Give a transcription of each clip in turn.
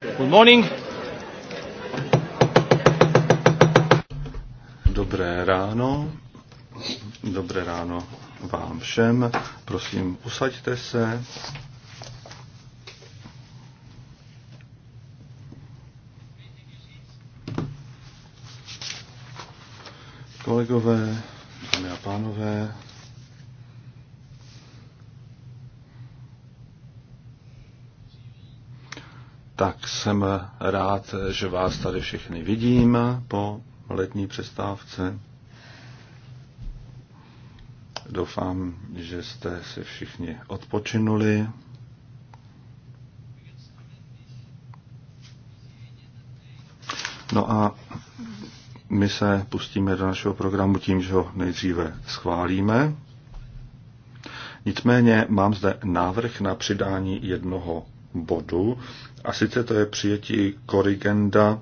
Good morning. Dobré ráno. Dobré ráno vám všem. Prosím, usaďte se. Kolegové, dámy a pánové, tak jsem rád, že vás tady všechny vidím po letní přestávce. Doufám, že jste si všichni odpočinuli. No a my se pustíme do našeho programu tím, že ho nejdříve schválíme. Nicméně mám zde návrh na přidání jednoho bodu, a sice to je přijetí korigenda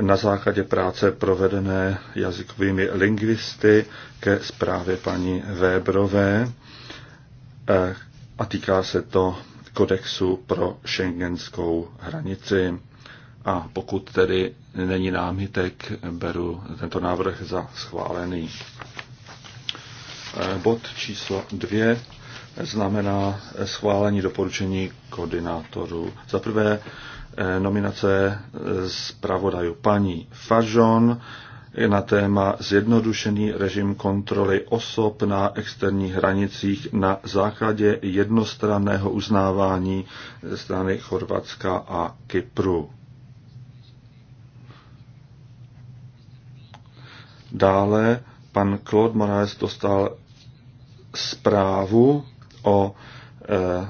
na základě práce provedené jazykovými lingvisty ke zprávě paní Vébrové eh, a týká se to kodexu pro šengenskou hranici. A pokud tedy není námitek, beru tento návrh za schválený. Eh, bod číslo dvě znamená schválení doporučení koordinátorů. Za prvé eh, nominace zpravodajů paní Fajon na téma zjednodušený režim kontroly osob na externích hranicích na základě jednostranného uznávání strany Chorvatska a Kypru. Dále pan Claude Moraes dostal zprávu o e,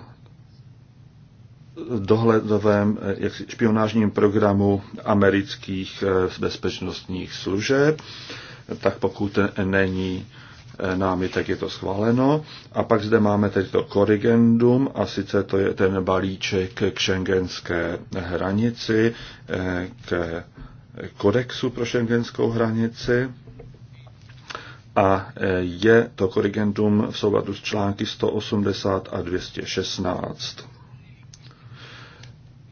dohledovém e, špionážním programu amerických e, bezpečnostních služeb, tak pokud není tak je to schváleno. A pak zde máme teď to korrigendum, a sice to je ten balíček k šengenské hranici, k kodexu pro šengenskou hranici a e, je to korrigendum v souladu s články 180 a 216.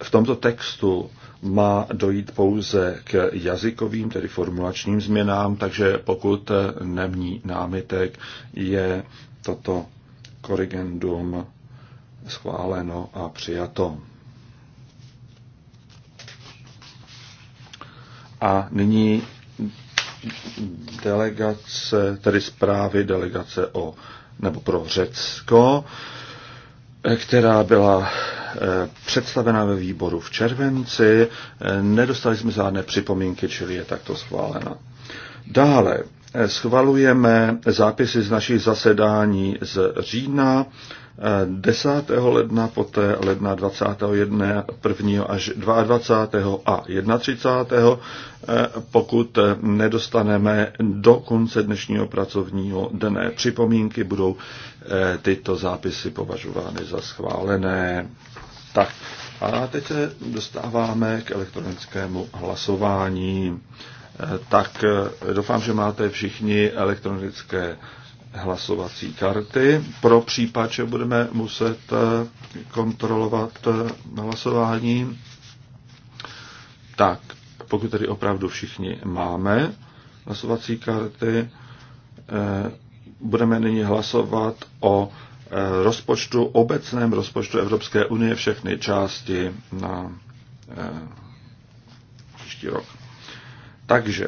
V tomto textu má dojít pouze k jazykovým, tedy formulačním změnám, takže pokud nemní námitek, je toto korrigendum schváleno a přijato. A nyní delegace, tedy zprávy delegace o, nebo pro Řecko, eh, která byla eh, představena ve výboru v červenci. Eh, nedostali jsme žádné připomínky, čili je takto schválena. Dále schvalujeme zápisy z našich zasedání z října, 10. ledna, poté ledna 21. 1. až 22. a 31. pokud nedostaneme do konce dnešního pracovního dne připomínky, budou eh, tyto zápisy považovány za schválené. Tak a teď se dostáváme k elektronickému hlasování. Eh, tak eh, doufám, že máte všichni elektronické hlasovací karty pro případ, že budeme muset eh, kontrolovat eh, hlasování. Tak, pokud tedy opravdu všichni máme hlasovací karty, eh, budeme nyní hlasovat o rozpočtu, obecném rozpočtu Evropské unie všechny části na příští rok. Takže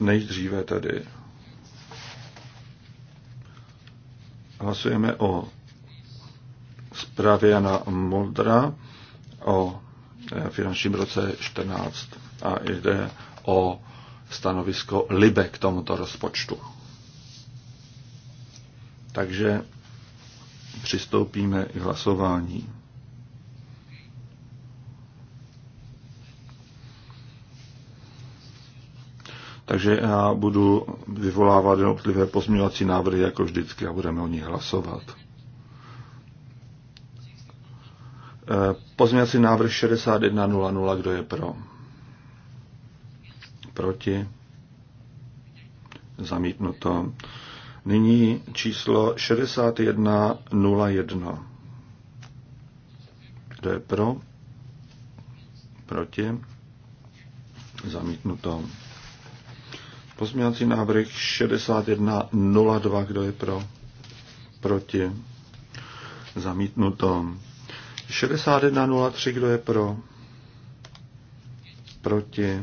Nejdříve tedy hlasujeme o zprávě na Moldra o eh, finančním roce 14 a jde o stanovisko Libe k tomuto rozpočtu. Takže přistoupíme k hlasování. Takže já budu vyvolávat jednotlivé pozměňovací návrhy jako vždycky a budeme o nich hlasovat. Eh, pozměňovací návrh 61.00, kdo je pro? Proti? Zamítnuto. Nyní číslo 61.01. Kdo je pro? Proti? Zamítnuto. Pozměňovací návrh 61.02. Kdo je pro? Proti? Zamítnuto. 61.03. Kdo je pro? Proti?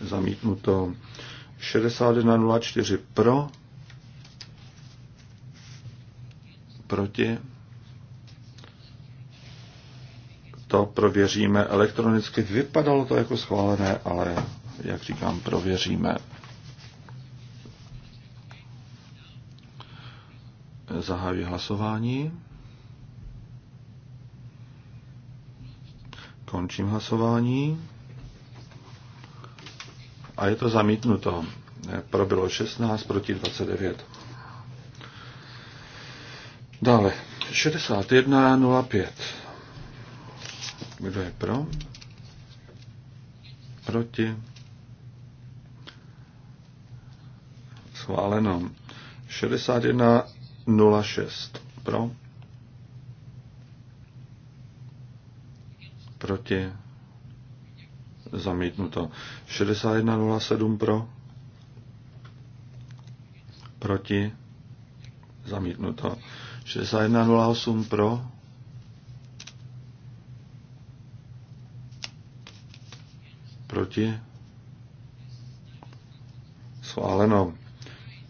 Zamítnuto. 61.04. Pro? Proti? To prověříme elektronicky. Vypadalo to jako schválené, ale jak říkám, prověříme. Zahajuji hlasování. Končím hlasování. A je to zamítnuto. Pro bylo 16 proti 29. Dále 61.05. Kdo je pro? Proti? Schváleno. 61 06 pro, proti, zamítnuto. 6107 pro, proti, zamítnuto. 6108 pro, proti, schváleno.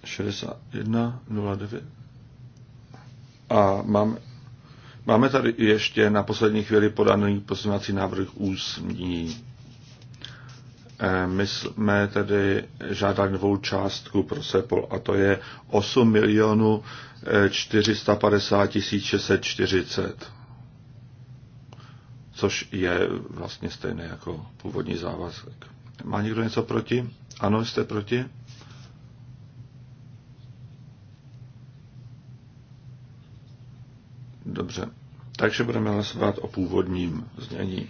6109 a mám, máme tady ještě na poslední chvíli podaný pozměňovací návrh ústní. E, my jsme tedy žádali novou částku pro SEPOL a to je 8 milionů 450 e, 640, což je vlastně stejné jako původní závazek. Má někdo něco proti? Ano, jste proti? Dobře. Takže budeme hlasovat o původním znění.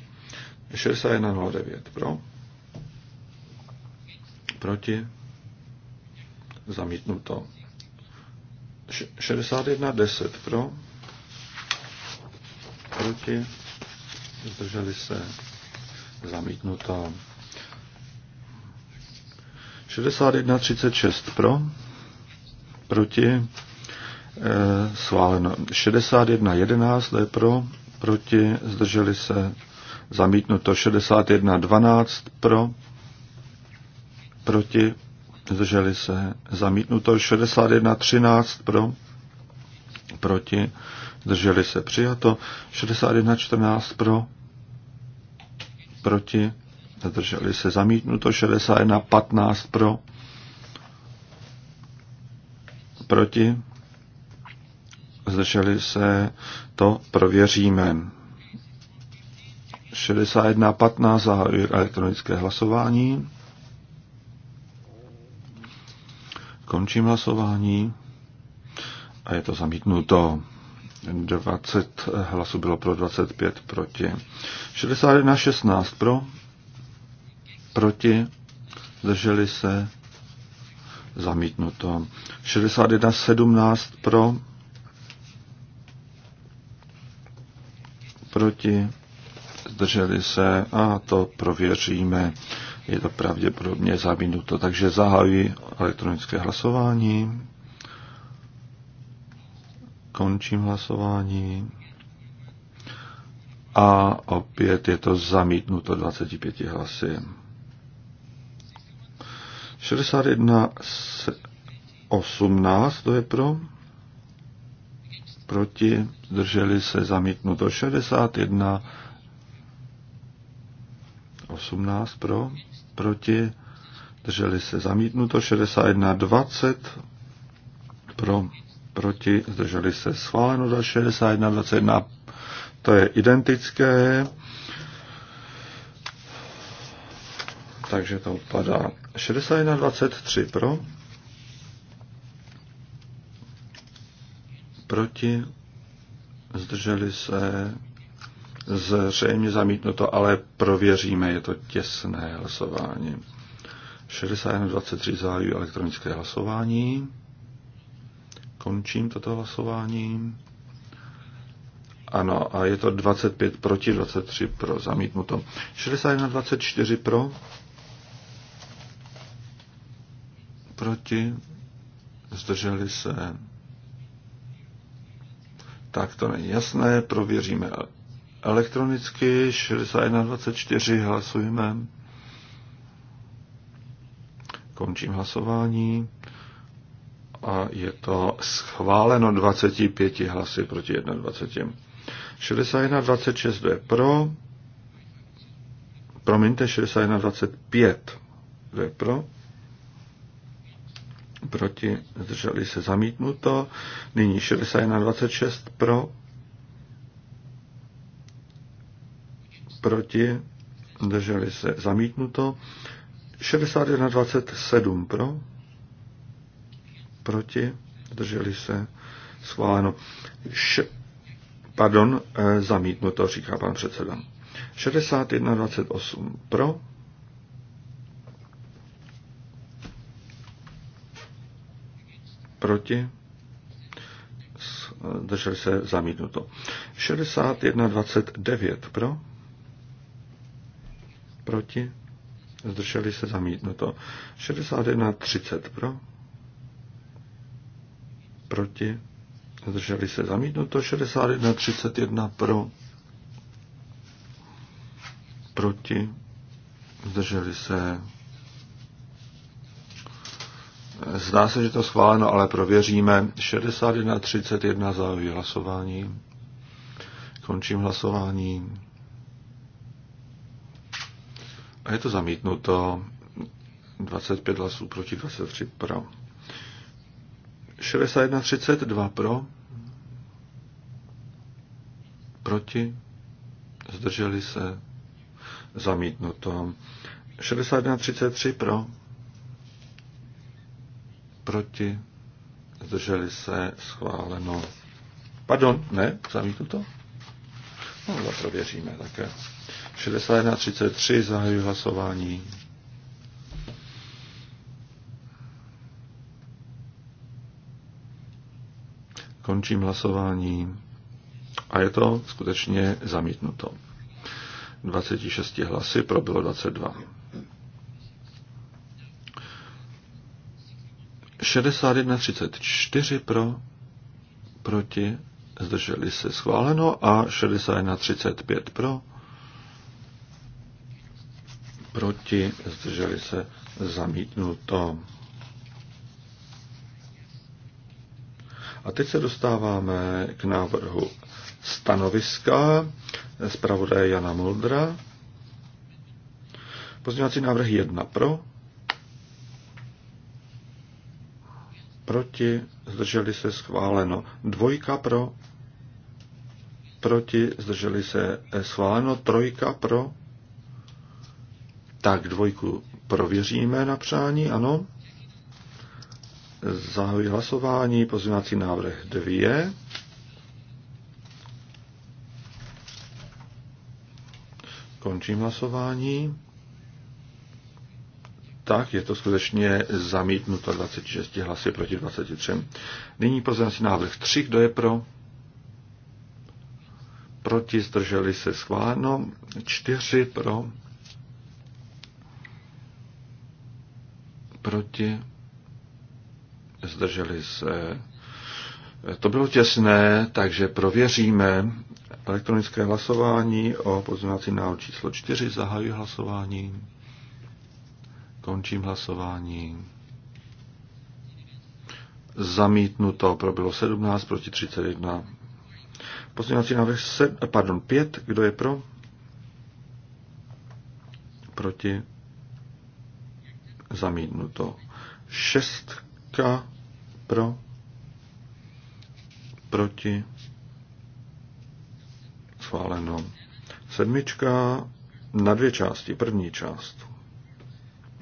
6109 pro. Proti. Zamítnuto. 6110 pro. Proti. Zdrželi se. Zamítnuto. 6136 pro. Proti Eh, schváleno. 61.11, to je pro, proti, zdrželi se, zamítnuto. 61.12, pro, proti, zdrželi se, zamítnuto. 61.13, pro, proti, zdrželi se, přijato. 61.14, pro, proti, zdrželi se, zamítnuto. 61.15, pro, proti, zdrželi se, to prověříme. 61.15 zahajuje elektronické hlasování. Končím hlasování a je to zamítnuto. 20 hlasů bylo pro, 25 proti. 61 16 pro, proti, zdrželi se, zamítnuto. 61 17 pro, proti, zdrželi se a to prověříme. Je to pravděpodobně minuto, takže zahajuji elektronické hlasování. Končím hlasování. A opět je to zamítnuto 25 hlasy. 61 18, to je pro proti, zdrželi se zamítnuto 61, 18 pro, proti, zdrželi se zamítnuto 61, 20 pro, proti, zdrželi se schváleno za 61, 21, to je identické, takže to padá 61, 23 pro, proti, zdrželi se, zřejmě zamítnuto, ale prověříme, je to těsné hlasování. 61.23 zahájí elektronické hlasování. Končím toto hlasování. Ano, a je to 25 proti, 23 pro, zamítnuto. 61 24 pro, proti, zdrželi se, tak to není jasné, prověříme elektronicky, 6124 hlasujeme. Končím hlasování a je to schváleno 25 hlasy proti 21. 61 26 je pro, promiňte, 61 25 je pro, proti, zdrželi se zamítnuto. Nyní 61 26 pro, proti, zdrželi se zamítnuto. 61 27 pro, proti, zdrželi se schváleno. Š, pardon, eh, zamítnuto, říká pan předseda. 61 28 pro, proti, drželi se zamítnuto. 61,29 pro, proti, zdrželi se zamítnuto. 61,30 pro, proti, zdrželi se zamítnuto. 61,31 pro, proti, zdrželi se Zdá se, že to schváleno, ale prověříme. 61 31 za hlasování. Končím hlasování. A je to zamítnuto. 25 hlasů proti 23 pro. 61 32 pro. Proti. Zdrželi se. Zamítnuto. 61 33 pro proti, zdrželi se, schváleno. Pardon, ne, zamítnu to. No, to prověříme také. 61.33, zahajuji hlasování. Končím hlasování. A je to skutečně zamítnuto. 26 hlasy, pro bylo 22. 61.34 pro, proti, zdrželi se schváleno a 61.35 pro, proti, zdrželi se zamítnuto. A teď se dostáváme k návrhu stanoviska zpravodaje Jana Muldra. Pozměňovací návrh 1 pro, proti, zdrželi se schváleno. Dvojka pro, proti, zdrželi se eh, schváleno. Trojka pro, tak dvojku prověříme na přání, ano. Zahajuji hlasování, pozměňovací návrh dvě. Končím hlasování tak je to skutečně zamítnuto 26 hlasy proti 23. Nyní pozvací návrh 3, kdo je pro? Proti zdrželi se schváleno, 4 pro, proti zdrželi se. To bylo těsné, takže prověříme elektronické hlasování o pozvacím návrhu číslo 4. Zahajuji hlasování. Končím hlasování. Zamítnuto. Pro bylo 17 proti 31. Pozměňovací návrh se, pardon, 5. Kdo je pro? Proti. Zamítnuto. Šestka pro. Proti. Schváleno. Sedmička na dvě části. První část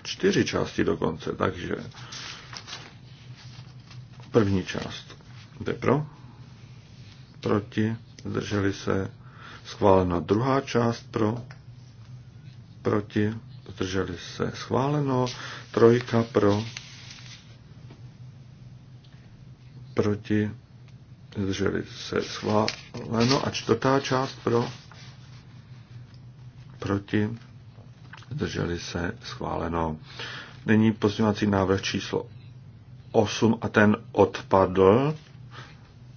čtyři části dokonce, takže první část jde pro, proti, zdrželi se, schválena druhá část pro, proti, zdrželi se, schváleno, trojka pro, proti, zdrželi se, schváleno a čtvrtá část pro, proti, zdrželi se, schváleno. Nyní pozměňovací návrh číslo 8 a ten odpadl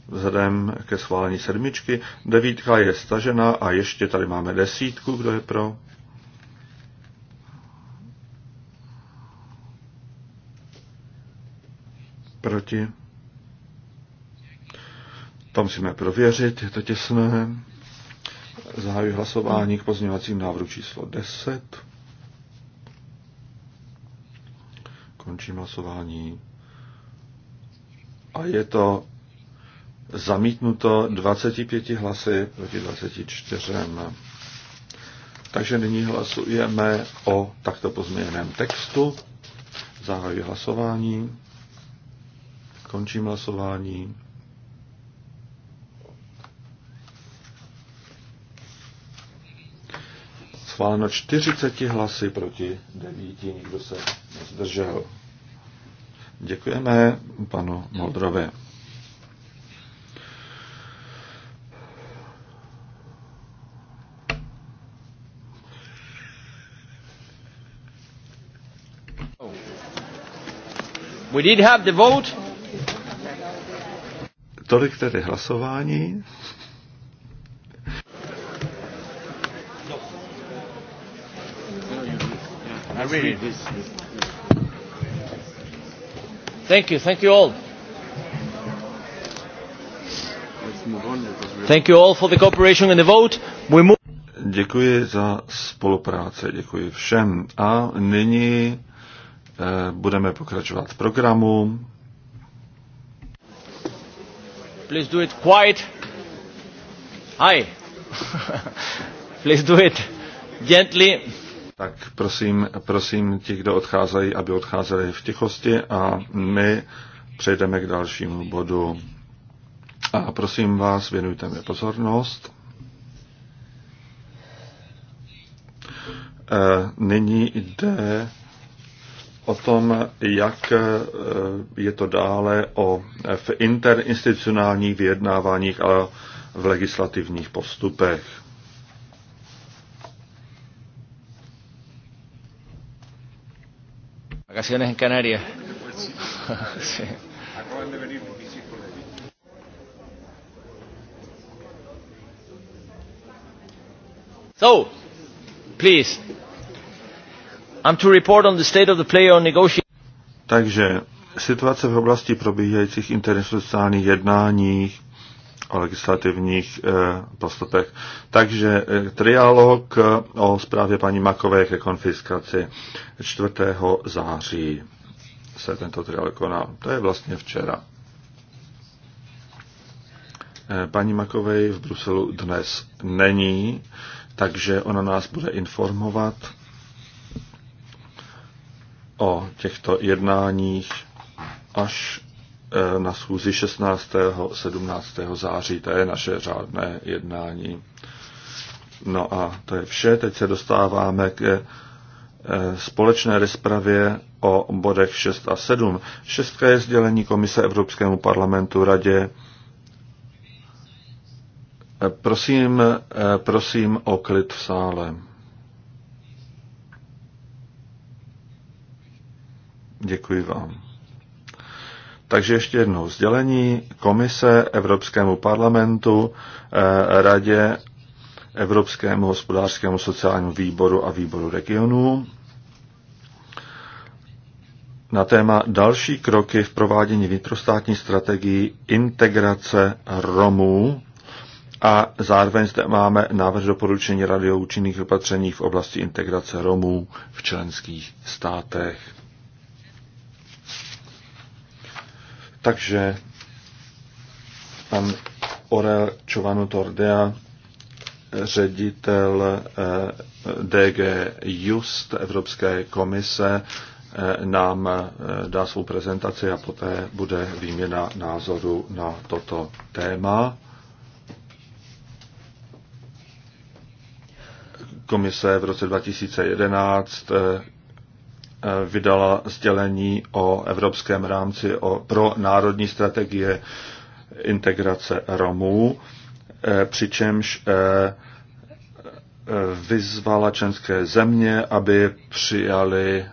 vzhledem ke schválení sedmičky. Devítka je stažena a ještě tady máme desítku, kdo je pro. Proti. To musíme prověřit, je to těsné. Zahajuji hlasování k pozměňovacím návrhu číslo 10. Končím hlasování. A je to zamítnuto 25 hlasy proti 24. Takže nyní hlasujeme o takto pozměněném textu. Zahajuji hlasování. Končím hlasování. schváleno 40 hlasy proti 9, nikdo se nezdržel. Děkujeme panu Moldrovi. We did have the vote. Tolik tedy hlasování. I read it. This. Thank you. Thank you all. Thank you all for the cooperation and the vote. We move... Děkuji za spolupráci, děkuji všem. A nyní eh, budeme pokračovat v programu. Please do it quiet. Hi. Please do it gently tak prosím, prosím ti, kdo odcházejí, aby odcházeli v tichosti a my přejdeme k dalšímu bodu. A prosím vás, věnujte mi pozornost. E, nyní jde o tom, jak e, je to dále o, v interinstitucionálních vyjednáváních a v legislativních postupech. Vacaciones en Canarias. sí. So, please, I'm to report on the state of the play on negotiation. Takže situace v oblasti probíhajících internacionálních jednání o legislativních eh, postupech. Takže eh, trialog eh, o zprávě paní Makové ke konfiskaci 4. září se tento trialog koná. To je vlastně včera. Paní Makovej v Bruselu dnes není, takže ona nás bude informovat o těchto jednáních až Eh, na schůzi 16. 17. září. To je naše řádné jednání. No a to je vše. Teď se dostáváme k eh, společné rozpravě o bodech 6 a 7. Šestka je sdělení Komise Evropskému parlamentu Radě. Eh, prosím, prosím o klid v sále. Děkuji vám. Takže ještě jednou sdělení Komise Evropskému parlamentu, eh, Radě, Evropskému hospodářskému sociálnímu výboru a výboru regionů na téma další kroky v provádění vnitrostátní strategii integrace Romů a zároveň zde máme návrh doporučení Rady o účinných opatřeních v oblasti integrace Romů v členských státech. Takže pan Orel Čovanu Tordea, ředitel eh, DG Just Evropské komise, eh, nám eh, dá svou prezentaci a poté bude výměna názoru na toto téma. Komise v roce 2011 vydala sdělení o evropském rámci o, pro národní strategie integrace Romů, eh, přičemž eh, eh, vyzvala členské země, aby přijali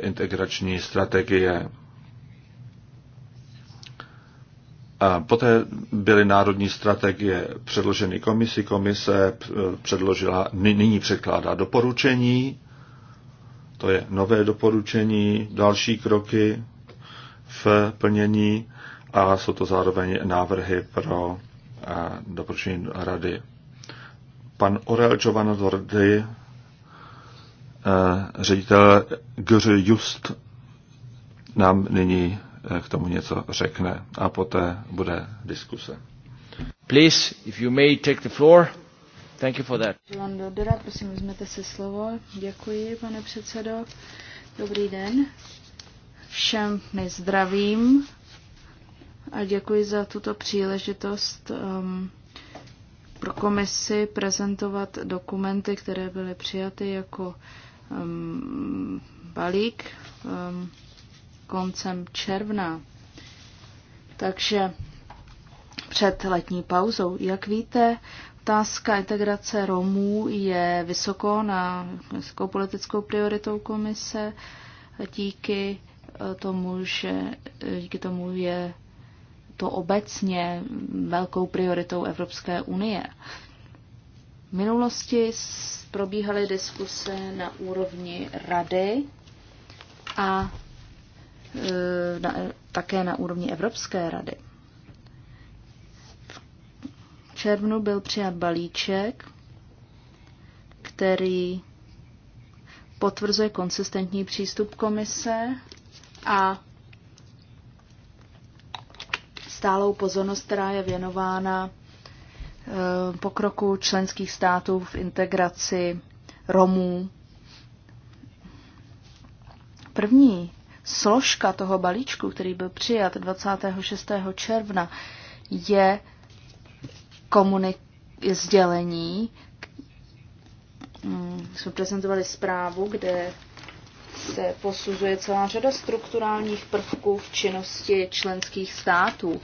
integrační strategie. A poté byly národní strategie předloženy komisi. Komise předložila, nyní předkládá doporučení to je nové doporučení, další kroky v plnění a jsou to zároveň návrhy pro eh, doporučení rady. Pan Orel Giovanna eh, ředitel GR Just, nám nyní eh, k tomu něco řekne a poté bude diskuse. Please, if you may take the floor. Thank you for that. Londodera, prosím, vezměte si slovo. Děkuji, pane předsedo. Dobrý den. Všem mi zdravím a děkuji za tuto příležitost um, pro komisi prezentovat dokumenty, které byly přijaty jako um, balík um, koncem června. Takže před letní pauzou. Jak víte, Otázka integrace Romů je vysoko na vysokou politickou prioritou komise díky eh, tomu, že eh, díky tomu je to obecně velkou prioritou Evropské unie. V minulosti probíhaly diskuse na úrovni rady a eh, na, také na úrovni Evropské rady červnu byl přijat balíček, který potvrzuje konsistentní přístup komise a stálou pozornost, která je věnována eh, pokroku členských států v integraci Romů. První složka toho balíčku, který byl přijat 26. června, je komunik- sdělení. Mm, jsme prezentovali zprávu, kde se posuzuje celá řada strukturálních prvků v činnosti členských států.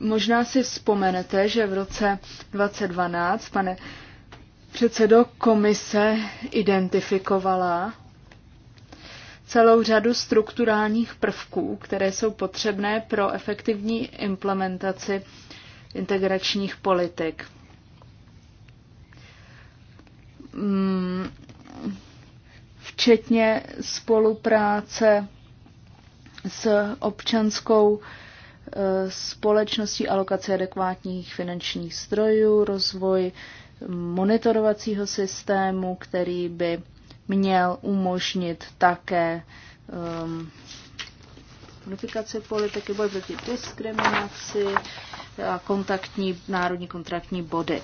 Možná si vzpomenete, že v roce 2012, pane předsedo, komise identifikovala celou řadu strukturálních prvků, které jsou potřebné pro efektivní implementaci integračních politik. Mm, včetně spolupráce s občanskou eh, společností, alokace adekvátních finančních strojů, rozvoj monitorovacího systému, který by měl umožnit také um, ehm, modifikaci politiky, boj proti diskriminaci, kontaktní, národní kontraktní body.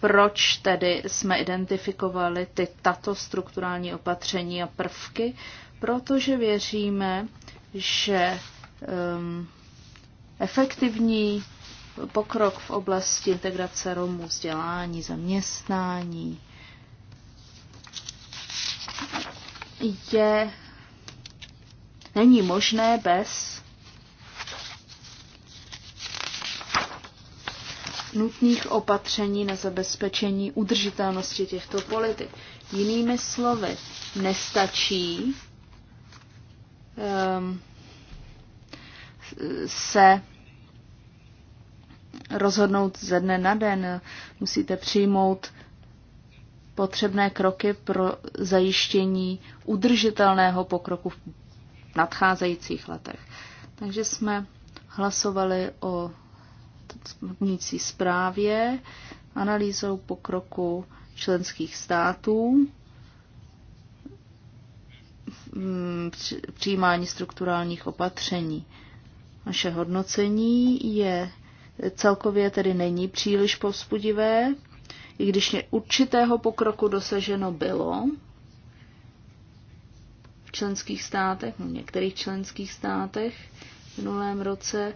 Proč tedy jsme identifikovali ty, tato strukturální opatření a prvky? Protože věříme, že um, efektivní pokrok v oblasti integrace Romů, vzdělání, zaměstnání je není možné bez nutných opatření na zabezpečení udržitelnosti těchto politik. Jinými slovy, nestačí um, se rozhodnout ze dne na den. Musíte přijmout potřebné kroky pro zajištění udržitelného pokroku v nadcházejících letech. Takže jsme hlasovali o hodnící zprávě, analýzou pokroku členských států, mm, přijímání strukturálních opatření. Naše hodnocení je celkově tedy není příliš povzbudivé, i když určitého pokroku dosaženo bylo v členských státech, v některých členských státech v minulém roce,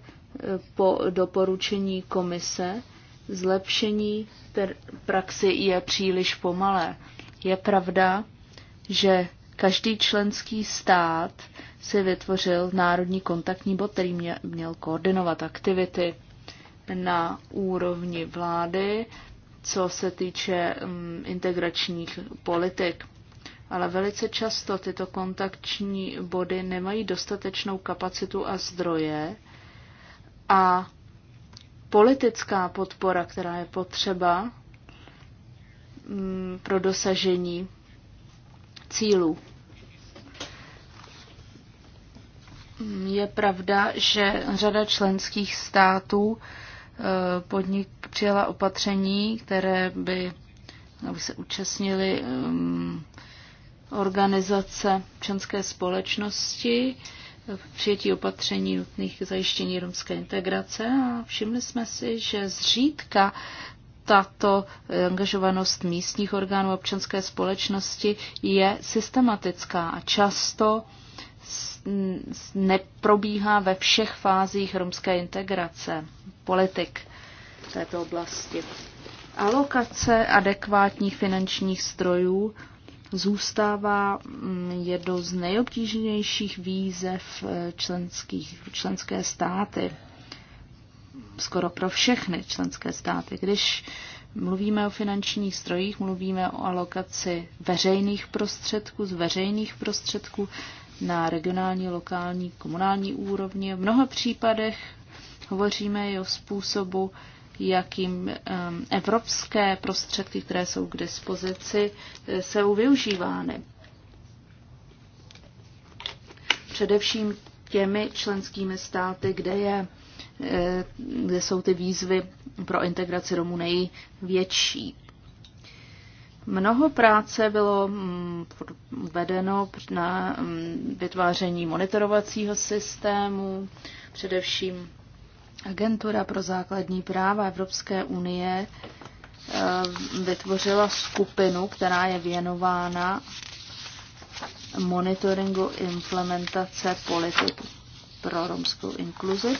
po doporučení komise zlepšení praxi je příliš pomalé. Je pravda, že každý členský stát si vytvořil národní kontaktní bod, který měl koordinovat aktivity na úrovni vlády, co se týče mm, integračních politik. Ale velice často tyto kontaktní body nemají dostatečnou kapacitu a zdroje, a politická podpora, která je potřeba mm, pro dosažení cílů. Je pravda, že řada členských států e, podnik přijala opatření, které by, aby se účastnili mm, organizace členské společnosti, v přijetí opatření nutných k zajištění romské integrace a všimli jsme si, že zřídka tato eh, angažovanost místních orgánů občanské společnosti je systematická a často neprobíhá ve všech fázích romské integrace politik této oblasti. Alokace adekvátních finančních strojů zůstává mm, jedno z nejobtížnějších výzev eh, členských, členské státy. Skoro pro všechny členské státy. Když mluvíme o finančních strojích, mluvíme o alokaci veřejných prostředků, z veřejných prostředků na regionální, lokální, komunální úrovni. V mnoha případech hovoříme i o způsobu, jakým evropské prostředky, které jsou k dispozici, eh, jsou využívány. Především těmi členskými státy, kde, je, eh, kde jsou ty výzvy pro integraci Romů největší. Mnoho práce bylo mm, vedeno na mm, vytváření monitorovacího systému, především Agentura pro základní práva Evropské unie eh, vytvořila skupinu, která je věnována monitoringu implementace politik pro romskou inkluzi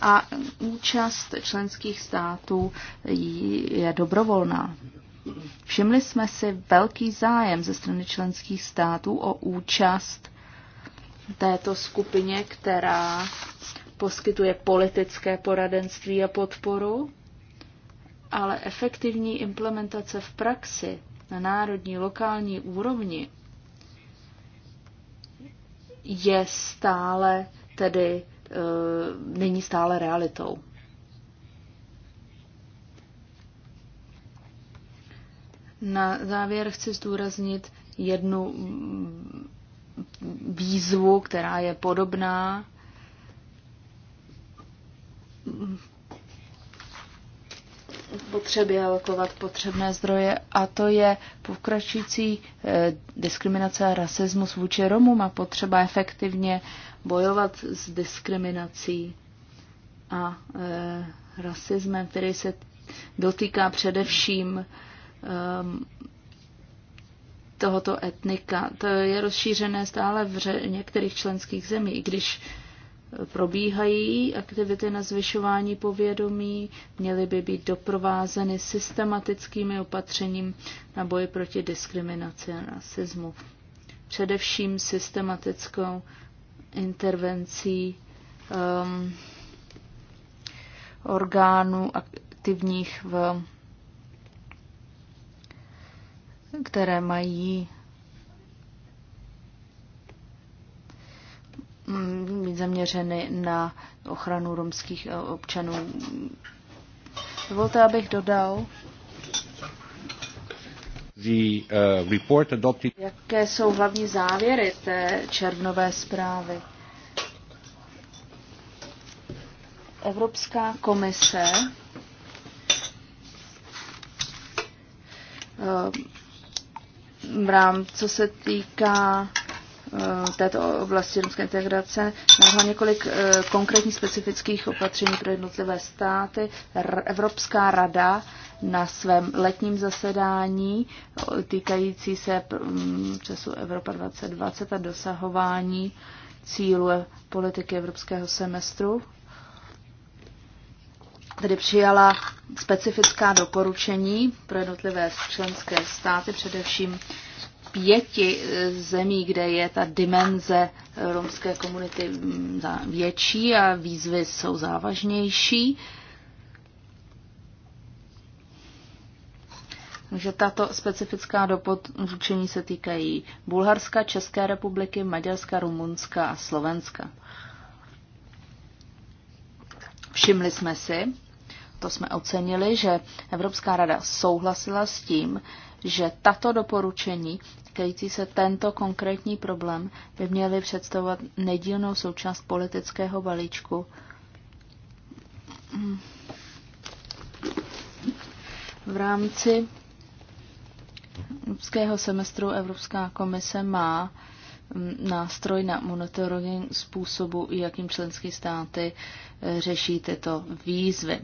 a účast členských států je dobrovolná. Všimli jsme si velký zájem ze strany členských států o účast této skupině, která poskytuje politické poradenství a podporu, ale efektivní implementace v praxi na národní, lokální úrovni je stále tedy e, není stále realitou. Na závěr chci zdůraznit jednu výzvu, která je podobná potřeby alokovat potřebné zdroje a to je pokračující eh, diskriminace a rasismus vůči Romům a potřeba efektivně bojovat s diskriminací a e, rasismem, který se dotýká především um, tohoto etnika. To je rozšířené stále v některých členských zemí, i když probíhají aktivity na zvyšování povědomí, měly by být doprovázeny systematickými opatřením na boji proti diskriminaci a rasismu. Především systematickou intervencí um, orgánů aktivních v které mají Mm, být zaměřeny na ochranu romských eh, občanů. Dovolte, abych dodal, The, uh, report adopted... jaké jsou hlavní závěry té červnové zprávy. Evropská komise eh, v rám, co se týká Eh, této oblasti romské integrace navrhla několik eh, konkrétních specifických opatření pro jednotlivé státy. Evropská rada na svém letním zasedání eh, týkající se mm, přesu Evropa 2020 a dosahování cílu politiky evropského semestru tedy přijala specifická doporučení pro jednotlivé členské státy, především pěti eh, zemí, kde je ta dimenze eh, romské komunity mm, větší a výzvy jsou závažnější. Takže tato specifická doporučení se týkají Bulharska, České republiky, Maďarska, Rumunska a Slovenska. Všimli jsme si, to jsme ocenili, že Evropská rada souhlasila s tím, že tato doporučení týkající se tento konkrétní problém by měly představovat nedílnou součást politického balíčku. V rámci evropského semestru Evropská komise má mm, nástroj na monitoring způsobu, jakým členské státy eh, řeší tyto výzvy.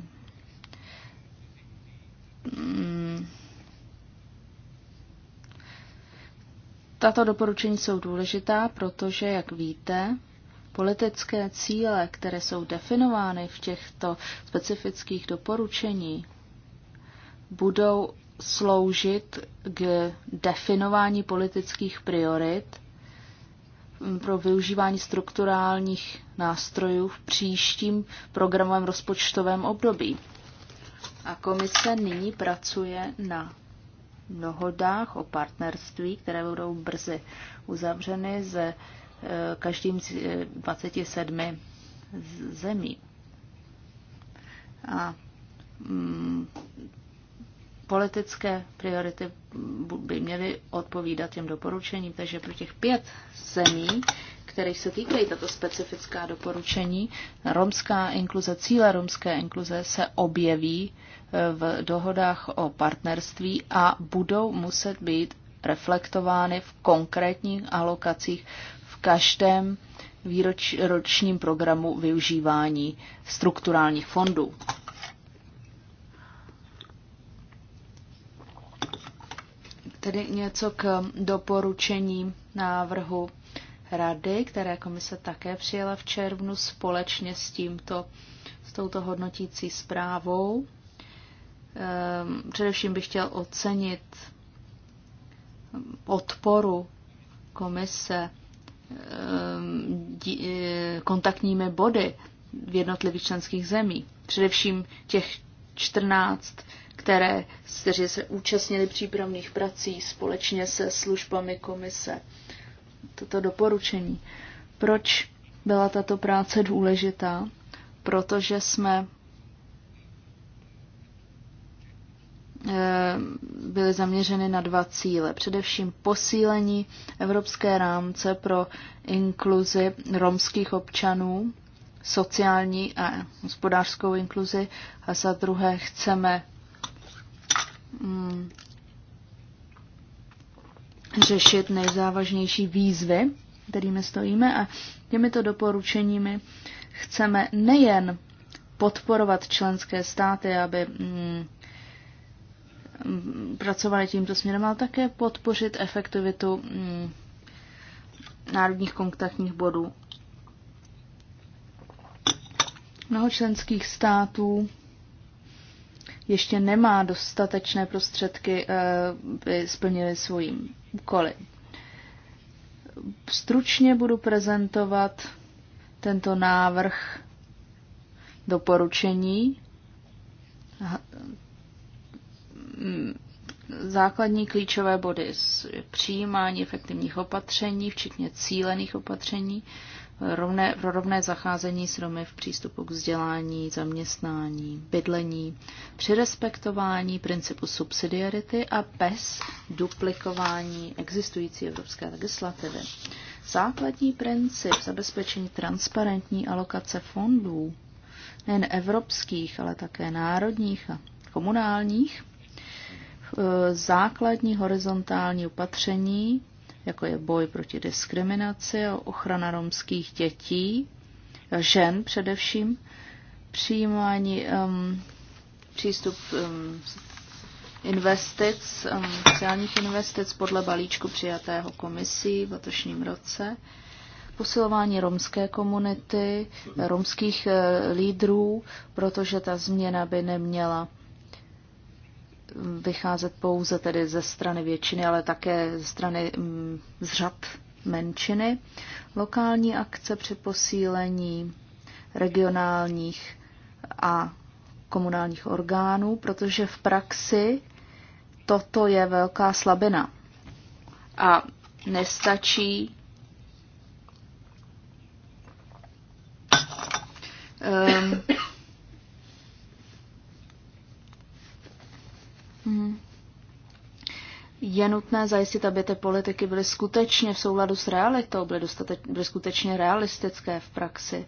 Mm. Tato doporučení jsou důležitá, protože, jak víte, politické cíle, které jsou definovány v těchto specifických doporučení, budou sloužit k definování politických priorit mm, pro využívání strukturálních nástrojů v příštím programovém rozpočtovém období. A komise nyní pracuje na dohodách o partnerství, které budou brzy uzavřeny ze e, každým 27 e, zemí. A mm, politické priority by měly odpovídat těm doporučením, takže pro těch pět zemí, kterých se týkají tato specifická doporučení, romská inkluze, cíle romské inkluze se objeví e, v dohodách o partnerství a budou muset být reflektovány v konkrétních alokacích v každém výročním programu využívání strukturálních fondů. Tedy něco k doporučení návrhu rady, které komise také přijela v červnu společně s tímto, s touto hodnotící zprávou. Ehm, především bych chtěl ocenit ehm, odporu komise ehm, eh, kontaktními body v jednotlivých členských zemí. Především těch 14, které, kteří se účastnili přípravných prací společně se službami komise toto doporučení. Proč byla tato práce důležitá? Protože jsme eh, byly zaměřeny na dva cíle. Především posílení evropské rámce pro inkluzi romských občanů, sociální a hospodářskou inkluzi a za druhé chceme mm, řešit nejzávažnější výzvy, kterými stojíme a těmito doporučeními chceme nejen podporovat členské státy, aby mm, mm pracovali tímto směrem, ale také podpořit efektivitu mm, národních kontaktních bodů. Mnoho členských států ještě nemá dostatečné prostředky, eh, by splnili svoji úkoly. Stručně budu prezentovat tento návrh doporučení. Mm, základní klíčové body z přijímání efektivních opatření, včetně cílených opatření, rovné, pro rovné zacházení s Romy v přístupu k vzdělání, zaměstnání, bydlení, při respektování principu subsidiarity a bez duplikování existující evropské legislativy. Základní princip zabezpečení transparentní alokace fondů, nejen evropských, ale také národních a komunálních, e, základní horizontální opatření jako je boj proti diskriminaci a ochrana romských dětí, žen především, přijímání um, přístup um, investic, um, sociálních investic podle balíčku přijatého komisí v letošním roce, posilování romské komunity, romských eh, lídrů, protože ta změna by neměla vycházet pouze tedy ze strany většiny, ale také ze strany mm, z řad menšiny. Lokální akce při posílení regionálních a komunálních orgánů, protože v praxi toto je velká slabina. A nestačí um, Mhm. Je nutné zajistit, aby ty politiky byly skutečně v souladu s realitou, byly, dostate, byly skutečně realistické v praxi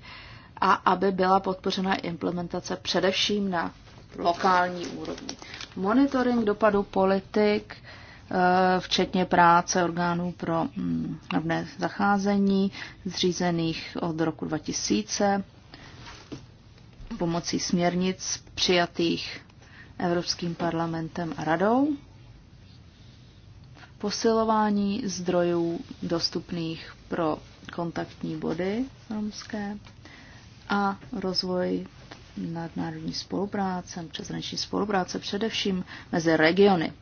a aby byla podpořena implementace především na lokální úrovni. Monitoring dopadu politik, eh, včetně práce orgánů pro mm, rovné zacházení, zřízených od roku 2000, pomocí směrnic přijatých Evropským parlamentem a radou. Posilování zdrojů dostupných pro kontaktní body romské a rozvoj nadnárodní spolupráce, přeshraniční spolupráce především mezi regiony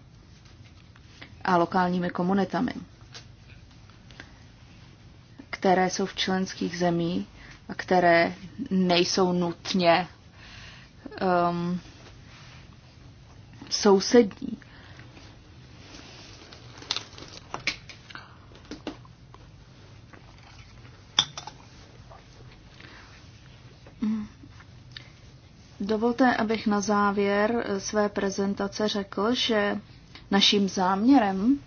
a lokálními komunitami, které jsou v členských zemích a které nejsou nutně um, sousední. Dovolte, abych na závěr své prezentace řekl, že naším záměrem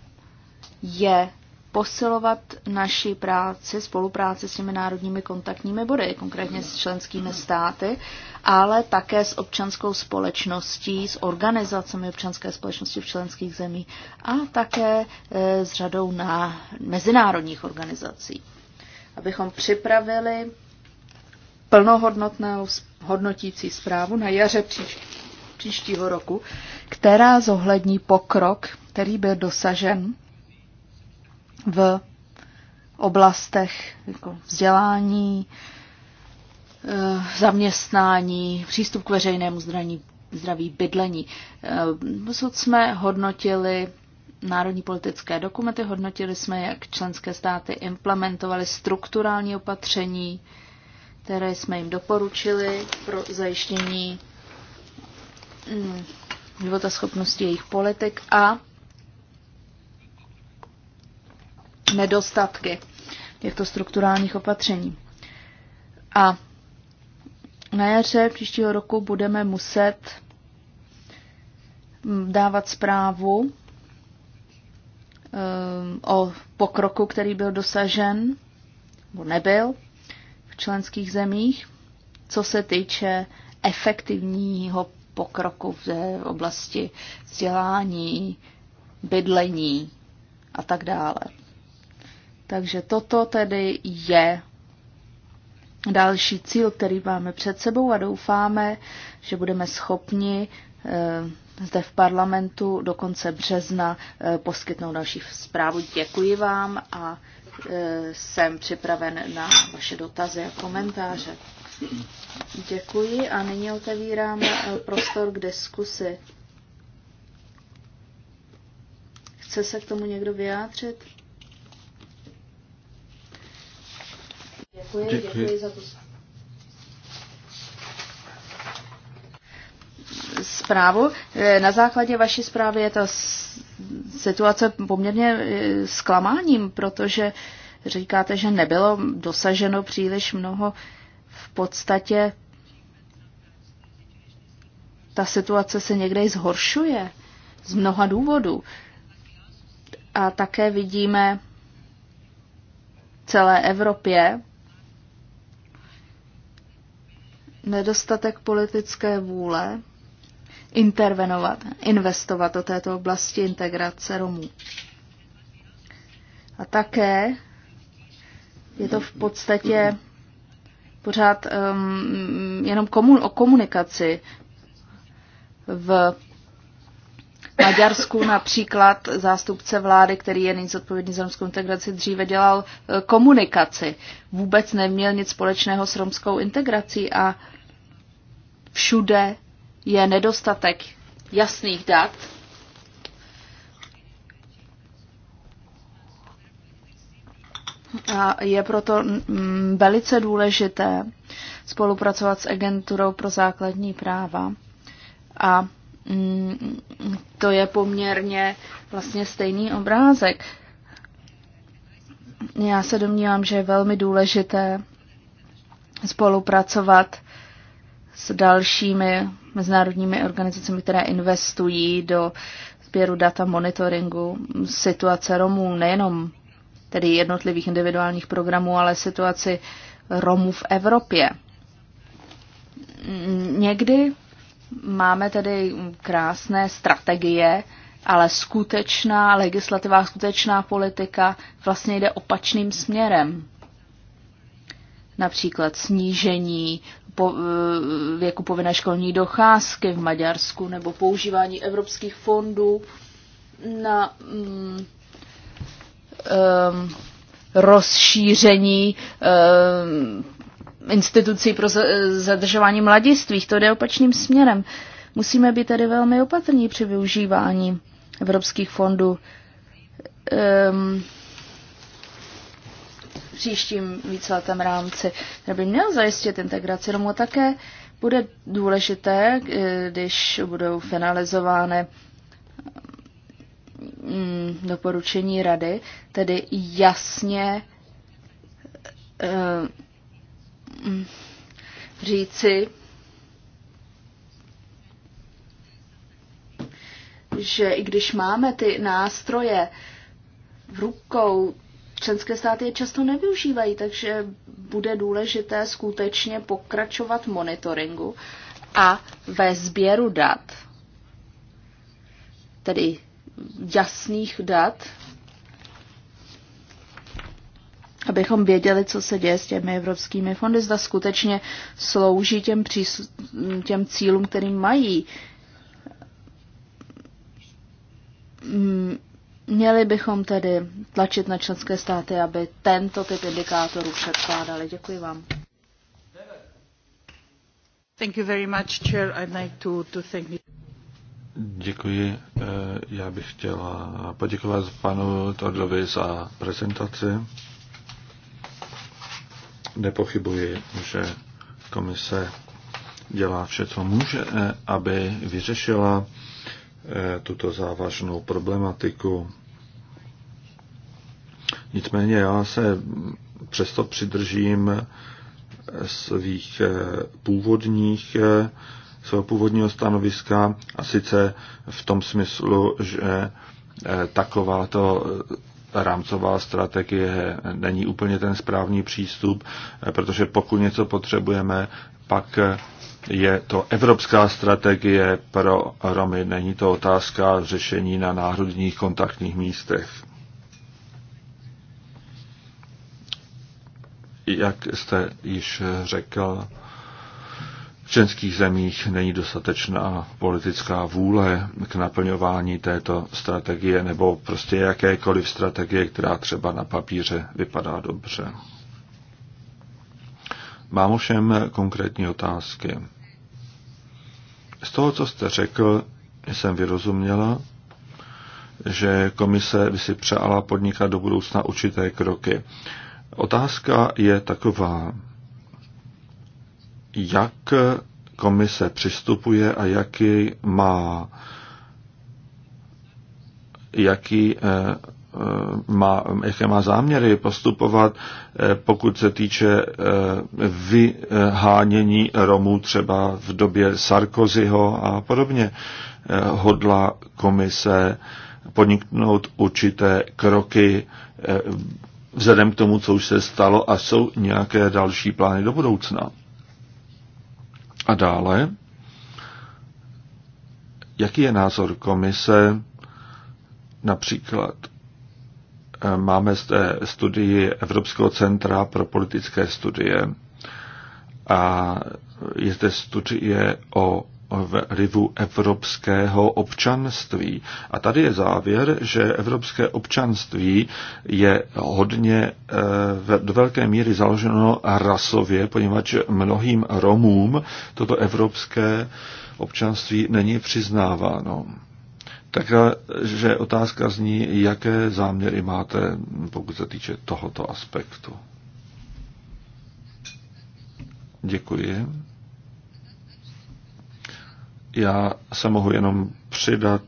je posilovat naši práci, spolupráci s těmi národními kontaktními body, konkrétně s členskými státy, ale také s občanskou společností, s organizacemi občanské společnosti v členských zemích a také e, s řadou na mezinárodních organizací. Abychom připravili plnohodnotnou hodnotící zprávu na jaře příš- příštího roku, která zohlední pokrok, který byl dosažen v oblastech jako vzdělání, eh, zaměstnání, přístup k veřejnému zdraví, zdraví bydlení. Eh, dosud jsme hodnotili národní politické dokumenty, hodnotili jsme, jak členské státy implementovaly strukturální opatření, které jsme jim doporučili pro zajištění mm, životaschopnosti jejich politik a nedostatky těchto strukturálních opatření. A na jaře příštího roku budeme muset dávat zprávu eh, o pokroku, který byl dosažen, nebo nebyl, v členských zemích, co se týče efektivního pokroku v oblasti vzdělání, bydlení a tak dále. Takže toto tedy je další cíl, který máme před sebou a doufáme, že budeme schopni eh, zde v parlamentu do konce března eh, poskytnout další zprávu. Děkuji vám a eh, jsem připraven na vaše dotazy a komentáře. Děkuji a nyní otevírám prostor k diskusi. Chce se k tomu někdo vyjádřit? Děkuji, děkuji, děkuji za to. zprávu. Eh, na základě vaší zprávy je ta situace poměrně eh, zklamáním, protože říkáte, že nebylo dosaženo příliš mnoho. V podstatě ta situace se někde i zhoršuje z mnoha důvodů. A také vidíme celé Evropě nedostatek politické vůle intervenovat, investovat do této oblasti integrace Romů. A také je to v podstatě pořád um, jenom komun, o komunikaci. V Maďarsku například zástupce vlády, který je nyní zodpovědný za romskou integraci, dříve dělal eh, komunikaci. Vůbec neměl nic společného s romskou integrací a všude je nedostatek jasných dat. A je proto mm, velice důležité spolupracovat s agenturou pro základní práva. A mm, to je poměrně vlastně stejný obrázek. Já se domnívám, že je velmi důležité spolupracovat s dalšími mezinárodními organizacemi, které investují do sběru data monitoringu situace Romů, nejenom tedy jednotlivých individuálních programů, ale situaci Romů v Evropě. Někdy máme tedy krásné strategie, ale skutečná legislativa, skutečná politika vlastně jde opačným směrem. Například snížení po, eh, věku povinné školní docházky v Maďarsku nebo používání evropských fondů na mm, um, rozšíření um, institucí pro zadržování mladistvých. To jde opačným směrem. Musíme být tedy velmi opatrní při využívání evropských fondů. Um, příštím víceletém rámci, který by měl zajistit integraci Romů, také bude důležité, když budou finalizovány mm, doporučení rady, tedy jasně eh, říci, že i když máme ty nástroje v rukou, členské státy je často nevyužívají, takže bude důležité skutečně pokračovat monitoringu a ve sběru dat, tedy jasných dat, abychom věděli, co se děje s těmi evropskými fondy, zda skutečně slouží těm, přís, těm cílům, kterým mají. Hmm, Měli bychom tedy tlačit na členské státy, aby tento typ indikátorů předkládali. Děkuji vám. Thank you very much, Chair. I'd like to, to thank you. Děkuji. Eh, já bych chtěla poděkovat panu Tordovi za prezentaci. Nepochybuji, že komise dělá vše, co může, eh, aby vyřešila Eh, tuto závažnou problematiku. Nicméně já se přesto přidržím svých eh, původních, eh, svého původního stanoviska a sice v tom smyslu, že takováto rámcová strategie není úplně ten správný přístup, protože pokud něco potřebujeme, pak je to evropská strategie pro Romy. Není to otázka řešení na národních kontaktních místech. Jak jste již řekl, v českých zemích není dostatečná politická vůle k naplňování této strategie nebo prostě jakékoliv strategie, která třeba na papíře vypadá dobře. Mám ovšem konkrétní otázky. Z toho, co jste řekl, jsem vyrozuměla, že komise by si přála podnikat do budoucna určité kroky. Otázka je taková, jak komise přistupuje a jaký má, jaký eh, Eh, má, jaké má záměry postupovat, eh, pokud se týče eh, vyhánění Romů třeba v době Sarkozyho a podobně. Hodla komise podniknout určité kroky vzhledem k tomu, co už se stalo a jsou nějaké další plány do budoucna. A dále, jaký je názor komise například Eh, máme zde studii Evropského centra pro politické studie a je zde studie o vlivu evropského občanství. A tady je závěr, že evropské občanství je hodně eh, do velké míry založeno rasově, poněvadž mnohým Romům toto evropské občanství není přiznáváno. Takže otázka zní, jaké záměry máte, pokud se týče tohoto aspektu. Děkuji. Já se mohu jenom přidat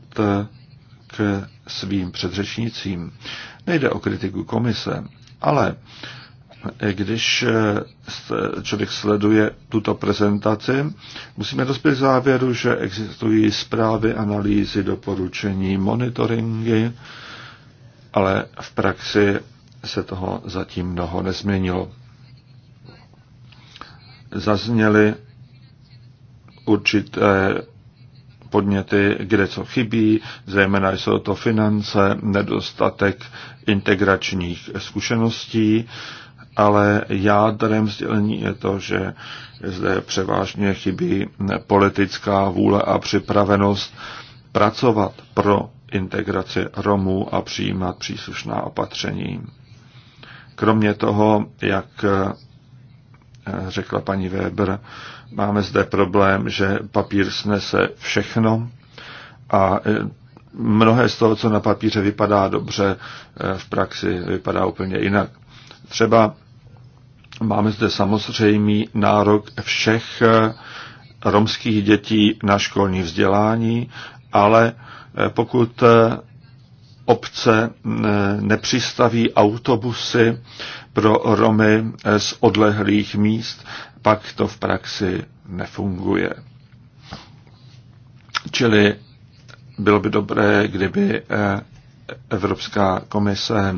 k svým předřečnicím. Nejde o kritiku komise, ale E, když e, e, člověk sleduje tuto prezentaci, musíme dospět k závěru, že existují zprávy, analýzy, doporučení, monitoringy, ale v praxi se toho zatím mnoho nezměnilo. Zazněly určité podněty, kde co chybí, zejména jsou to finance, nedostatek integračních zkušeností, ale jádrem sdělení je to, že zde převážně chybí politická vůle a připravenost pracovat pro integraci Romů a přijímat příslušná opatření. Kromě toho, jak eh, řekla paní Weber, máme zde problém, že papír snese všechno a eh, mnohé z toho, co na papíře vypadá dobře, eh, v praxi vypadá úplně jinak. Třeba Máme zde samozřejmý nárok všech eh, romských dětí na školní vzdělání, ale eh, pokud eh, obce nepřistaví autobusy pro Romy z odlehlých míst, pak to v praxi nefunguje. Čili bylo by dobré, kdyby Evropská komise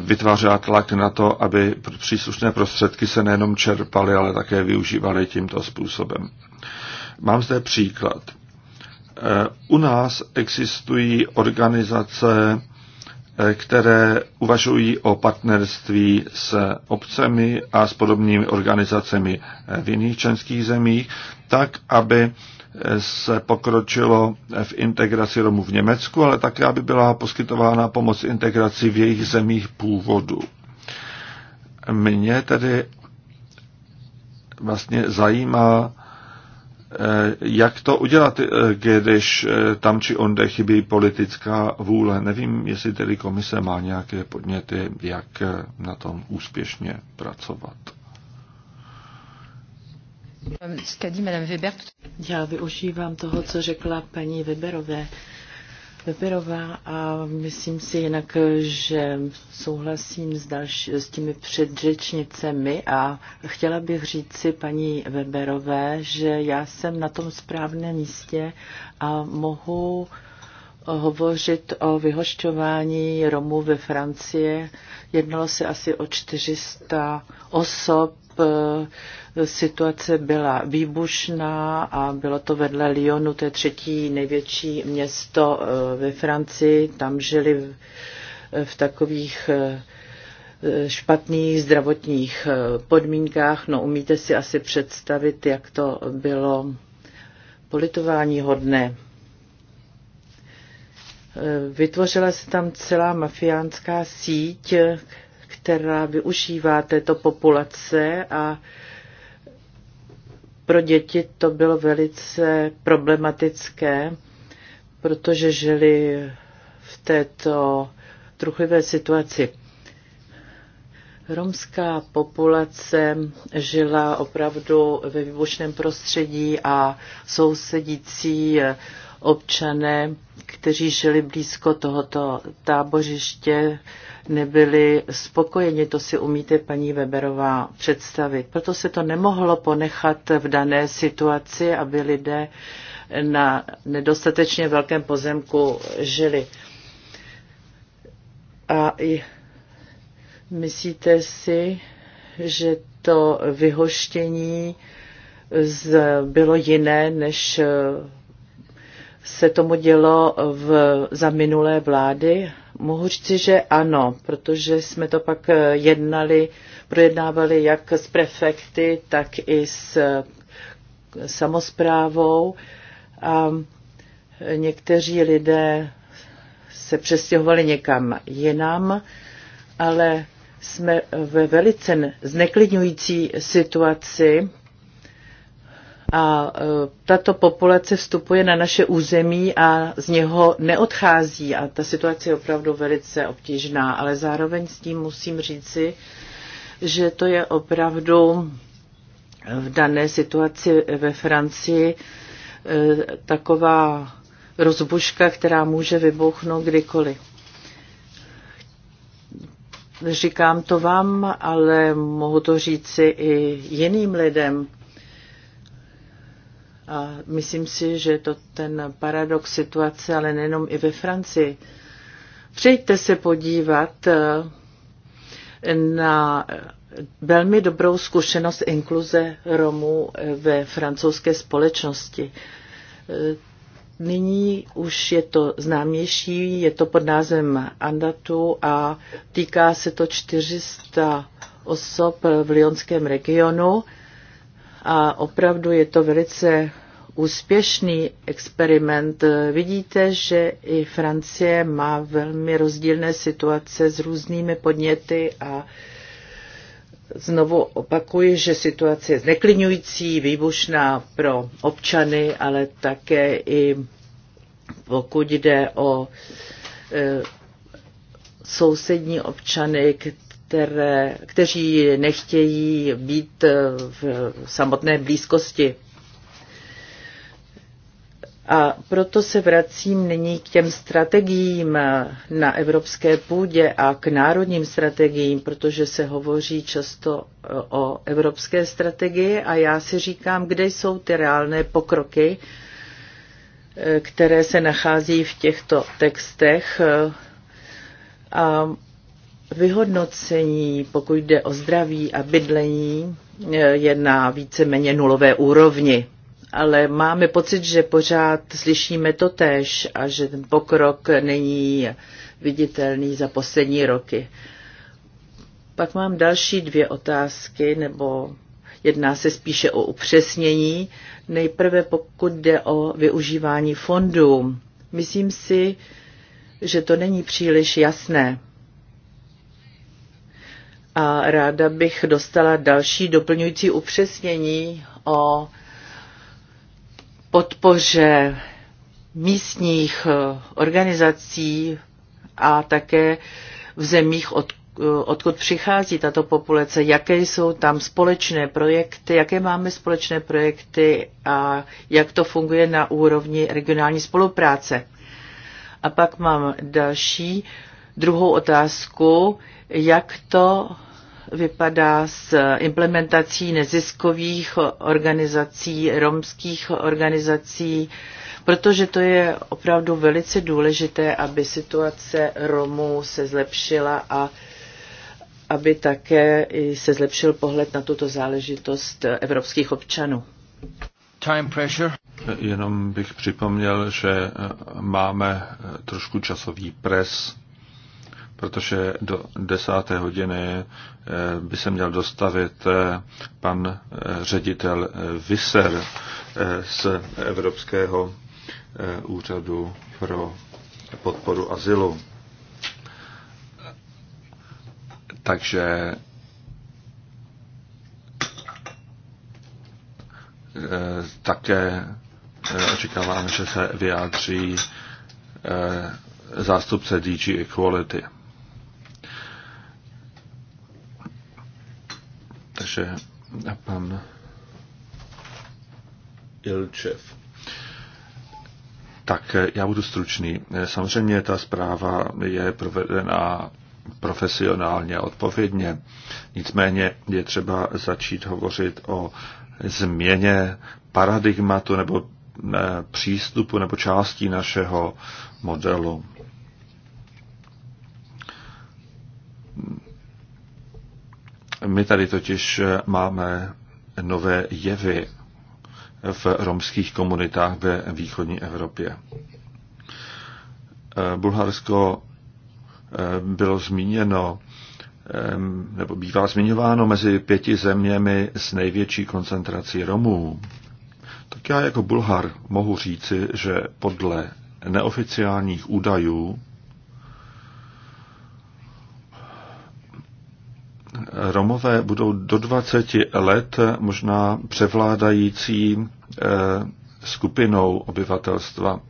vytvářela tlak na to, aby příslušné prostředky se nejenom čerpaly, ale také využívaly tímto způsobem. Mám zde příklad. U nás existují organizace, které uvažují o partnerství s obcemi a s podobnými organizacemi v jiných členských zemích, tak aby se pokročilo v integraci Romů v Německu, ale také, aby byla poskytována pomoc integraci v jejich zemích původu. Mě tedy vlastně zajímá, eh, jak to udělat, eh, když eh, tam či onde chybí politická vůle? Nevím, jestli tedy komise má nějaké podněty, jak na tom úspěšně pracovat. Já využívám toho, co řekla paní Weberové. Weberová a myslím si jinak, že souhlasím s, další, s těmi předřečnicemi a chtěla bych říct si paní Weberové, že já jsem na tom správném místě a mohu hovořit o vyhošťování Romů ve Francii. Jednalo se asi o 400 osob, eh, situace byla výbušná a bylo to vedle Lyonu, to je třetí největší město eh, ve Francii. Tam žili v takových eh, špatných zdravotních eh, podmínkách. No umíte si asi představit, jak to bylo politování hodné. Vytvořila se tam celá mafiánská síť, která využívá této populace a pro děti to bylo velice problematické, protože žili v této truchlivé situaci. Romská populace žila opravdu ve výbušném prostředí a sousedící občané, kteří žili blízko tohoto tábořiště, nebyli spokojeni, to si umíte paní Weberová představit. Proto se to nemohlo ponechat v dané situaci, aby lidé na nedostatečně velkém pozemku žili. A myslíte si, že to vyhoštění bylo jiné než se tomu dělo v, za minulé vlády? Mohu říci, že ano, protože jsme to pak eh, jednali, projednávali jak s prefekty, tak i s eh, samozprávou. A eh, někteří lidé se přestěhovali někam jinam, ale jsme ve velice zneklidňující situaci, a e, tato populace vstupuje na naše území a z něho neodchází a ta situace je opravdu velice obtížná, ale zároveň s tím musím říci, že to je opravdu v dané situaci ve Francii e, taková rozbuška, která může vybuchnout kdykoliv. Říkám to vám, ale mohu to říci i jiným lidem. A myslím si, že je to ten paradox situace, ale nejenom i ve Francii. Přejďte se podívat eh, na velmi dobrou zkušenost inkluze Romů eh, ve francouzské společnosti. Eh, nyní už je to známější, je to pod názvem Andatu a týká se to 400 osob v lyonském regionu a opravdu je to velice úspěšný experiment. Vidíte, že i Francie má velmi rozdílné situace s různými podněty a znovu opakuji, že situace je zneklidňující, výbušná pro občany, ale také i pokud jde o e, sousední občany, které, kteří nechtějí být v samotné blízkosti. A proto se vracím nyní k těm strategiím na evropské půdě a k národním strategiím, protože se hovoří často o evropské strategii a já si říkám, kde jsou ty reálné pokroky, které se nachází v těchto textech. A vyhodnocení, pokud jde o zdraví a bydlení, eh, je na víceméně nulové úrovni. Ale máme pocit, že pořád slyšíme to tež a že ten pokrok není viditelný za poslední roky. Pak mám další dvě otázky, nebo jedná se spíše o upřesnění. Nejprve pokud jde o využívání fondů. Myslím si, že to není příliš jasné a ráda bych dostala další doplňující upřesnění o podpoře místních eh, organizací a také v zemích, od, eh, odkud přichází tato populace, jaké jsou tam společné projekty, jaké máme společné projekty a jak to funguje na úrovni regionální spolupráce. A pak mám další, druhou otázku, jak to vypadá s implementací neziskových organizací, romských organizací, protože to je opravdu velice důležité, aby situace Romů se zlepšila a aby také se zlepšil pohled na tuto záležitost evropských občanů. Time pressure. Jenom bych připomněl, že máme trošku časový pres protože do desáté hodiny eh, by se měl dostavit eh, pan eh, ředitel Viser z Evropského úřadu pro podporu azylu. Takže také očekáváme, že se vyjádří zástupce DG Equality. Takže pan Ilčev. Tak já budu stručný. Samozřejmě ta zpráva je provedena profesionálně a odpovědně. Nicméně je třeba začít hovořit o změně paradigmatu nebo e, přístupu nebo částí našeho modelu. My tady totiž eh, máme nové jevy v romských komunitách ve východní Evropě. Eh, Bulharsko eh, bylo zmíněno, nebo bývá zmiňováno mezi pěti zeměmi s největší koncentrací Romů. Tak já jako Bulhar mohu říci, že podle neoficiálních údajů Romové budou do 20 let možná převládající eh, skupinou obyvatelstva.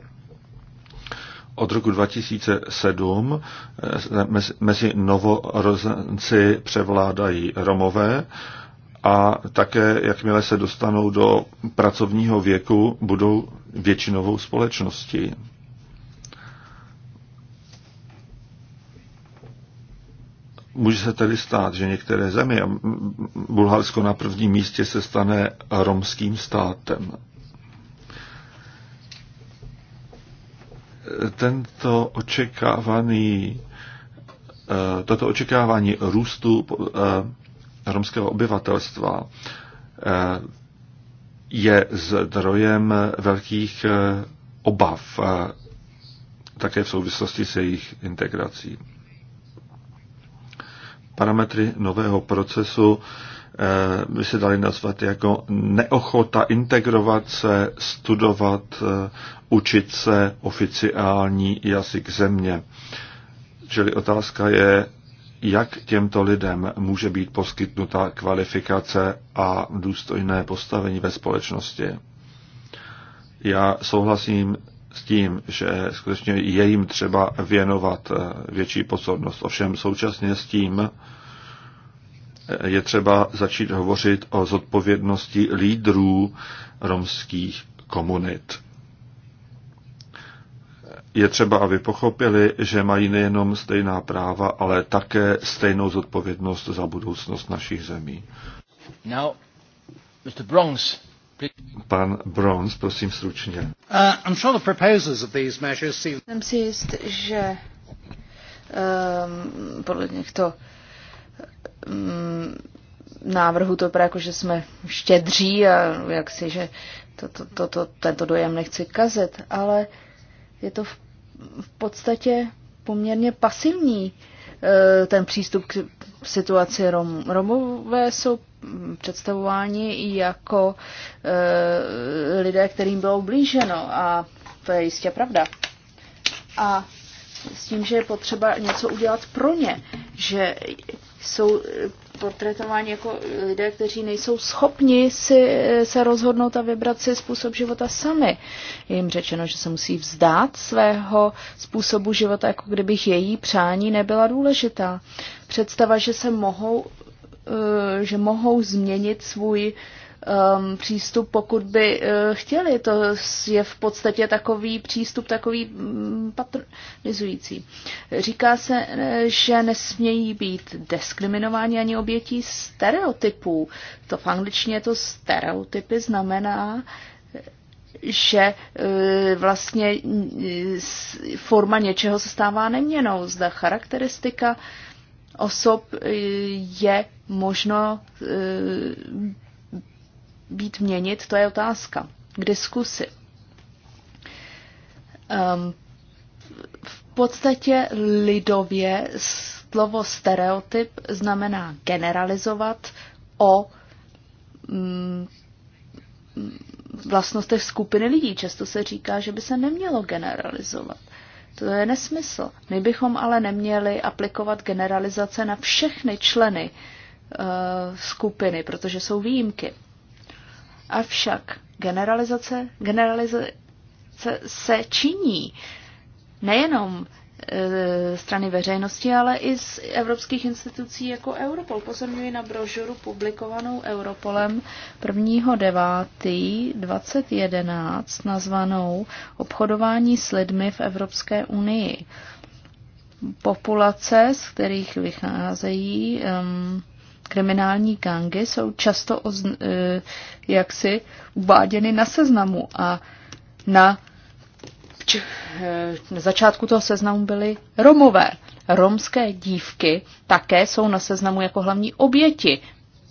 Od roku 2007 eh, mezi novorozenci převládají Romové a také, jakmile se dostanou do pracovního věku, budou většinovou společností. může se tedy stát, že některé země, Bulharsko na prvním místě, se stane romským státem. Tento očekávaný, eh, toto očekávání růstu eh, romského obyvatelstva eh, je zdrojem velkých obav také v souvislosti se jejich integrací parametry nového procesu eh, by se dali nazvat jako neochota integrovat se, studovat, eh, učit se oficiální jazyk země. Čili otázka je, jak těmto lidem může být poskytnuta kvalifikace a důstojné postavení ve společnosti. Já souhlasím s tím, že skutečně je jim třeba věnovat eh, větší pozornost. Ovšem současně s tím eh, je třeba začít hovořit o zodpovědnosti lídrů romských komunit. Je třeba, aby pochopili, že mají nejenom stejná práva, ale také stejnou zodpovědnost za budoucnost našich zemí. Now, Mr. Bronx Pan Bronze, prosím stručně. Uh, sure Jsem si jist, že um, podle těchto um, návrhu to právě, jako, že jsme štědří a jak si, že to, to, to, to, tento dojem nechci kazet, ale je to v, v podstatě poměrně pasivní uh, ten přístup k situaci Rom. Romové jsou představováni jako e, lidé, kterým bylo ublíženo. A to je jistě pravda. A s tím, že je potřeba něco udělat pro ně, že jsou eh, portretováni jako lidé, kteří nejsou schopni si, eh, se rozhodnout a vybrat si způsob života sami. Je jim řečeno, že se musí vzdát svého způsobu života, jako kdybych její přání nebyla důležitá. Představa, že se mohou Eh, že mohou změnit svůj um, přístup, pokud by uh, chtěli. To je v podstatě takový přístup, takový um, patronizující. Říká se, eh, že nesmějí být diskriminováni ani obětí stereotypů. To v angličtině to stereotypy znamená, že vlastně mm, forma něčeho se stává neměnou. Zda charakteristika osob je možno e, být měnit, to je otázka k diskusi. Um, v podstatě lidově slovo stereotyp znamená generalizovat o mm, vlastnostech skupiny lidí. Často se říká, že by se nemělo generalizovat. To je nesmysl. My bychom ale neměli aplikovat generalizace na všechny členy uh, Eh, skupiny, protože jsou výjimky. Avšak generalizace, generalizace se činí nejenom eh, strany veřejnosti, ale i z evropských institucí jako Europol. Pozorňuji na brožuru publikovanou Europolem 1.9.2011 nazvanou Obchodování s lidmi v Evropské unii. Populace, z kterých vycházejí um, kriminální gangy jsou často ozn- eh, jaksi uváděny na seznamu a na eh, na začátku toho seznamu byly Romové. Romské dívky také jsou na seznamu jako hlavní oběti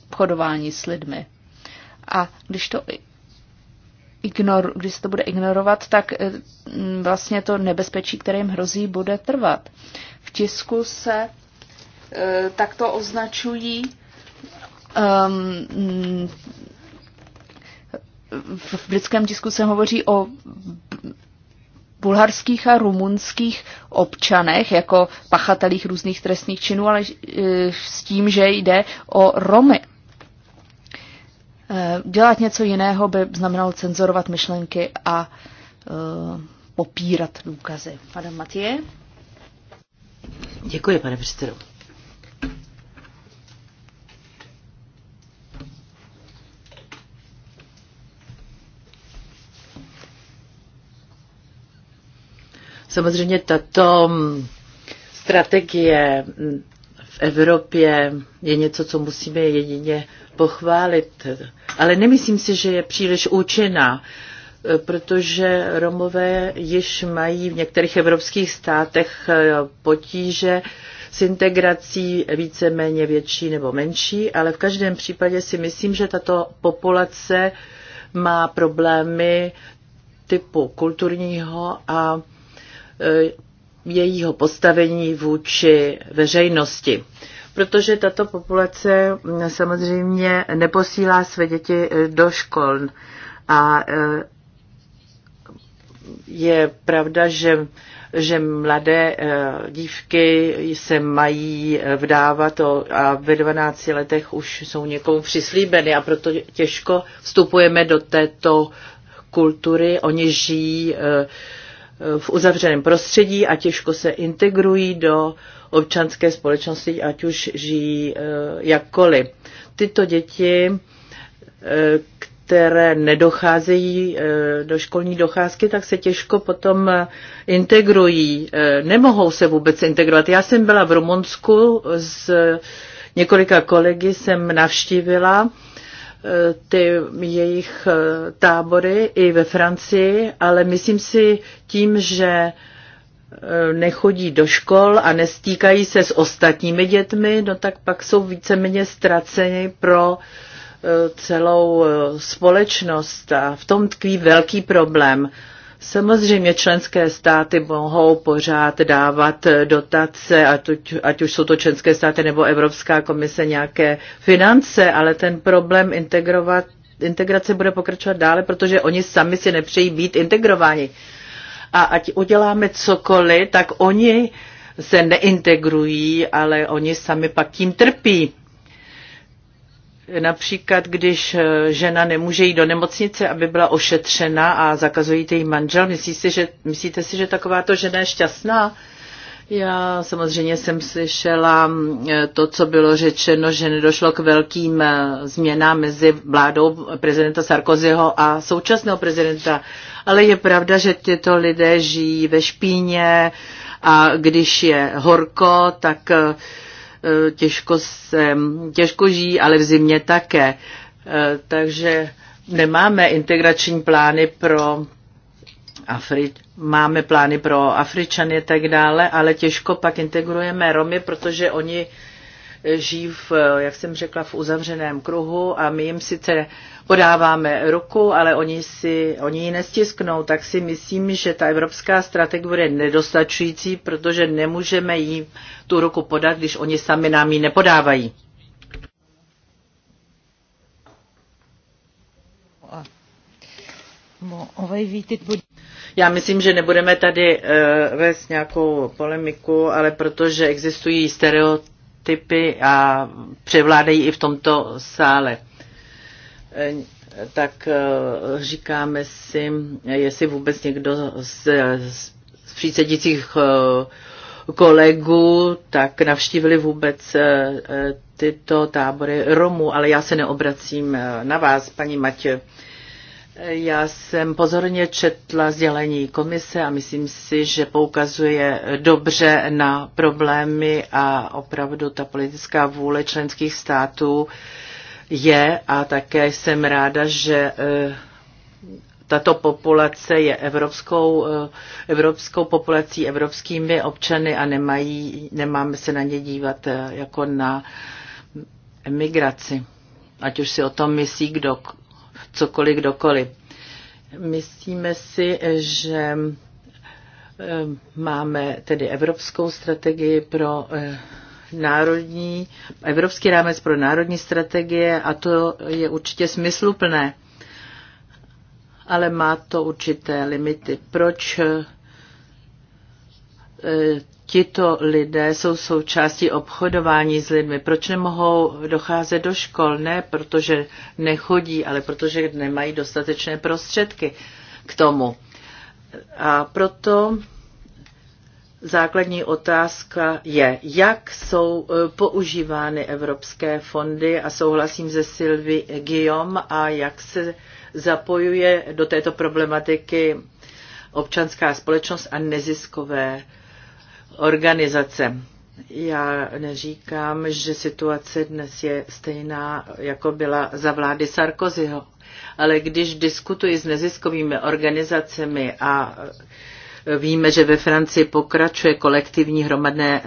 obchodování s lidmi. A když to ignor, když se to bude ignorovat, tak eh, vlastně to nebezpečí, které jim hrozí, bude trvat. V tisku se takto označují Um, v britském tisku se hovoří o bulharských a rumunských občanech jako pachatelích různých trestných činů, ale eh, s tím, že jde o Romy. Eh, dělat něco jiného by znamenalo cenzorovat myšlenky a eh, popírat důkazy. Pane Matěje? Děkuji, pane předsedo. Samozřejmě tato strategie v Evropě je něco, co musíme jedině pochválit, ale nemyslím si, že je příliš účinná protože Romové již mají v některých evropských státech potíže s integrací víceméně větší nebo menší, ale v každém případě si myslím, že tato populace má problémy typu kulturního a Eh, jejího postavení vůči veřejnosti. Protože tato populace mm, samozřejmě neposílá své děti eh, do škol. A eh, je pravda, že, že mladé dívky se mají vdávat a ve 12 letech už jsou někomu přislíbeny a proto těžko vstupujeme do této kultury. Oni žijí v uzavřeném prostředí a těžko se integrují do občanské společnosti, ať už žijí eh, jakkoliv. Tyto děti, eh, které nedocházejí eh, do školní docházky, tak se těžko potom integrují, nemohou se vůbec integrovat. Já jsem byla v Rumunsku s několika kolegy, jsem navštívila E, ty jejich e, tábory i ve Francii, ale myslím si tím, že e, nechodí do škol a nestýkají se s ostatními dětmi, no tak pak jsou víceméně ztraceni pro celou společnost a v tom tkví velký problém. Samozřejmě členské státy mohou pořád dávat dotace, ať, ať už jsou to členské státy nebo Evropská komise nějaké finance, ale ten problém integrovat, integrace bude pokračovat dále, protože oni sami si nepřejí být integrováni. A ať uděláme cokoliv, tak oni se neintegrují, ale oni sami pak tím trpí. Například, když eh, žena nemůže jít do nemocnice, aby byla ošetřena a zakazují její manžel, myslíte si, že, myslíte si, že takováto žena je šťastná? Já samozřejmě jsem slyšela mm, eh, to, co bylo řečeno, že nedošlo k velkým eh, změnám mezi vládou prezidenta Sarkozyho a současného prezidenta. Ale je pravda, že tyto lidé žijí ve špíně a když je horko, tak uh, Eh, těžko, se, těžko žijí, ale v zimě také. Eh, takže nemáme integrační plány pro Afri- máme plány pro Afričany a tak dále, ale těžko pak integrujeme Romy, protože oni žijí, v, jak jsem řekla, v uzavřeném kruhu a my jim sice podáváme ruku, ale oni, si, oni ji nestisknou, tak si myslím, že ta evropská strategie bude nedostačující, protože nemůžeme jí tu ruku podat, když oni sami nám ji nepodávají. Já myslím, že nebudeme tady uh, vést nějakou polemiku, ale protože existují stereotypy, typy a převládají i v tomto sále. E, tak e, říkáme si, jestli vůbec někdo z, z přísedících e, kolegů tak navštívili vůbec tyto tábory Romů, ale já se neobracím na vás, paní Matě. Já jsem pozorně četla sdělení komise a myslím si, že poukazuje dobře na problémy a opravdu ta politická vůle členských států je a také jsem ráda, že eh, tato populace je evropskou, eh, evropskou populací, evropskými občany a nemají, nemáme se na ně dívat eh, jako na emigraci. Ať už si o tom myslí kdo, cokoliv kdokoliv. Myslíme si, že eh, máme tedy evropskou strategii pro eh, národní, evropský rámec pro národní strategie a to je určitě smysluplné, ale má to určité limity. Proč eh, tito lidé jsou součástí obchodování s lidmi. Proč nemohou docházet do škol? Ne, protože nechodí, ale protože nemají dostatečné prostředky k tomu. A proto základní otázka je, jak jsou e, používány evropské fondy a souhlasím se Silvi Guillaume a jak se zapojuje do této problematiky občanská společnost a neziskové organizace. Já neříkám, že situace dnes je stejná, jako byla za vlády Sarkozyho, ale když diskutuji s neziskovými organizacemi a e, víme, že ve Francii pokračuje kolektivní hromadné e,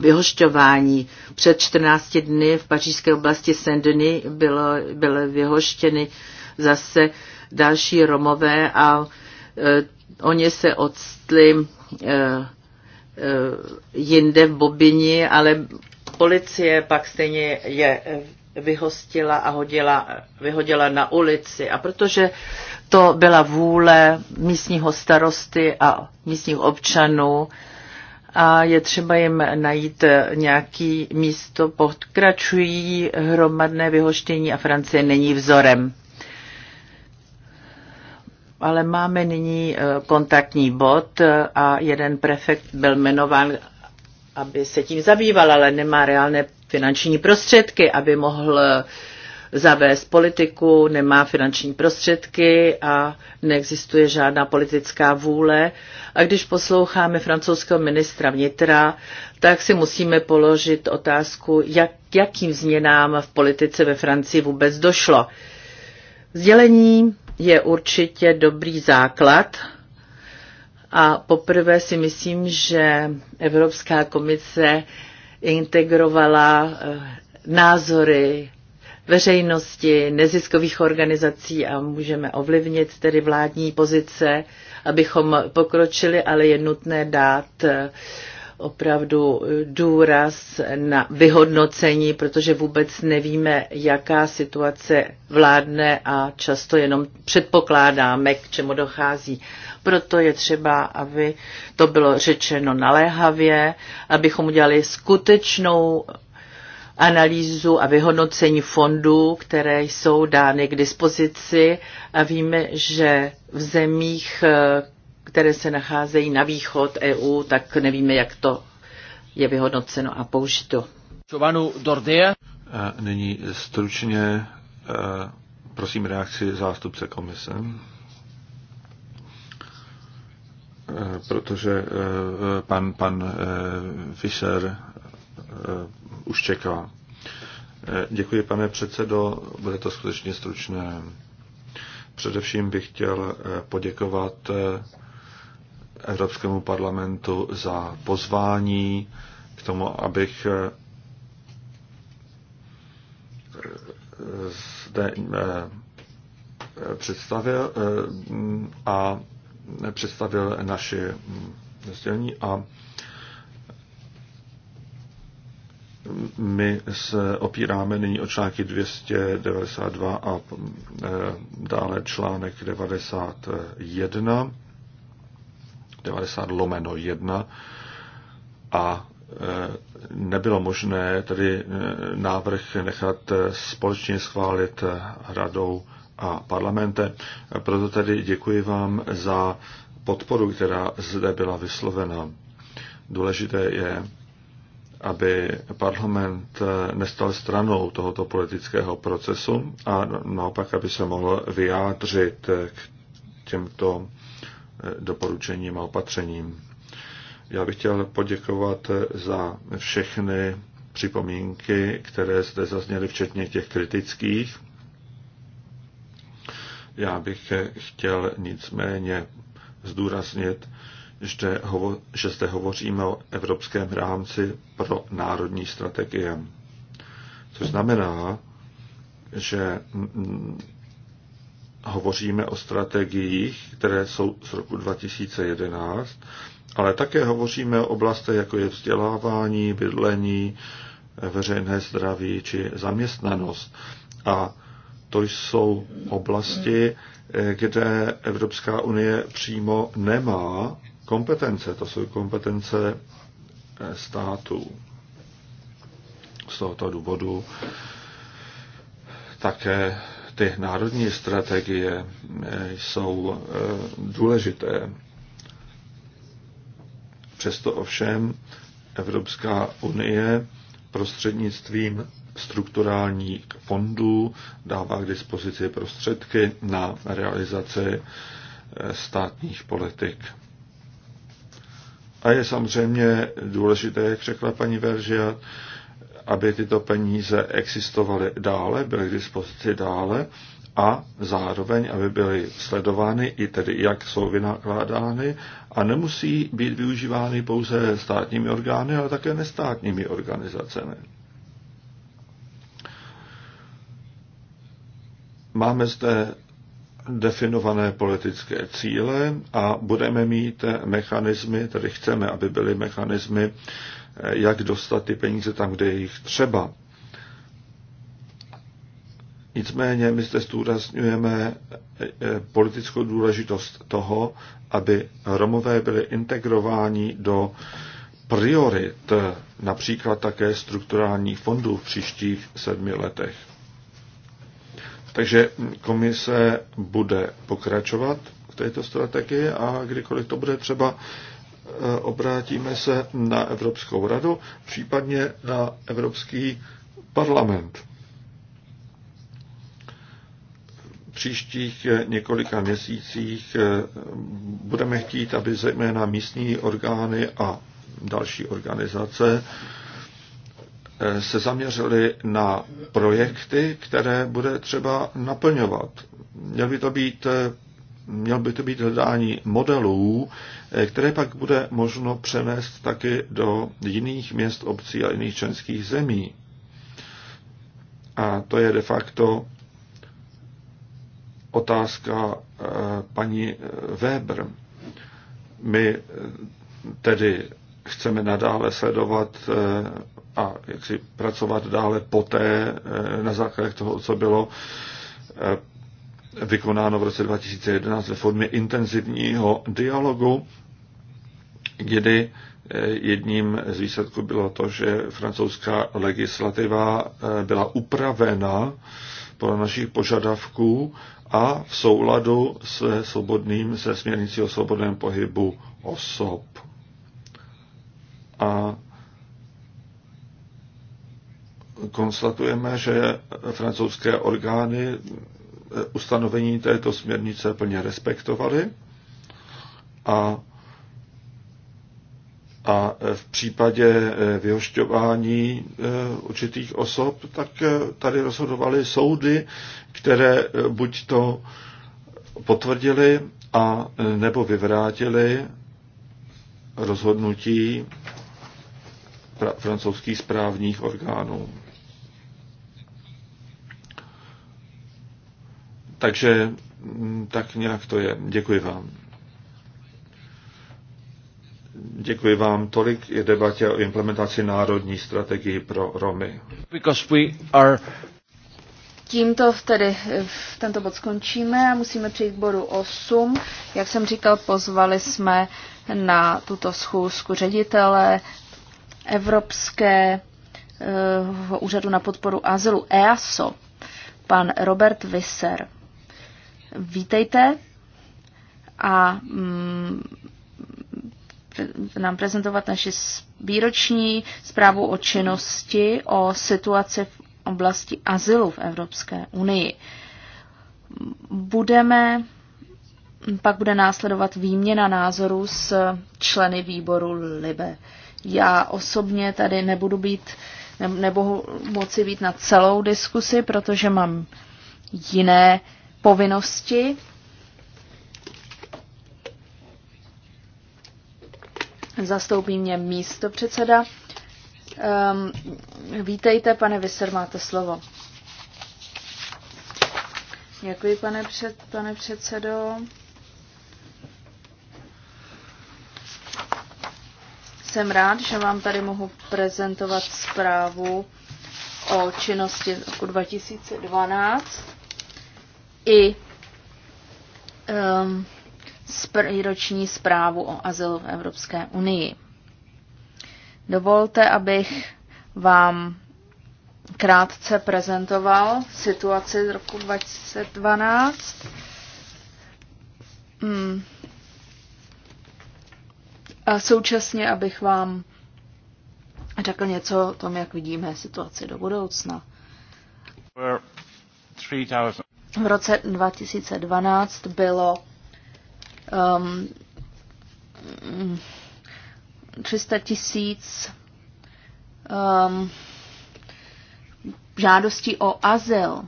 vyhošťování. Před 14 dny v pařížské oblasti Saint-Denis bylo, byly vyhoštěny zase další Romové a e, oni se odstli e, Eh, jinde v Bobini, ale policie pak stejně je vyhostila a hodila, vyhodila na ulici. A protože to byla vůle místního starosty a místních občanů, a je třeba jim najít nějaký místo, pokračují hromadné vyhoštění a Francie není vzorem ale máme nyní eh, kontaktní bod eh, a jeden prefekt byl jmenován, aby se tím zabýval, ale nemá reálné finanční prostředky, aby mohl eh, zavést politiku, nemá finanční prostředky a neexistuje žádná politická vůle. A když posloucháme francouzského ministra vnitra, tak si musíme položit otázku, jak, jakým změnám v politice ve Francii vůbec došlo. Sdělení je určitě dobrý základ a poprvé si myslím, že Evropská komise integrovala eh, názory veřejnosti, neziskových organizací a můžeme ovlivnit tedy vládní pozice, abychom pokročili, ale je nutné dát eh, opravdu důraz na vyhodnocení, protože vůbec nevíme, jaká situace vládne a často jenom předpokládáme, k čemu dochází. Proto je třeba, aby to bylo řečeno naléhavě, abychom udělali skutečnou analýzu a vyhodnocení fondů, které jsou dány k dispozici a víme, že v zemích, které se nacházejí na východ EU, tak nevíme, jak to je vyhodnoceno a použito. Giovanu Dordea. nyní stručně prosím reakci zástupce komise. Protože pan, pan Fischer už čeká. Děkuji, pane předsedo, bude to skutečně stručné. Především bych chtěl poděkovat Evropskému parlamentu za pozvání k tomu, abych eh, zde eh, představil eh, a představil naše mm, sdělení a my se opíráme nyní o články 292 a dále článek 91 90 lomeno 1 a e, nebylo možné tedy e, návrh nechat e, společně schválit radou a parlamente. Proto tedy děkuji vám za podporu, která zde byla vyslovena. Důležité je, aby parlament nestal stranou tohoto politického procesu a naopak, aby se mohl vyjádřit k těmto doporučením a opatřením. Já bych chtěl poděkovat za všechny připomínky, které zde zazněly, včetně těch kritických. Já bych chtěl nicméně zdůraznit, že, zde hovoříme o evropském rámci pro národní strategie. Což znamená, že hovoříme o strategiích, které jsou z roku 2011, ale také hovoříme o oblastech, jako je vzdělávání, bydlení, veřejné zdraví či zaměstnanost. A to jsou oblasti, kde Evropská unie přímo nemá kompetence. To jsou kompetence eh, států. Z tohoto důvodu také ty národní strategie eh, jsou eh, důležité. Přesto ovšem Evropská unie prostřednictvím strukturálních fondů dává k dispozici prostředky na realizaci eh, státních politik. A je samozřejmě důležité, jak řekla paní Veržia, aby tyto peníze existovaly dále, byly k dispozici dále a zároveň, aby byly sledovány i tedy, jak jsou vynakládány a nemusí být využívány pouze státními orgány, ale také nestátními organizacemi. Máme zde definované politické cíle a budeme mít mechanismy, tedy chceme, aby byly mechanismy Eh, jak dostat ty peníze tam, kde je jich třeba. Nicméně my zde zdůrazňujeme eh, eh, politickou důležitost toho, aby Romové byli integrováni do priorit, například také strukturálních fondů v příštích sedmi letech. Takže komise bude pokračovat v této strategii a kdykoliv to bude třeba, Eh, obrátíme se na Evropskou radu, případně na Evropský parlament. V příštích eh, několika měsících eh, budeme chtít, aby zejména místní orgány a další organizace se zaměřili na projekty, které bude třeba naplňovat. Měl by to být, měl by to být hledání modelů, které pak bude možno přenést taky do jiných měst, obcí a jiných členských zemí. A to je de facto otázka eh, paní eh, Weber. My eh, tedy chceme nadále sledovat a jak si pracovat dále poté na základě toho, co bylo vykonáno v roce 2011 ve formě intenzivního dialogu, kdy eh, jedním z výsledků bylo to, že francouzská legislativa eh, byla upravena podle našich požadavků a v souladu se, svobodným, se směrnicí o svobodném pohybu osob. A konstatujeme, že francouzské orgány Eh, ustanovení této směrnice plně respektovali a, a v případě eh, vyhošťování eh, určitých osob, tak tady rozhodovaly soudy, které buď to potvrdili a nebo vyvrátili rozhodnutí francouzských správních orgánů. Takže mm, tak nějak to je. Děkuji vám. Děkuji vám. Tolik je debatě o implementaci národní strategii pro Romy. Because we are... Tímto tedy eh, tento bod skončíme a musíme přijít k bodu 8. Jak jsem říkal, pozvali jsme na tuto schůzku ředitele Evropské uh, úřadu na podporu azylu EASO, pan Robert Visser vítejte a mm, nám prezentovat naši výroční zprávu o činnosti o situaci v oblasti azylu v Evropské unii. Budeme, pak bude následovat výměna názorů s členy výboru LIBE. Já osobně tady nebudu být, nebohu moci být na celou diskusi, protože mám jiné uh, povinnosti Zastoupí mě místo předseda. Um, ehm, vítejte, pane Vyser, máte slovo. Děkuji, pane, před, pane předsedo. Jsem rád, že vám tady mohu prezentovat zprávu o činnosti roku 2012 i um, spr- roční zprávu o azylu v Evropské unii. Dovolte, abych vám krátce prezentoval situaci z roku 2012. Hmm. A současně, abych vám řekl něco o tom, jak vidíme situaci do budoucna. V roce 2012 bylo um, 300 mm, tisíc um, žádostí o azyl.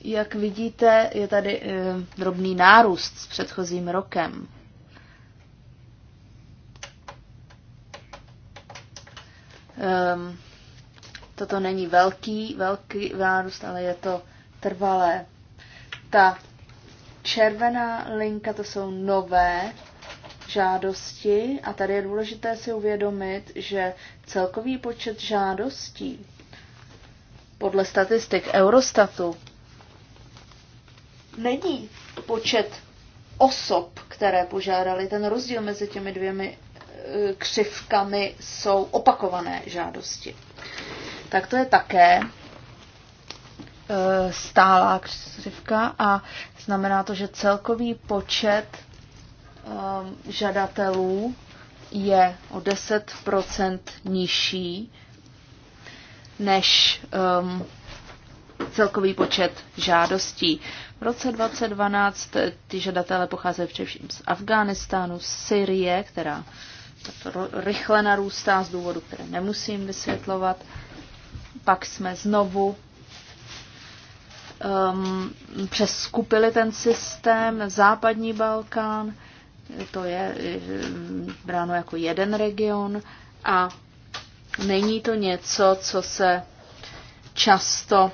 Jak vidíte, je tady e, drobný nárůst s předchozím rokem. Um, Toto není velký, velký nárůst, ale je to trvalé. Ta červená linka, to jsou nové žádosti a tady je důležité si uvědomit, že celkový počet žádostí podle statistik Eurostatu není počet osob, které požádali. Ten rozdíl mezi těmi dvěmi eh, křivkami jsou opakované žádosti tak to je také e, stálá křivka a znamená to, že celkový počet e, žadatelů je o 10 nižší než um, celkový počet žádostí. V roce 2012 ty žadatelé pocházejí především z Afghánistánu, z Syrie, která rychle narůstá z důvodu, které nemusím vysvětlovat. Uh, pak jsme znovu um, přeskupili ten systém západní Balkán, to je um, bráno jako jeden region a není to něco, co se často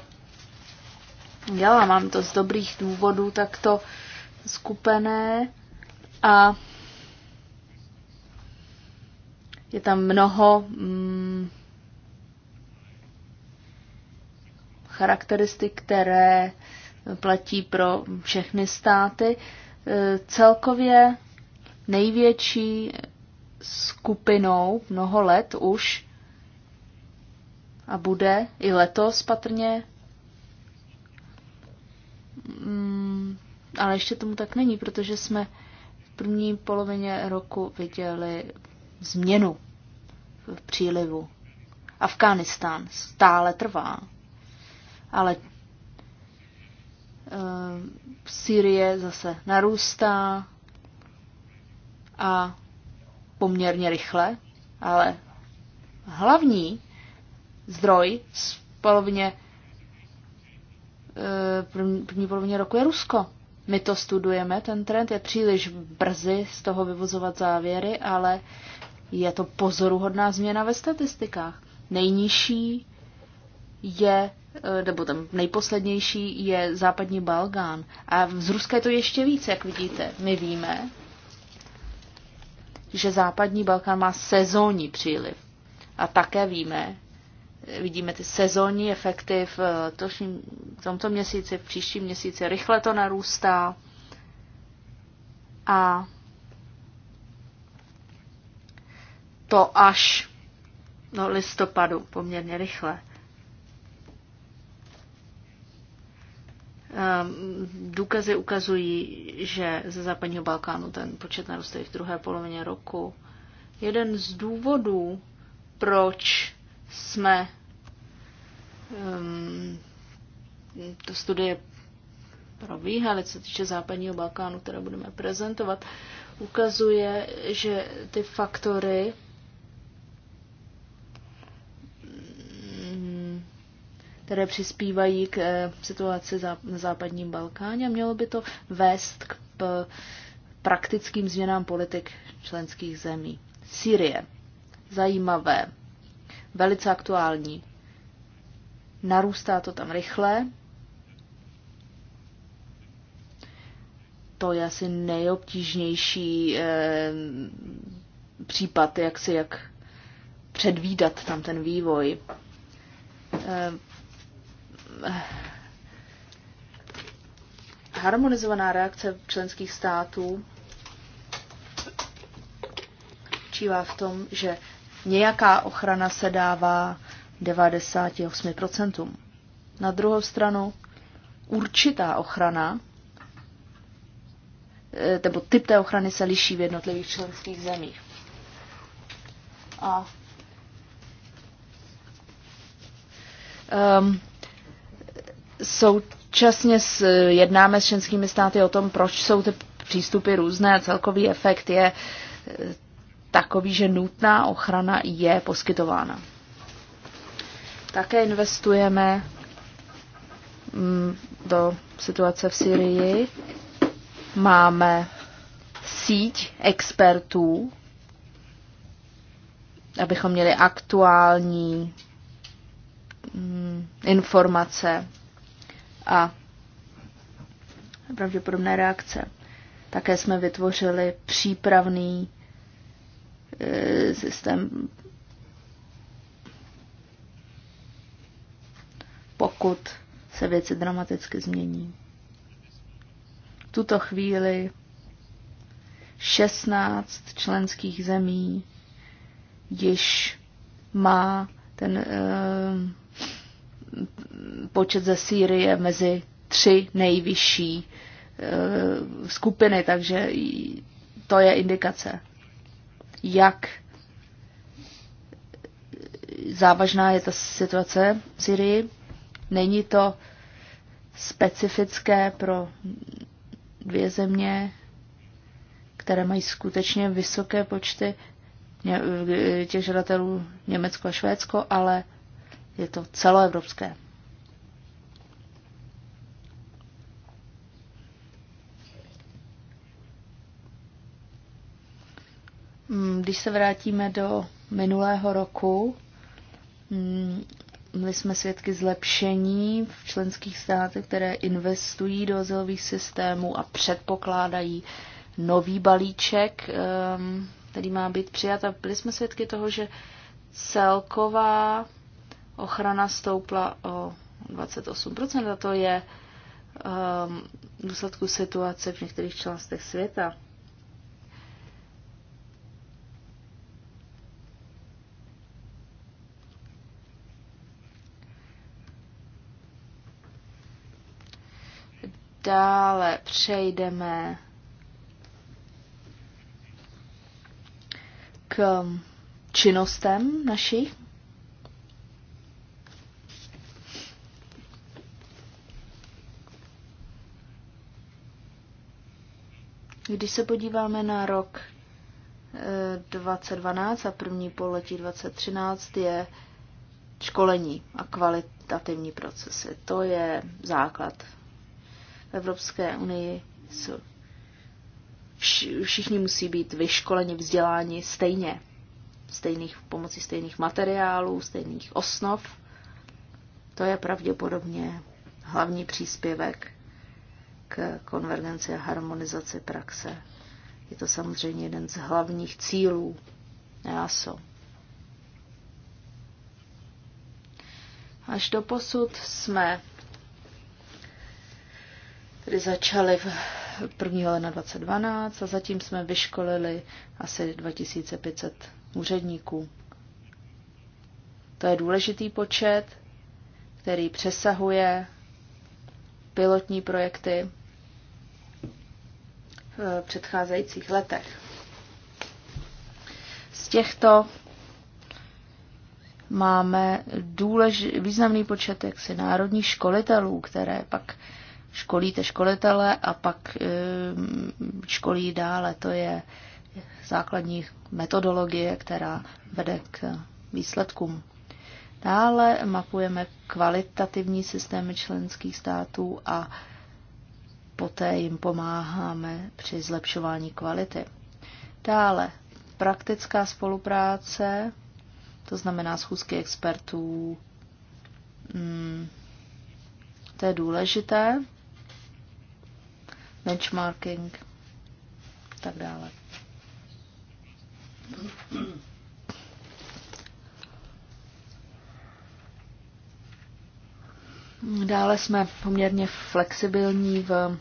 dělá. Mám to z dobrých důvodů takto skupené a je tam mnoho mm, charakteristik, které platí pro všechny státy. E, celkově největší skupinou mnoho let už a bude i letos patrně, mm, ale ještě tomu tak není, protože jsme v první polovině roku viděli změnu v přílivu. Afghánistán stále trvá ale eh, Syrie zase narůstá a poměrně rychle, ale hlavní zdroj z polovině eh, první, první polovině roku je Rusko. My to studujeme, ten trend je příliš brzy z toho vyvozovat závěry, ale je to pozoruhodná změna ve statistikách. Nejnižší je Eh, nebo tam nejposlednější je západní Balkán. A z Ruska je to ještě víc, jak vidíte. My víme, že západní Balkán má sezónní příliv. A také víme, eh, vidíme ty sezónní efekty v, eh, toším, v tomto měsíci, v příštím měsíci. Rychle to narůstá. A to až do no, listopadu, poměrně rychle. Ehm, důkazy ukazují, že ze západního Balkánu ten počet narostl i v druhé polovině roku. Jeden z důvodů, proč jsme um, to studie probíhaly, co týče západního Balkánu, které budeme prezentovat, ukazuje, že ty faktory které přispívají k eh, situaci na západním Balkáně a mělo by to vést k praktickým změnám politik členských zemí. Syrie. Zajímavé. Velice aktuální. Narůstá to tam rychle. To je asi nejobtížnější eh, případ, jak si jak předvídat tam ten vývoj. Eh, harmonizovaná reakce členských států čívá v tom, že nějaká ochrana se dává 98%. Na druhou stranu určitá ochrana, eh, nebo typ té ochrany se liší v jednotlivých členských zemích. A um, Současně jednáme s členskými státy o tom, proč jsou ty přístupy různé a celkový efekt je eh, takový, že nutná ochrana je poskytována. Také investujeme mm, do situace v Syrii. Máme síť expertů, abychom měli aktuální mm, informace a pravděpodobné reakce. Také jsme vytvořili přípravný e, systém, pokud se věci dramaticky změní. V tuto chvíli 16 členských zemí již má ten e, počet ze Sýrie mezi tři nejvyšší eh, skupiny, takže to je indikace, jak závažná je ta situace v Syrii. Není to specifické pro dvě země, které mají skutečně vysoké počty těch žadatelů Německo a Švédsko, ale je to celoevropské. Mm, když se vrátíme do minulého roku, mm, byli jsme svědky zlepšení v členských státech, které investují do azylových systémů a předpokládají nový balíček, který má být přijat. A byli jsme svědky toho, že celková ochrana stoupla o 28%, a to je v důsledku situace v některých částech světa. dále přejdeme k činnostem našich. Když se podíváme na rok 2012 eh, a první poletí 2013 je školení a kvalitativní procesy. To je základ v Evropské unii jsou všichni musí být vyškoleni, vzděláni stejně. Stejných, pomocí stejných materiálů, stejných osnov. To je pravděpodobně hlavní příspěvek k konvergenci a harmonizaci praxe. Je to samozřejmě jeden z hlavních cílů EASO. Až do posud jsme tedy začali v 1. ledna 2012 a zatím jsme vyškolili asi 2500 úředníků. To je důležitý počet, který přesahuje pilotní projekty v předcházejících letech. Z těchto máme důlež, významný počet jaksi národních školitelů, které pak školíte školitele a pak eh, školí dále. To je základní metodologie, která vede k výsledkům. Dále mapujeme kvalitativní systémy členských států a poté jim pomáháme při zlepšování kvality. Dále praktická spolupráce, to znamená schůzky expertů. Hmm, to je důležité benchmarking a tak dále. Dále jsme poměrně flexibilní v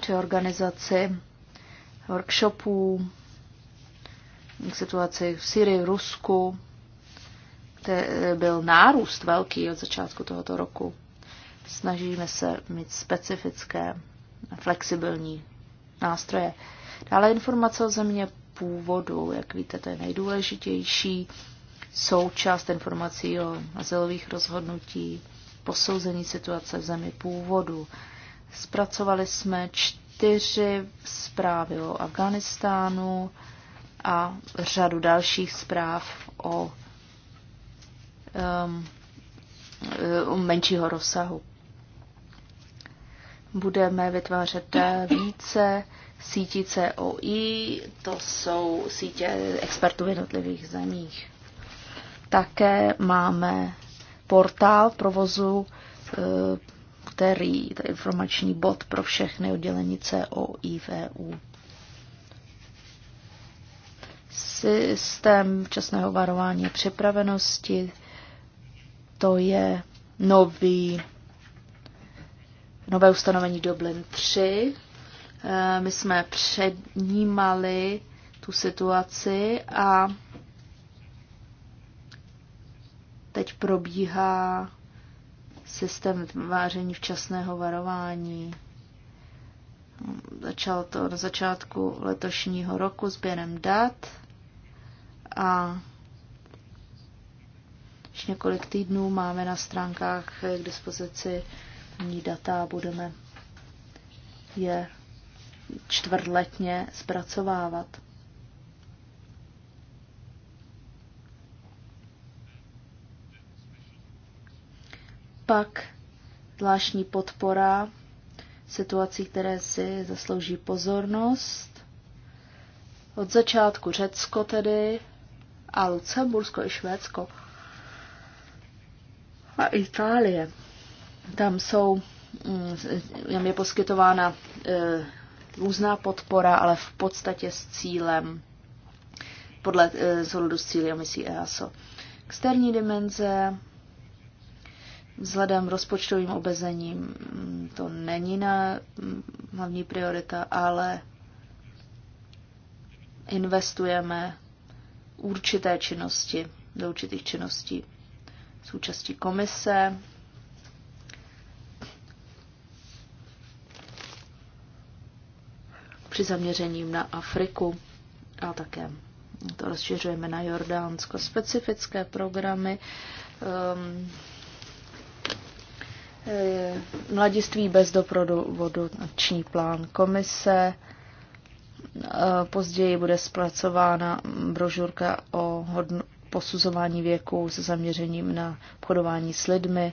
přeorganizaci workshopů, k situaci v Syrii, Rusku. kde byl nárůst velký od začátku tohoto roku. Snažíme se mít specifické flexibilní nástroje. Dále informace o země původu, jak víte, to je nejdůležitější součást informací o azylových rozhodnutí, posouzení situace v zemi původu. Zpracovali jsme čtyři zprávy o Afganistánu a řadu dalších zpráv o um, menšího rozsahu budeme vytvářet více sítí COI, to jsou sítě expertů v jednotlivých zemích. Také máme portál provozu, eh, který je informační bod pro všechny oddělení COI v EU. Systém včasného varování připravenosti, to je nový nové ustanovení Dublin 3. Eh, my jsme přednímali tu situaci a teď probíhá systém váření včasného varování. Začalo to na začátku letošního roku sběrem dat a už několik týdnů máme na stránkách k dispozici ní data budeme je čtvrtletně zpracovávat. Pak zvláštní podpora situací, které si zaslouží pozornost. Od začátku Řecko tedy a Lucembursko i Švédsko a Itálie. Tam jsou, tam mm, je poskytována e, různá podpora, ale v podstatě s cílem, podle zhodu e, s cíly omisí EASO. Externí dimenze, vzhledem rozpočtovým obezením mm, to není na mm, hlavní priorita, ale investujeme určité činnosti, do určitých činností s účastí komise, při zaměřením na Afriku a také to rozšiřujeme na Jordánsko. Specifické programy um, Mladiství bez doprovodu akční plán komise. Eh, později bude zpracována brožurka o posuzování věku se zaměřením na obchodování s lidmi,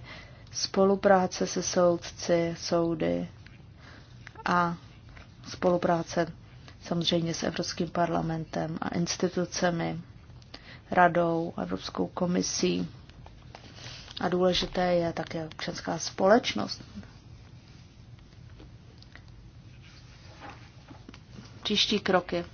spolupráce se soudci, soudy a spolupráce samozřejmě s Evropským parlamentem a institucemi, radou, Evropskou komisí. A důležité je také občanská společnost. Příští kroky.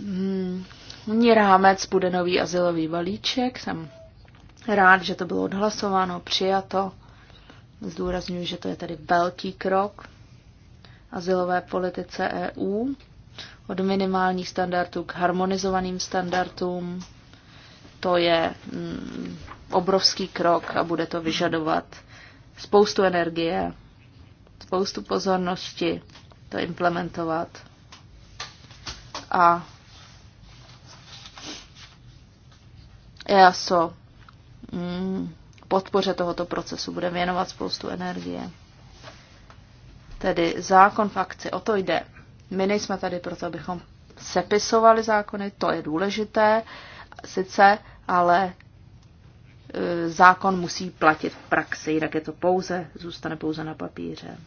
Hmm. Rámec bude nový asilový balíček, tam rád, že to bylo odhlasováno, přijato. Zdůraznuju, že to je tady velký krok azylové politice EU od minimálních standardů k harmonizovaným standardům. To je mm, obrovský krok a bude to vyžadovat spoustu energie, spoustu pozornosti to implementovat. A EASO Mm, podpoře tohoto procesu bude věnovat spoustu energie. Tedy zákon v akci, o to jde. My nejsme tady proto, abychom sepisovali zákony, to je důležité, sice, ale e, zákon musí platit v praxi, jinak je to pouze, zůstane pouze na papíře.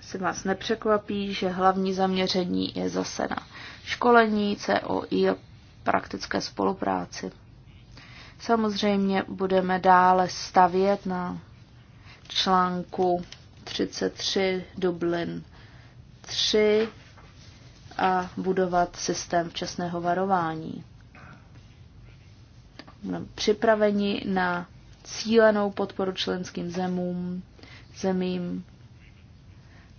Se vás nepřekvapí, že hlavní zaměření je zase na školení, COI a praktické spolupráci. Samozřejmě budeme dále stavět na článku 33 Dublin 3 a budovat systém včasného varování. připraveni na cílenou podporu členským zemům, zemím.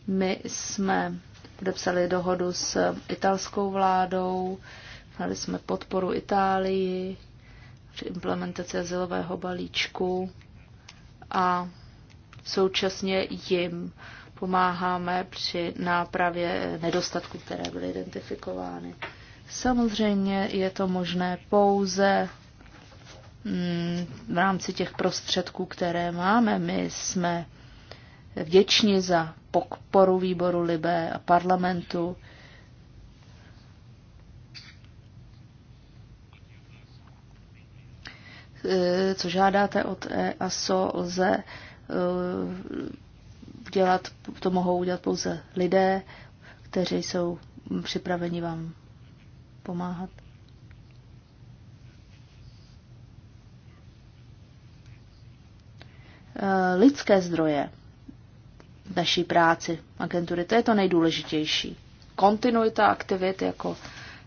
My jsme podepsali dohodu s italskou vládou, dali jsme podporu Itálii, implementaci azylového balíčku a současně jim pomáháme při nápravě nedostatků, které byly identifikovány. Samozřejmě je to možné pouze mm, v rámci těch prostředků, které máme. My jsme vděční za podporu výboru Libé a parlamentu Eh, co žádáte od EASO, lze eh, dělat, to mohou udělat pouze lidé, kteří jsou připraveni vám pomáhat. Eh, lidské zdroje naší práci agentury, to je to nejdůležitější. Kontinuita aktivit jako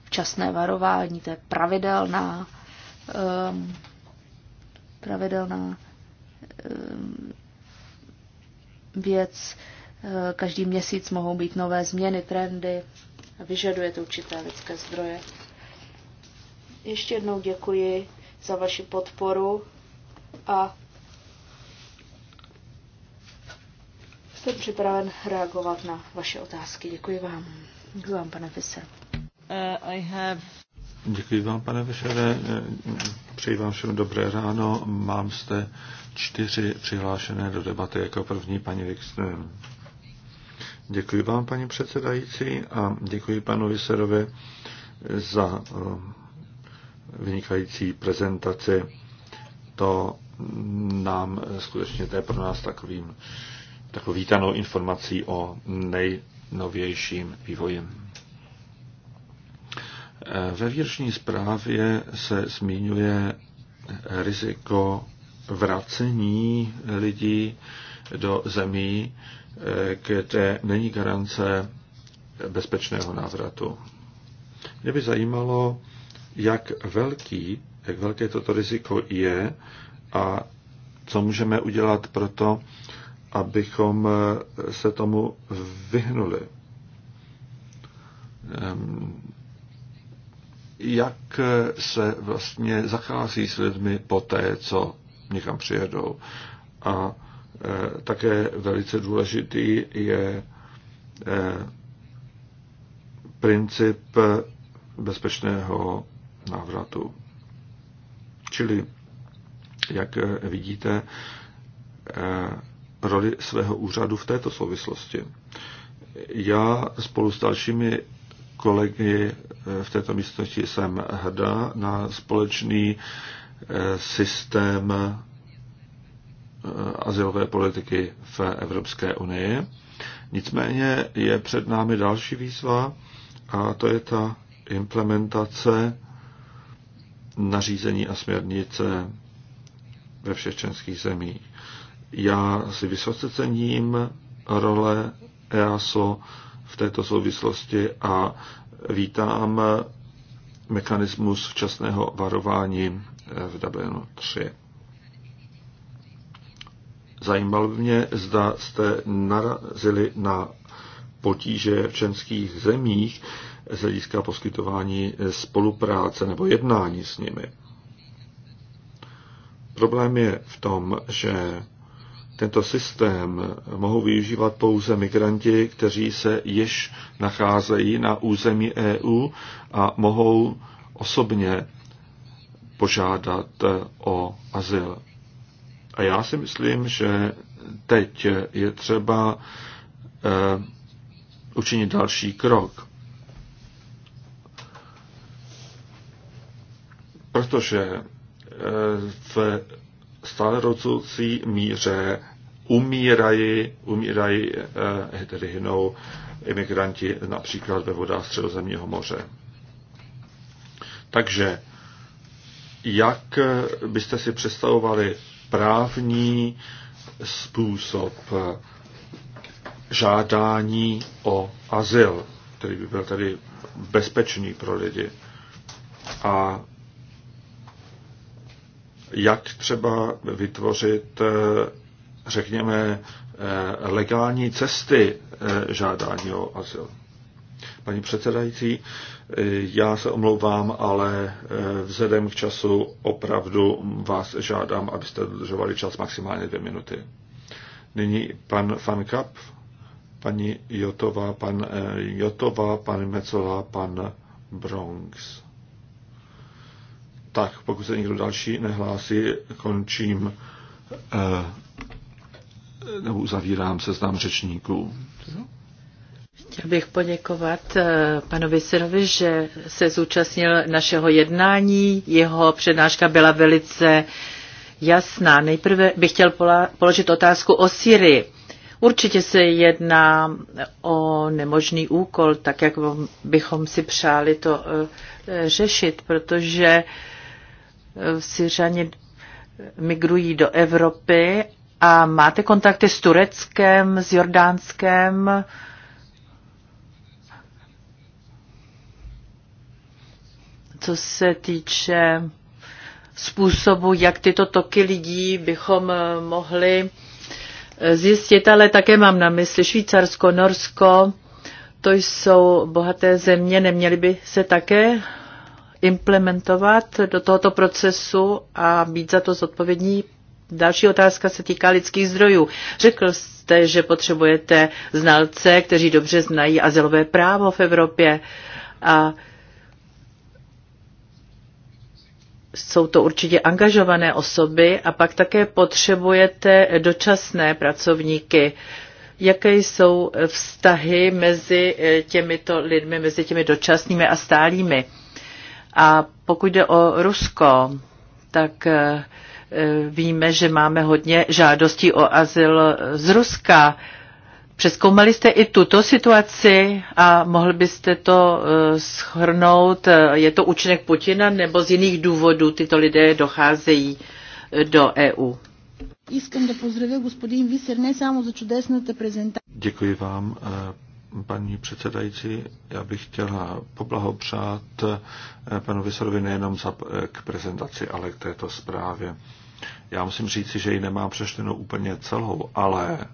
včasné varování, to je pravidelná um, pravidelná eh, věc. Eh, každý měsíc mohou být nové změny, trendy a vyžaduje to určité lidské zdroje. Ještě jednou děkuji za vaši podporu a jsem připraven reagovat na vaše otázky. Děkuji vám. Děkuji vám, pane Fise. Uh, I have Děkuji vám, pane Vešere. Přeji vám všem dobré ráno. Mám zde čtyři přihlášené do debaty. Jako první paní Wikström. Děkuji vám, paní předsedající, a děkuji panu Viserovi za eh, vynikající prezentaci. To nám skutečně to je pro nás takovým, takovou vítanou informací o nejnovějším vývoji. Ve výroční zprávě se zmiňuje riziko vracení lidí do zemí, kde není garance bezpečného návratu. Mě by zajímalo, jak velký, jak velké toto riziko je a co můžeme udělat pro to, abychom se tomu vyhnuli. Ehm, jak se vlastně zachází s lidmi po té, co někam přijedou. A e, také velice důležitý je e, princip bezpečného návratu. Čili, jak vidíte, e, roli svého úřadu v této souvislosti. Já spolu s dalšími kolegy eh, v této místnosti jsem hrdá na společný eh, systém eh, asilové politiky v Evropské unii. Nicméně je před námi další výzva a to je ta implementace nařízení a směrnice ve všech členských zemích. Já si vysoce cením role EASO v této souvislosti a vítám mechanismus včasného varování eh, v Dublinu 3. Zajímalo mě, zda jste narazili na potíže v členských zemích z hlediska poskytování spolupráce nebo jednání s nimi. Problém je v tom, že tento systém mohou využívat pouze migranti, kteří se již nacházejí na území EU a mohou osobně požádat o azyl. A já si myslím, že teď je třeba eh, učinit další krok. Protože eh, v stále rostoucí míře umírají, umírají eh, eh, tedy hynou imigranti například ve vodách Středozemního moře. Takže jak byste si představovali právní způsob žádání o azyl, který by byl tady bezpečný pro lidi. A jak třeba vytvořit eh, řekněme, eh, legální cesty eh, žádání o azyl. Paní předsedající, eh, já se omlouvám, ale vzhledem k času opravdu vás žádám, abyste dodržovali čas maximálně dvě minuty. Nyní pan Fankap, paní Jotová, pan Jotová, pan Mecola, pan Bronx. Tak, pokud se někdo další nehlásí, končím nebo uzavírám seznam řečníků. Chtěl bych poděkovat eh, panu Vyserovi, že se zúčastnil našeho jednání. Jeho přednáška byla velice jasná. Nejprve bych chtěl položit otázku o Syrii. Určitě se jedná o nemožný úkol, tak jak bychom si přáli to eh, řešit, protože eh, Syřani migrují do Evropy a máte kontakty s Tureckem, s Jordánskem? Co se týče způsobu, jak tyto toky lidí bychom eh, mohli eh, zjistit, ale také mám na mysli Švýcarsko, Norsko, to jsou bohaté země, neměly by se také implementovat do tohoto procesu a být za to zodpovědní Další otázka se týká lidských zdrojů. Řekl jste, že potřebujete znalce, kteří dobře znají azylové právo v Evropě. A jsou to určitě angažované osoby a pak také potřebujete dočasné pracovníky. Jaké jsou vztahy mezi eh, těmito lidmi, mezi těmi dočasnými a stálými? A pokud jde o Rusko, tak eh, Eh, víme, že máme hodně žádostí o azyl z Ruska. Přeskoumali jste i tuto situaci a mohli byste to eh, schrnout? Eh, je to účinek Putina nebo z jiných důvodů tyto lidé docházejí do EU? Děkuji vám, paní předsedající. Já bych chtěla poblahopřát panu Vysorovi nejenom za, k prezentaci, ale k této zprávě. Já musím říci, že ji nemám přečtenou úplně celou, ale e,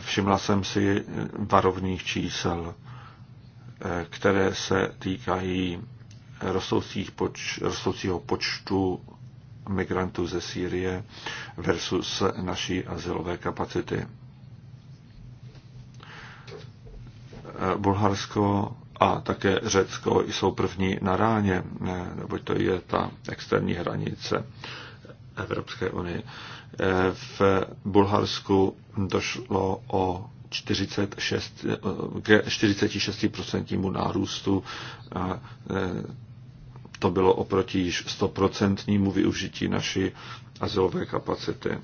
všimla jsem si varovných čísel, e, které se týkají poč, rostoucího počtu migrantů ze Sýrie versus naší asilové kapacity. E, Bulharsko a také Řecko jsou první na ráně, neboť to je ta externí hranice. Evropské unie eh, V Bulharsku došlo o 46, k 46% nárůstu eh, to bylo oproti již 100% využití naší azylové kapacity.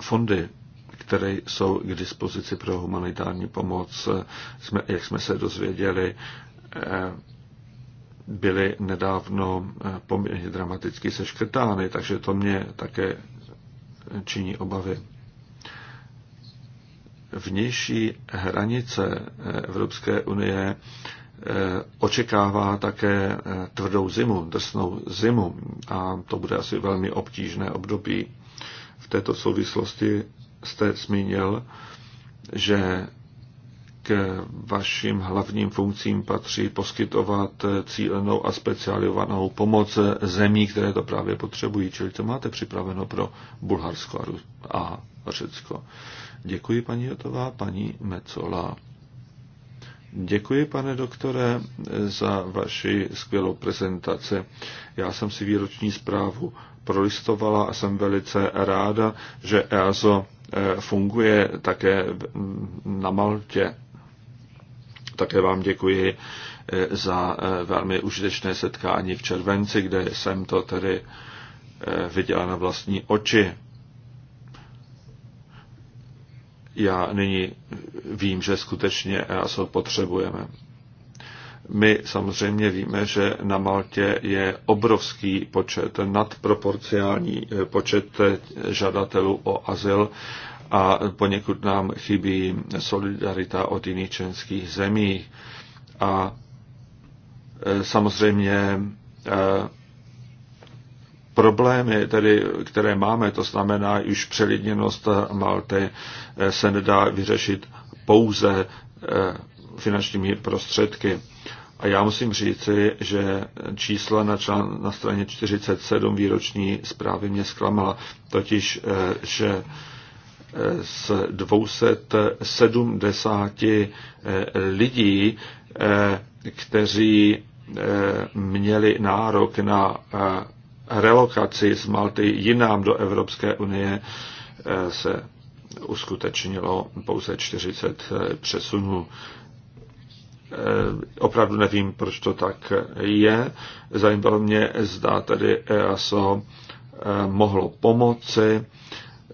Fondy, které jsou k dispozici pro humanitární pomoc, eh, jsme, jak jsme se dozvěděli, byly nedávno eh, poměrně dramaticky seškrtány, takže to mě také činí obavy. Vnější hranice eh, Evropské unie eh, očekává také tvrdou zimu, drsnou zimu a to bude asi velmi obtížné období. V této souvislosti jste zmínil, že k vašim hlavním funkcím patří poskytovat cílenou a specializovanou pomoc zemí, které to právě potřebují. Čili to máte připraveno pro Bulharsko a Řecko. Děkuji, paní Jotová, paní Mecola. Děkuji, pane doktore, za vaši skvělou prezentaci. Já jsem si výroční zprávu prolistovala a jsem velice ráda, že EASO e, funguje také na Maltě. Také vám děkuji eh, za eh, velmi užitečné setkání v červenci, kde jsem to tedy eh, viděla na vlastní oči. Já nyní vím, že skutečně EASO potřebujeme. My samozřejmě víme, že na Maltě je obrovský počet, nadproporciální počet žadatelů o azyl a poněkud nám chybí solidarita od jiných členských zemí. A e, samozřejmě e, problémy, tedy, které máme, to znamená už přelidněnost Malty, e, se nedá vyřešit pouze finančními prostředky. A já musím říci, že čísla na, člán, na straně 47 výroční zprávy mě zklamala, totiž, že z 270 eh, lidí, eh, kteří eh, měli nárok na relokaci z Malty jinám do Evropské unie, se uskutečnilo pouze 40 přesunů. Opravdu nevím, proč to tak je. Zajímalo mě, zda tedy EASO mohlo pomoci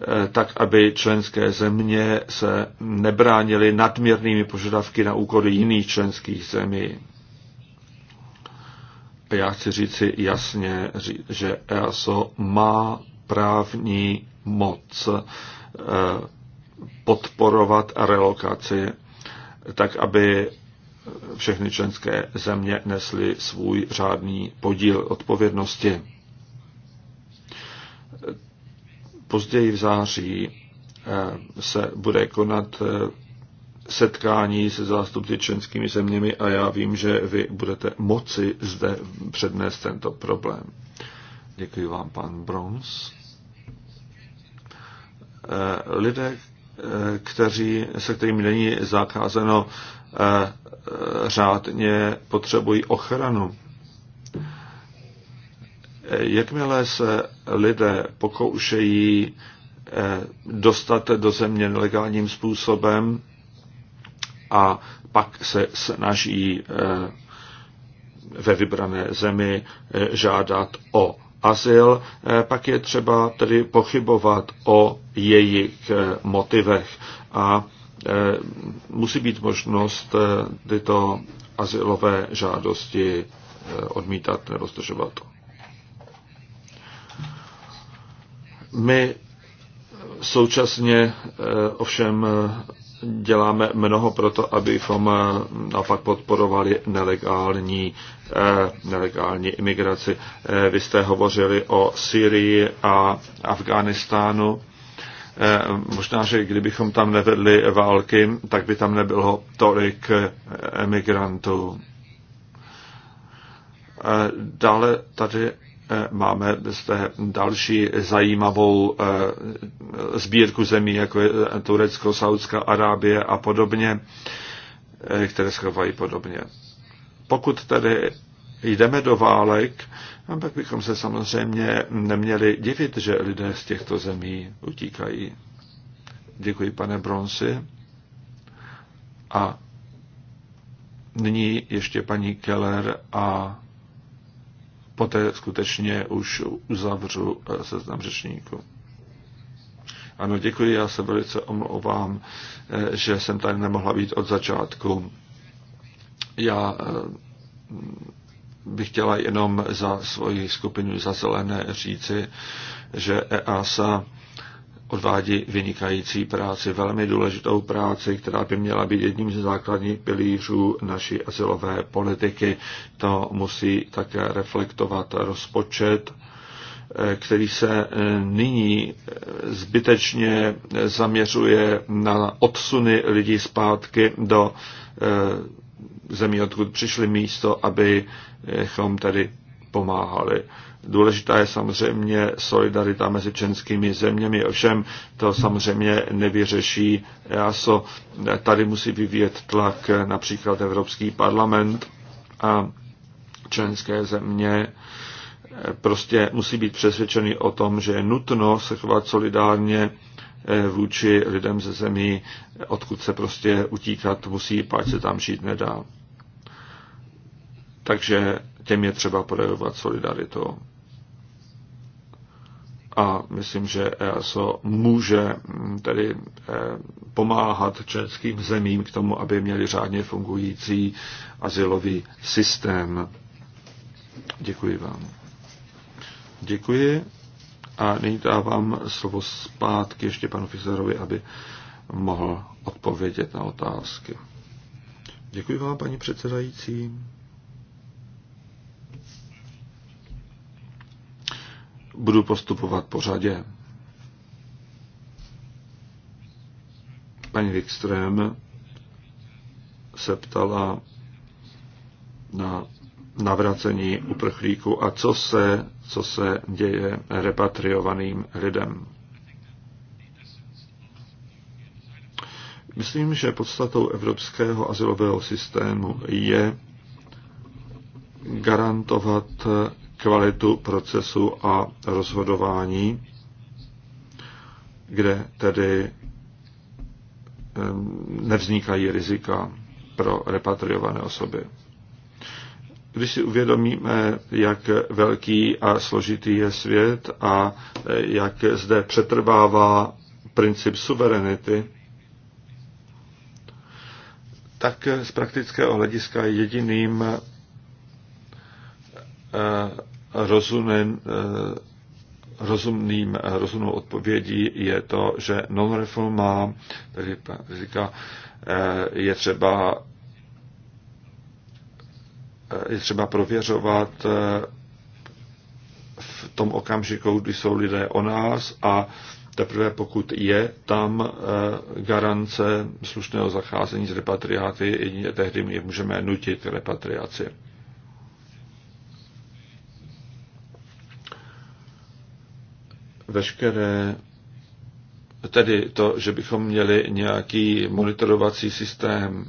Eh, tak aby členské země se nebránily nadměrnými požadavky na úkor jiných členských zemí. Já chci říci jasně, že EASO má právní moc eh, podporovat relokaci, tak aby všechny členské země nesly svůj řádný podíl odpovědnosti. Později v září eh, se bude konat eh, setkání se zástupci členskými zeměmi a já vím, že vy budete moci zde přednést tento problém. Děkuji vám, pan Brons. Eh, lidé, kteří, se kterými není zakázeno řádně, potřebují ochranu. Jakmile se lidé pokoušejí eh, dostat do země nelegálním způsobem a pak se snaží eh, ve vybrané zemi eh, žádat o azyl, pak je třeba tedy pochybovat o jejich motivech a musí být možnost tyto azylové žádosti odmítat nebo zdržovat. My současně eh, ovšem eh, děláme mnoho pro to, abychom eh, naopak podporovali nelegální, nelegální imigraci. Vy jste hovořili o Syrii a Afghánistánu. Možná, že kdybychom tam nevedli války, tak by tam nebylo tolik emigrantů. Dále tady máme zde další zajímavou eh, sbírku zemí, jako je eh, Turecko, Saudská Arábie a podobně, eh, které schovají podobně. Pokud tedy jdeme do válek, pak no, bychom se samozřejmě neměli divit, že lidé z těchto zemí utíkají. Děkuji, pane Bronsi. A nyní ještě paní Keller a poté skutečně už uzavřu eh, seznam řečníků. Ano, děkuji, já se velice omlouvám, eh, že jsem tady nemohla být od začátku. Já eh, bych chtěla jenom za svoji skupinu za zelené říci, že EASA odvádí vynikající práci, velmi důležitou práci, která by měla být jedním ze základních pilířů naší asilové politiky. To musí také reflektovat rozpočet, který se eh, nyní eh, zbytečně zaměřuje na odsuny lidí zpátky do eh, zemí, odkud přišli místo, abychom tedy pomáhali. Důležitá je samozřejmě solidarita mezi členskými zeměmi, ovšem to samozřejmě nevyřeší EASO. Tady musí vyvíjet tlak například Evropský parlament a členské země prostě musí být přesvědčeny o tom, že je nutno se chovat solidárně eh, vůči lidem ze zemí, odkud se prostě utíkat musí, pak se tam žít nedá. Takže těm je třeba projevovat solidaritu a myslím, že EASO může mm, tedy eh, pomáhat českým zemím k tomu, aby měli řádně fungující asilový systém. Děkuji vám. Děkuji. A nyní dávám slovo zpátky ještě panu Fizerovi, aby mohl odpovědět na otázky. Děkuji vám, paní předsedající. budu postupovat po řadě. Paní Wikström se ptala na navracení uprchlíků a co se, co se děje repatriovaným lidem. Myslím, že podstatou evropského asilového systému je garantovat kvalitu procesu a rozhodování, kde tedy nevznikají rizika pro repatriované osoby. Když si uvědomíme, jak velký a složitý je svět a eh, jak zde přetrvává princip suverenity, tak z praktického hlediska jediným Eh, rozumen, eh, rozumným, eh, rozumnou odpovědí je to, že non-reforma, tedy říká, je třeba je třeba prověřovat v tom okamžiku, kdy jsou lidé o nás a teprve pokud je tam garance slušného zacházení z repatriáty, jedině tehdy je můžeme nutit repatriaci. veškeré tedy to, že bychom měli nějaký monitorovací systém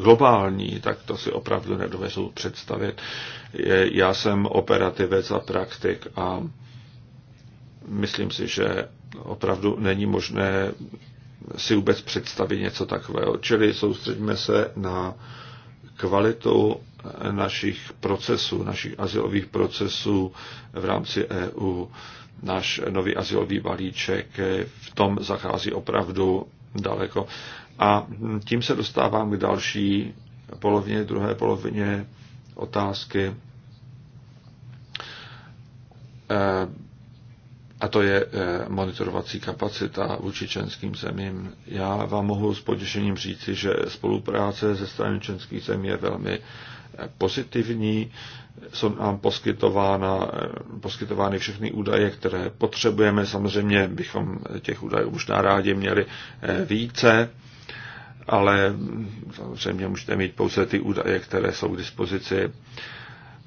globální, tak to si opravdu nedovedu představit. Já jsem operativec a praktik a myslím si, že opravdu není možné si vůbec představit něco takového. Čili soustředíme se na kvalitu našich procesů, našich azylových procesů v rámci EU náš nový asilový balíček v tom zachází opravdu daleko. A tím se dostávám k další polovině, druhé polovině otázky. Eh, a to je eh, monitorovací kapacita vůči členským zemím. Já vám mohu s potěšením říci, že spolupráce ze strany členských zemí je velmi pozitivní, jsou nám poskytována, poskytovány všechny údaje, které potřebujeme. Samozřejmě bychom těch údajů možná rádi měli eh, více, ale samozřejmě můžete mít pouze ty údaje, které jsou k dispozici.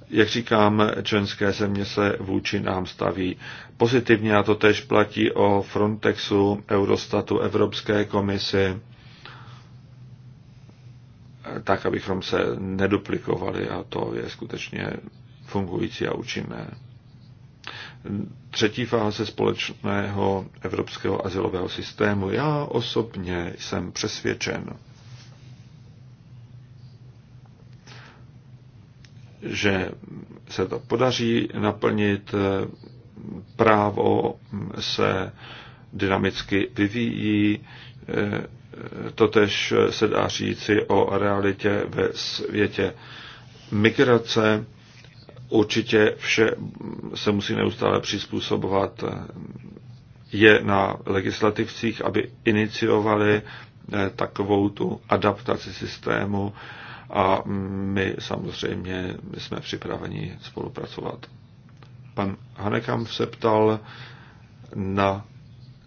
Jak říkám, členské země se vůči nám staví pozitivně a to tež platí o Frontexu, Eurostatu, Evropské komisi tak, abychom se neduplikovali a to je skutečně fungující a účinné. Třetí fáze společného evropského asilového systému. Já osobně jsem přesvědčen, že se to podaří naplnit. Právo se dynamicky vyvíjí, Totež se dá říci o realitě ve světě migrace. Určitě vše se musí neustále přizpůsobovat. Je na legislativcích, aby iniciovali eh, takovou tu adaptaci systému a my samozřejmě jsme připraveni spolupracovat. Pan Hanekam se ptal na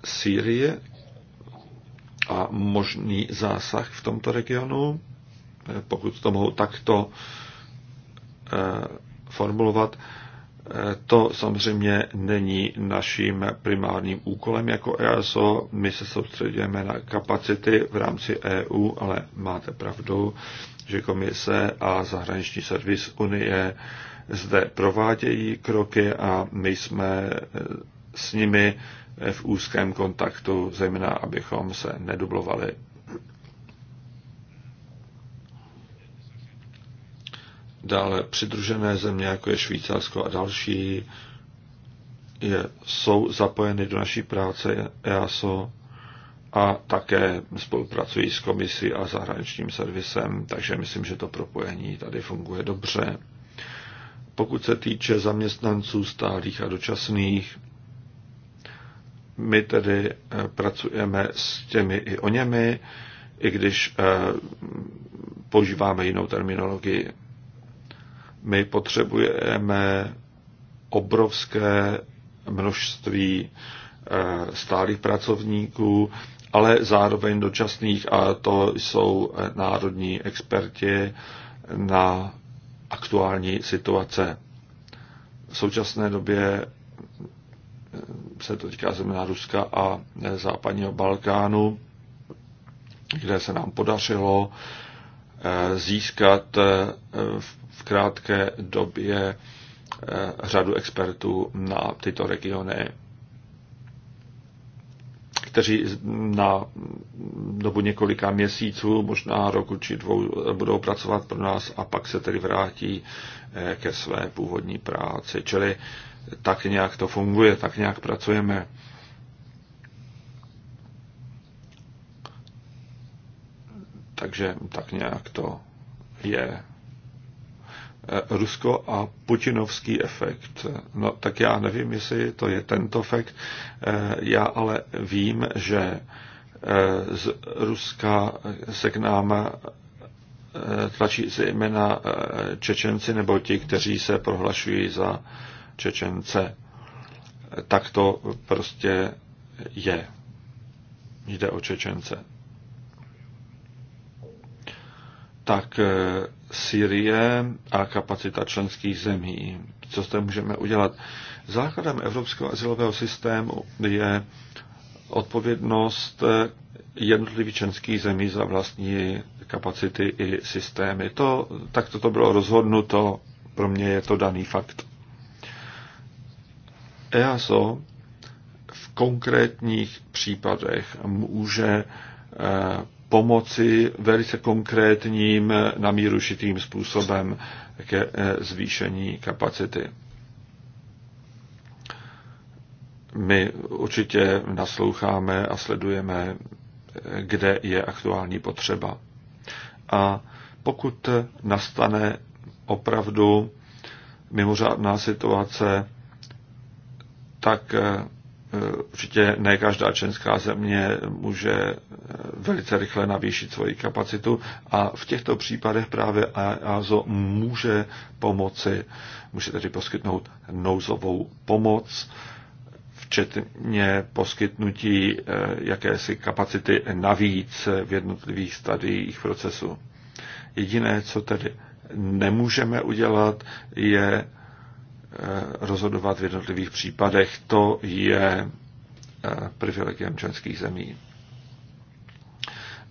Sýrie a možný zásah v tomto regionu, eh, pokud to mohu takto eh, formulovat, eh, to samozřejmě není naším primárním úkolem jako EASO. My se soustředíme na kapacity v rámci EU, ale máte pravdu, že komise a zahraniční servis Unie zde provádějí kroky a my jsme s nimi v úzkém kontaktu, zejména abychom se nedublovali. Dále přidružené země, jako je Švýcarsko a další, je, jsou zapojeny do naší práce EASO a také spolupracují s komisí a zahraničním servisem, takže myslím, že to propojení tady funguje dobře. Pokud se týče zaměstnanců stálých a dočasných, my tedy eh, pracujeme s těmi i o němi, i když eh, používáme jinou terminologii. My potřebujeme obrovské množství eh, stálých pracovníků, ale zároveň dočasných, a to jsou národní experti na aktuální situace. V současné době se to týká zejména Ruska a e, západního Balkánu, kde se nám podařilo e, získat e, v krátké době řadu expertů na tyto regiony, kteří na dobu několika měsíců, možná roku či dvou, budou pracovat pro nás a pak se tedy vrátí ke své původní práci. Čili tak nějak to funguje, tak nějak pracujeme. Takže tak nějak to je. Rusko a putinovský efekt. No tak já nevím, jestli to je tento efekt. Já ale vím, že eh, z Ruska se k nám eh, tlačí zejména eh, Čečenci nebo ti, kteří se prohlašují za Čečence. Tak to prostě je. Jde o Čečence. Tak eh, Syrie a kapacita členských zemí. Co zde můžeme udělat? Základem evropského asilového systému je odpovědnost eh, jednotlivých členských zemí za vlastní kapacity i systémy. To, tak toto bylo rozhodnuto, pro mě je to daný fakt. EASO v konkrétních případech může eh, pomoci velice konkrétním namírušitým způsobem ke eh, zvýšení kapacity. My určitě nasloucháme a sledujeme, eh, kde je aktuální potřeba. A pokud nastane opravdu mimořádná situace, tak eh, eh, určitě ne každá členská země může eh, velice rychle navýšit svoji kapacitu a v těchto případech právě EASO může pomoci, může tedy poskytnout nouzovou pomoc, včetně poskytnutí jakési kapacity navíc v jednotlivých stadiích procesu. Jediné, co tedy nemůžeme udělat, je Eh, rozhodovat v jednotlivých případech, to je eh, privilegiem členských zemí.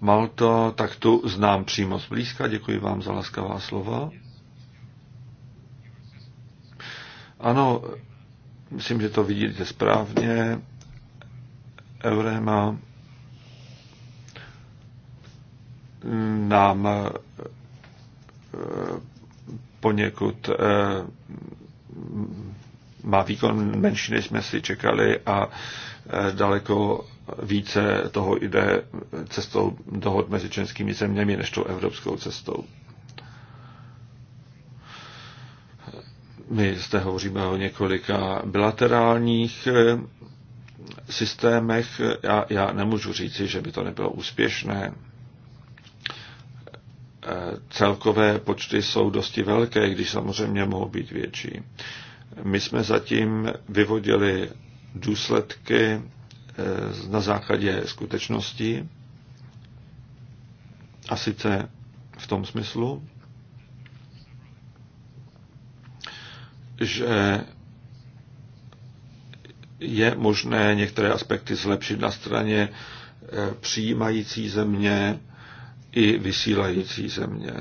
Malto, tak tu znám přímo zblízka. Děkuji vám za laskavá slova. Ano, myslím, že to vidíte správně. Eurema nám eh, poněkud má výkon menší, než jsme si čekali a e, daleko více toho jde cestou dohod mezi českými zeměmi, než tou evropskou cestou. My zde hovoříme o několika bilaterálních e, systémech. Já, já nemůžu říci, že by to nebylo úspěšné celkové počty jsou dosti velké, když samozřejmě mohou být větší. My jsme zatím vyvodili důsledky eh, na základě skutečností, a sice v tom smyslu, že je možné některé aspekty zlepšit na straně eh, přijímající země, i vysílající země.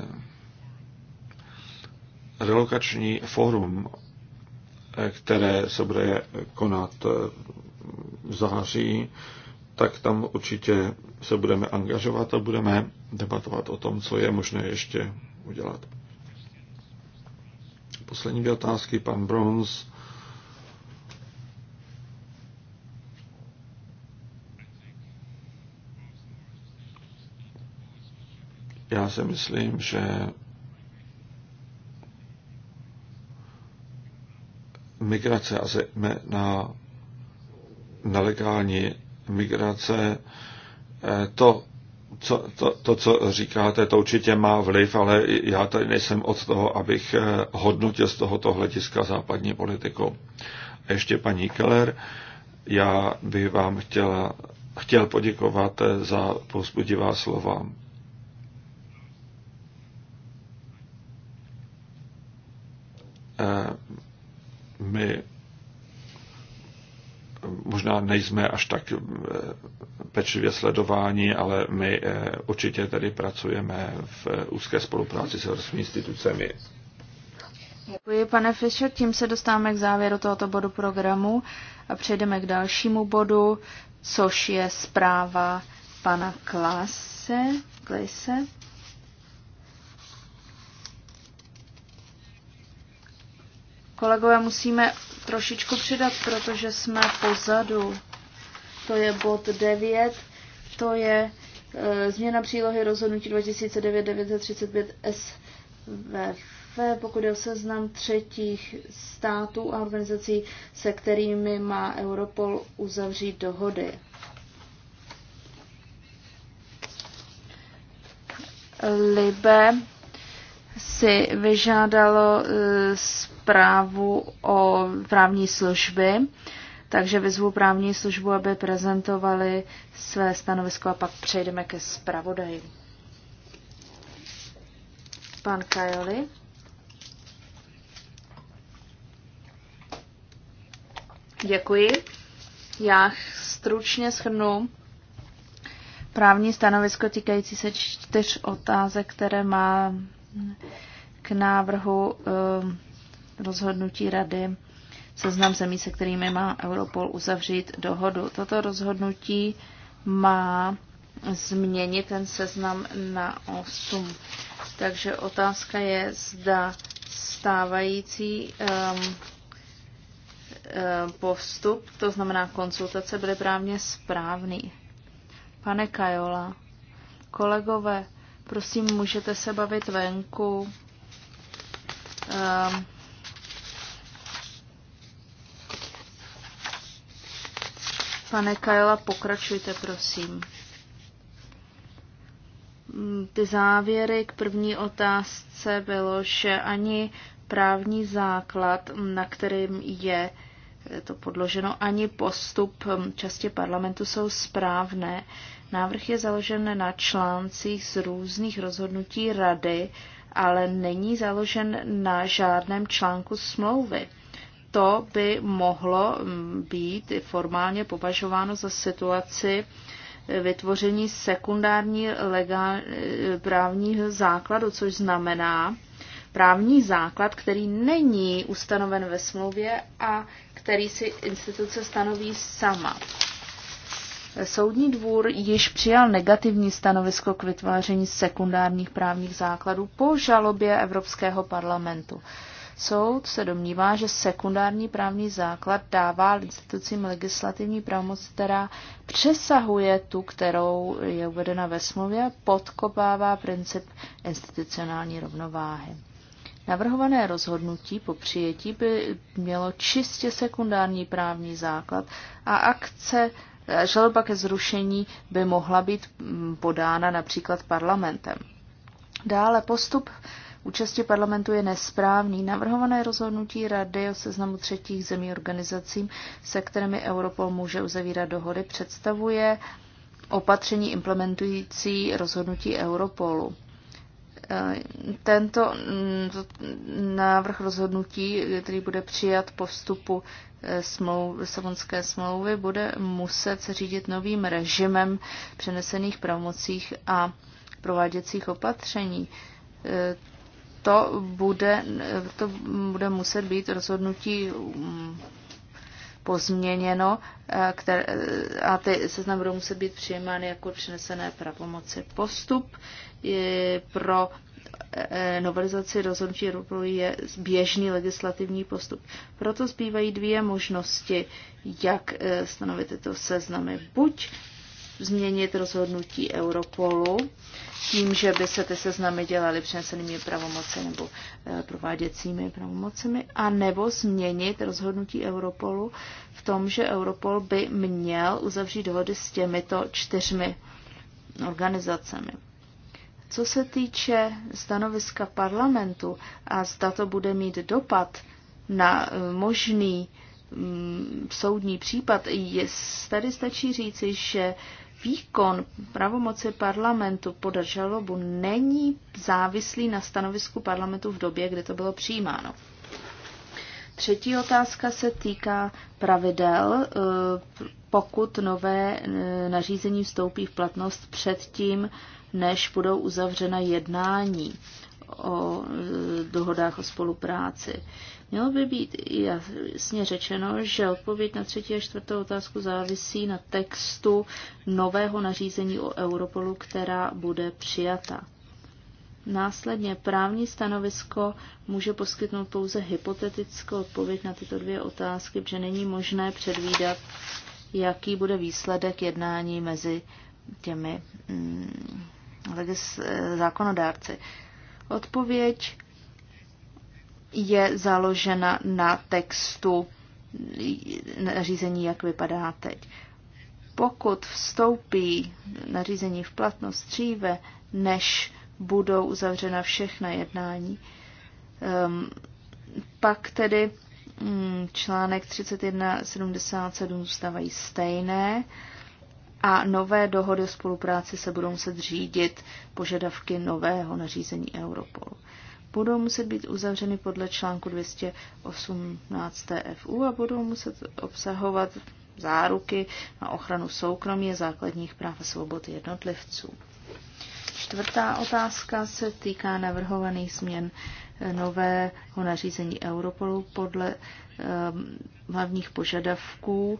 Relokační fórum, které se bude konat v září, tak tam určitě se budeme angažovat a budeme debatovat o tom, co je možné ještě udělat. Poslední dvě otázky, pan Bronze. Já si myslím, že migrace a na nelegální migrace, eh, to co, to, to, co říkáte, to určitě má vliv, ale já tady nejsem od toho, abych eh, hodnotil z tohoto hlediska západní politiku. A ještě paní Keller, já bych vám chtěla, chtěl poděkovat eh, za pouzbudivá slova. Eh, my možná nejsme až tak eh, pečlivě sledováni, ale my eh, určitě tady pracujeme v úzké spolupráci s evropskými institucemi. Děkuji, pane Fischer. Tím se dostáváme k závěru tohoto bodu programu a přejdeme k dalšímu bodu, což je zpráva pana Klase. Klase. Kolegové, musíme trošičku přidat, protože jsme pozadu. To je bod 9, to je e, změna přílohy rozhodnutí 2009-935 SVF, pokud je o seznam třetích států a organizací, se kterými má Europol uzavřít dohody. Libe si vyžádalo e, zprávu o právní služby, takže vyzvu právní službu, aby prezentovali své stanovisko a pak přejdeme ke zpravodaji. Pan Kajoli. Děkuji. Já stručně shrnu právní stanovisko týkající se čtyř otázek, které má k návrhu um, rozhodnutí rady seznam zemí, se kterými má Europol uzavřít dohodu. Toto rozhodnutí má změnit ten seznam na 8. Takže otázka je, zda stávající um, postup, to znamená konsultace, bude právně správný. Pane Kajola, kolegové, prosím, můžete se bavit venku. Um, Pane Kajla, pokračujte, prosím. Ty závěry k první otázce bylo, že ani právní základ, na kterým je to podloženo, ani postup části parlamentu jsou správné. Návrh je založen na článcích z různých rozhodnutí rady, ale není založen na žádném článku smlouvy to by mohlo mm, být formálně považováno za situaci eh, vytvoření sekundární legál, eh, právního základu, což znamená právní základ, který není ustanoven ve smlouvě a který si instituce stanoví sama. Soudní dvůr již přijal negativní stanovisko k vytváření sekundárních právních základů po žalobě Evropského parlamentu. Soud se domnívá, že sekundární právní základ dává institucím legislativní pravomoc, která přesahuje tu, kterou je uvedena ve smlouvě, podkopává princip institucionální rovnováhy. Navrhované rozhodnutí po přijetí by mělo čistě sekundární právní základ a akce žaloba ke zrušení by mohla být mm, podána například parlamentem. Dále postup účasti parlamentu je nesprávný. Navrhované rozhodnutí Rady o seznamu třetích zemí organizacím, se kterými Europol může uzavírat dohody, představuje opatření implementující rozhodnutí Europolu. Eh, tento mm, návrh rozhodnutí, který bude přijat po vstupu eh, smlouv, smlouvy, bude muset se řídit novým režimem přenesených pravomocích a prováděcích opatření eh, to bude, to bude muset být rozhodnutí mm, pozměněno eh, které, a ty seznam budou muset být přijímány jako přinesené pravomoci. Postup je eh, pro eh, novelizaci rozhodnutí Evropy je běžný legislativní postup. Proto zbývají dvě možnosti, jak stanovit tyto seznamy. Buď změnit rozhodnutí Europolu tím, že by se ty seznamy dělaly přenesenými pravomoci nebo eh, prováděcími pravomocemi, a nebo změnit rozhodnutí Europolu v tom, že Europol by měl uzavřít dohody s těmito čtyřmi organizacemi. Co se týče stanoviska parlamentu a zda to bude mít dopad na eh, možný mm, soudní případ, je, tady stačí říci, že výkon pravomoci parlamentu podat žalobu není závislý na stanovisku parlamentu v době, kdy to bylo přijímáno. Třetí otázka se týká pravidel, eh, pokud nové eh, nařízení vstoupí v platnost předtím, než budou uzavřena jednání o eh, dohodách o spolupráci. Mělo by být jasně řečeno, že odpověď na třetí a čtvrtou otázku závisí na textu nového nařízení o Europolu, která bude přijata. Následně právní stanovisko může poskytnout pouze hypotetickou odpověď na tyto dvě otázky, protože není možné předvídat, jaký bude výsledek jednání mezi těmi mm, legis- eh, zákonodárci. Odpověď je založena na textu nařízení, jak vypadá teď. Pokud vstoupí nařízení v platnost dříve, než budou uzavřena všechna jednání, um, pak tedy um, článek 31.77 zůstávají stejné a nové dohody o spolupráci se budou muset řídit požadavky nového nařízení Europolu budou muset být uzavřeny podle článku 218 TFU a budou muset obsahovat záruky na ochranu soukromí a základních práv a svobod jednotlivců. Čtvrtá otázka se týká navrhovaných změn eh, nového nařízení Europolu podle eh, hlavních požadavků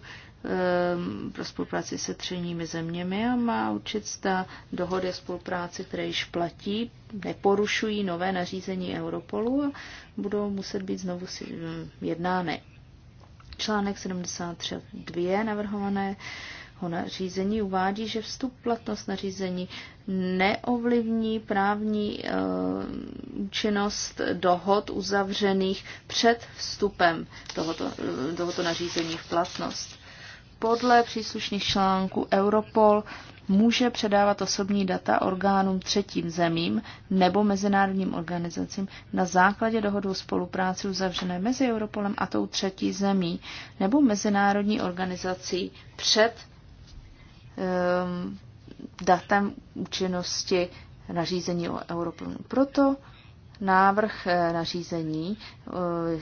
Ehm, pro spolupráci se třeními zeměmi a má určit, zda dohody spolupráci, které již platí, neporušují nové nařízení Europolu a budou muset být znovu ehm, jednány. Článek 73.2 navrhované nařízení uvádí, že vstup platnost nařízení neovlivní právní e, ehm, činnost dohod uzavřených před vstupem tohoto, tohoto nařízení v platnost podle příslušných článků Europol může předávat osobní data orgánům třetím zemím nebo mezinárodním organizacím na základě dohody o spolupráci uzavřené mezi Europolem a tou třetí zemí nebo mezinárodní organizací před um, datem účinnosti nařízení o Europolu. Proto návrh eh, nařízení eh,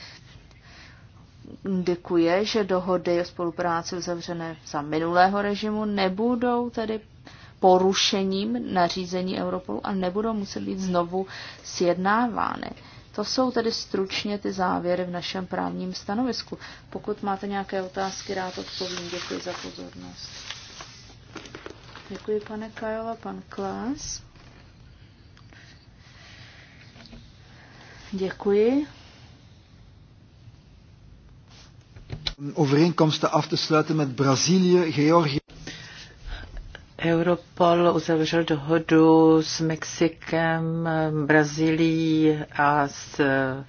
indikuje, že dohody o spolupráci uzavřené za minulého režimu nebudou tedy porušením nařízení Europolu a nebudou muset být znovu sjednávány. To jsou tedy stručně ty závěry v našem právním stanovisku. Pokud máte nějaké otázky, rád odpovím. Děkuji za pozornost. Děkuji, pane Kajola, pan Klas. Děkuji. overeenkomsten af te sluiten met Brazilië, Georgië. Europol uzavřel dohodu s Mexikem, Brazílií a s eh,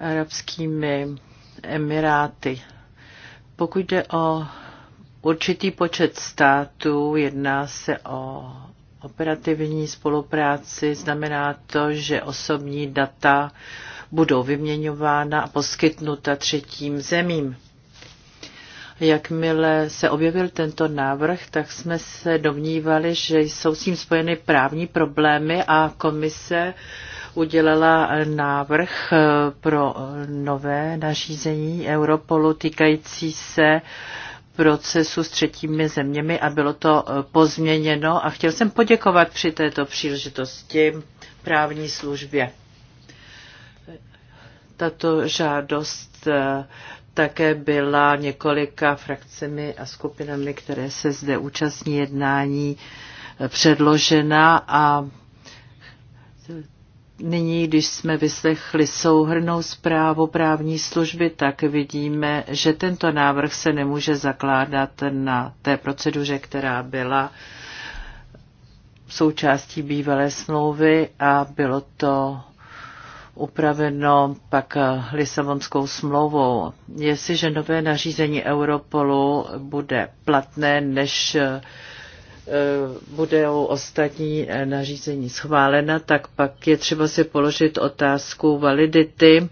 Arabskými Emiráty. Pokud jde o určitý počet států, jedná se o operativní spolupráci, znamená to, že osobní data budou vyměňována a poskytnuta třetím zemím. Jakmile se objevil tento návrh, tak jsme se domnívali, že jsou s tím spojeny právní problémy a komise udělala návrh eh, pro nové nařízení Europolu týkající se procesu s třetími zeměmi a bylo to eh, pozměněno a chtěl jsem poděkovat při této příležitosti právní službě. Tato žádost eh, také byla několika frakcemi a skupinami, které se zde účastní jednání eh, předložena a Nyní, když jsme vyslechli souhrnou zprávu právní služby, tak vidíme, že tento návrh se nemůže zakládat na té proceduře, která byla součástí bývalé smlouvy a bylo to upraveno pak eh, Lisabonskou smlouvou. Jestliže nové nařízení Europolu bude platné, než eh, bude ostatní eh, nařízení schválena, tak pak je třeba si položit otázku validity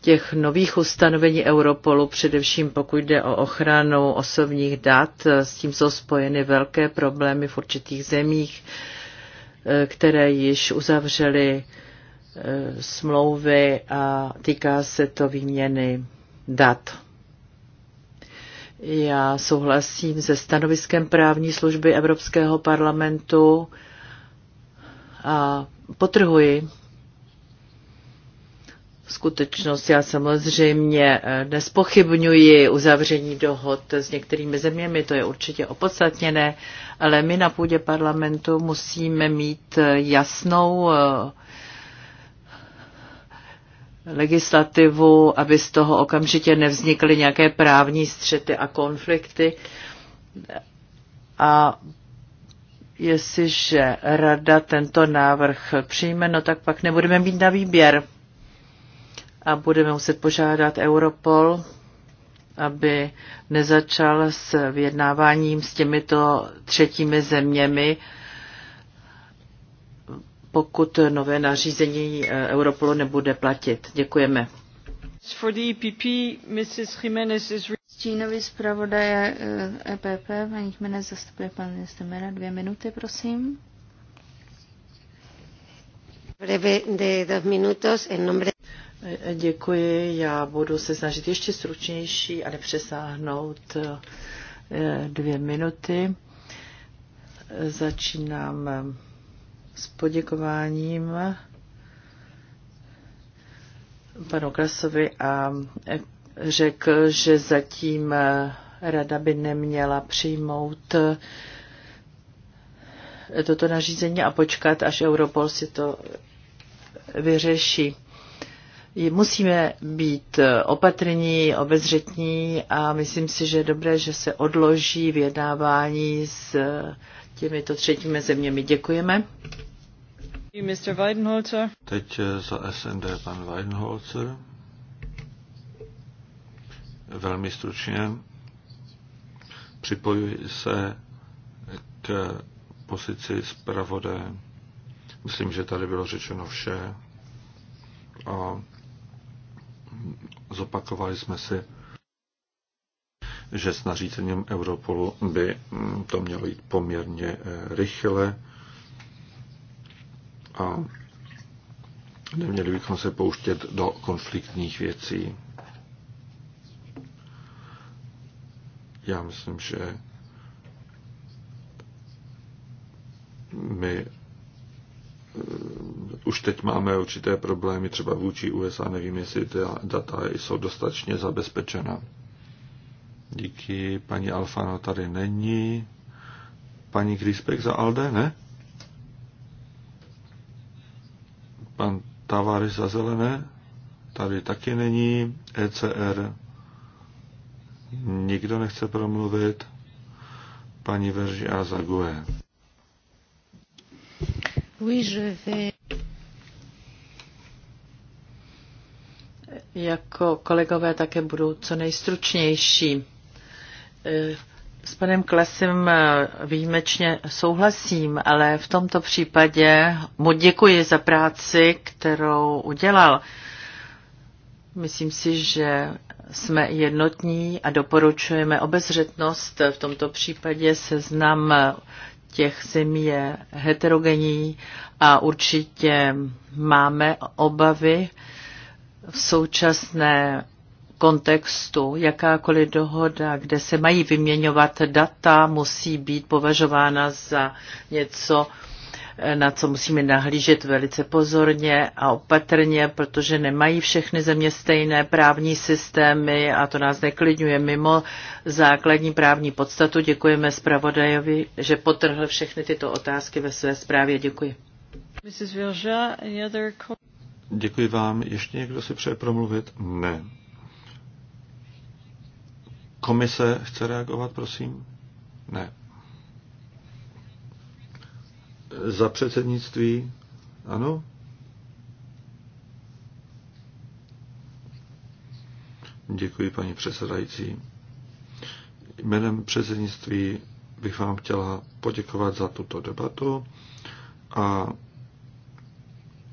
těch nových ustanovení Europolu, především pokud jde o ochranu osobních dat. S tím jsou spojeny velké problémy v určitých zemích, které již uzavřely Eh, smlouvy a týká se to výměny dat. Já souhlasím se stanoviskem právní služby Evropského parlamentu a potrhuji skutečnost. Já samozřejmě eh, nespochybnuji uzavření dohod s některými zeměmi, to je určitě opodstatněné, ale my na půdě parlamentu musíme mít eh, jasnou legislativu, aby z toho okamžitě nevznikly nějaké právní střety a konflikty. A jestliže rada tento návrh přijme, no tak pak nebudeme mít na výběr a budeme muset požádat Europol, aby nezačal s vyjednáváním s těmito třetími zeměmi, pokud nové nařízení eh, Europolu nebude platit. Děkujeme. For the EPP, Mrs. Jimenez is... Stínový zpravodaje EPP, eh, e paní Jimenez zastupuje pan Minister, Mera. Dvě minuty, prosím. Breve de dos minutos en nombre... Eh, děkuji, já budu se snažit ještě stručnější a nepřesáhnout dvě minuty. Začínám s poděkováním panu Klasovi a řekl, že zatím rada by neměla přijmout toto nařízení a počkat, až Europol si to vyřeší. Musíme být opatrní, obezřetní a myslím si, že je dobré, že se odloží vyjednávání s těmito třetími zeměmi. Děkujeme. Teď eh, za SND pan Weidenholzer. Velmi stručně připojuji se k pozici zpravodaje. Myslím, že tady bylo řečeno vše a zopakovali jsme si, že s nařízením Europolu by mm, to mělo jít poměrně eh, rychle a neměli bychom se pouštět do konfliktních věcí. Já myslím, že my eh, už teď máme určité problémy, třeba vůči USA, nevím, jestli ta data jsou dostatečně zabezpečena. Díky, paní Alfano tady není. Paní Grispek za Alde, ne? Pan Tavares za zelené tady taky není. ECR nikdo nechce promluvit. Paní Verži a Zague. Oui, je vais... Jako kolegové také budou co nejstručnější. E, s panem Klesem eh, výjimečně souhlasím, ale v tomto případě mu děkuji za práci, kterou udělal. Myslím si, že jsme jednotní a doporučujeme obezřetnost. V tomto případě seznam těch zemí je heterogenní a určitě máme obavy v současné kontextu jakákoliv dohoda, kde se mají vyměňovat data, musí být považována za něco, na co musíme nahlížet velice pozorně a opatrně, protože nemají všechny země stejné právní systémy a to nás neklidňuje mimo základní právní podstatu. Děkujeme zpravodajovi, že potrhl všechny tyto otázky ve své zprávě. Děkuji. Děkuji vám. Ještě někdo si přeje promluvit? Ne. Komise chce reagovat, prosím? Ne. Za předsednictví? Ano? Děkuji, paní předsedající. Jménem předsednictví bych vám chtěla poděkovat za tuto debatu a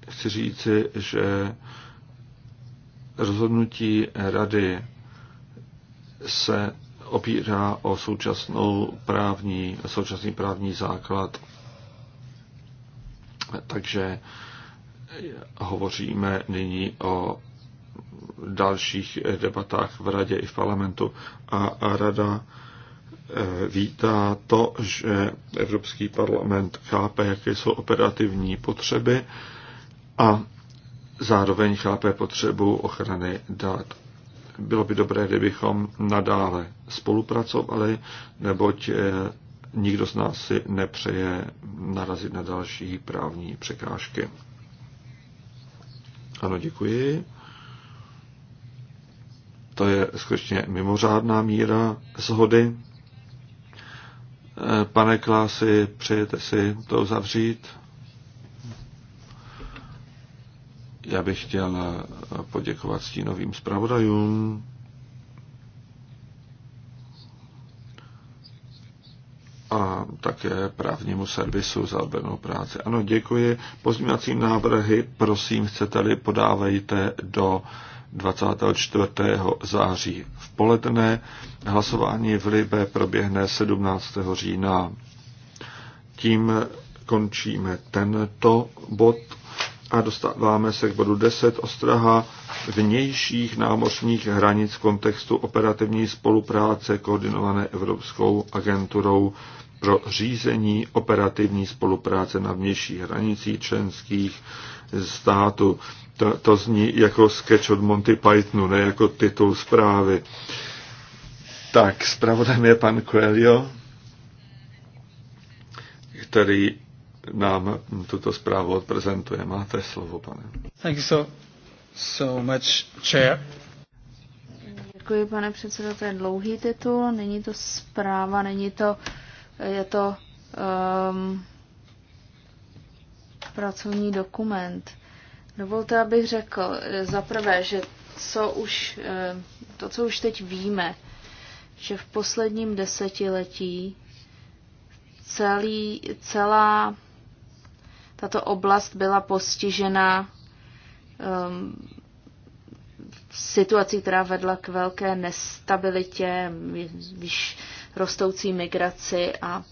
chci říci, že rozhodnutí Rady se opírá o současnou právní, současný právní základ. Takže hovoříme nyní o dalších debatách v radě i v parlamentu a, rada eh, vítá to, že Evropský parlament chápe, jaké jsou operativní potřeby a zároveň chápe potřebu ochrany dat bylo by dobré, kdybychom nadále spolupracovali, neboť eh, nikdo z nás si nepřeje narazit na další právní překážky. Ano, děkuji. To je skutečně mimořádná míra shody. Eh, pane Klásy, přejete si to zavřít? Já bych chtěl eh, poděkovat stínovým zpravodajům. a také právnímu servisu za odbornou práci. Ano, děkuji. Pozměňovací návrhy, prosím, chcete-li, podávejte do 24. září v poledne. Hlasování v Libe proběhne 17. října. Tím končíme tento bod a dostáváme se k bodu 10. Ostraha vnějších námořních hranic v kontextu operativní spolupráce koordinované Evropskou agenturou pro řízení operativní spolupráce na vnějších hranicích členských států. To, to zní jako sketch od Monty Pythonu, ne jako titul zprávy. Tak, zpravodajem je pan Coelho, který nám tuto zprávu odprezentuje. Máte slovo, pane. Thank you so, so much, chair. Děkuji, pane předsedo, to je dlouhý titul, není to zpráva, není to, je to um, pracovní dokument. Dovolte, abych řekl za prvé, že co už, um, to, co už teď víme, že v posledním desetiletí celý, celá tato oblast byla postižena um, situací, která vedla k velké nestabilitě, výš rostoucí migraci a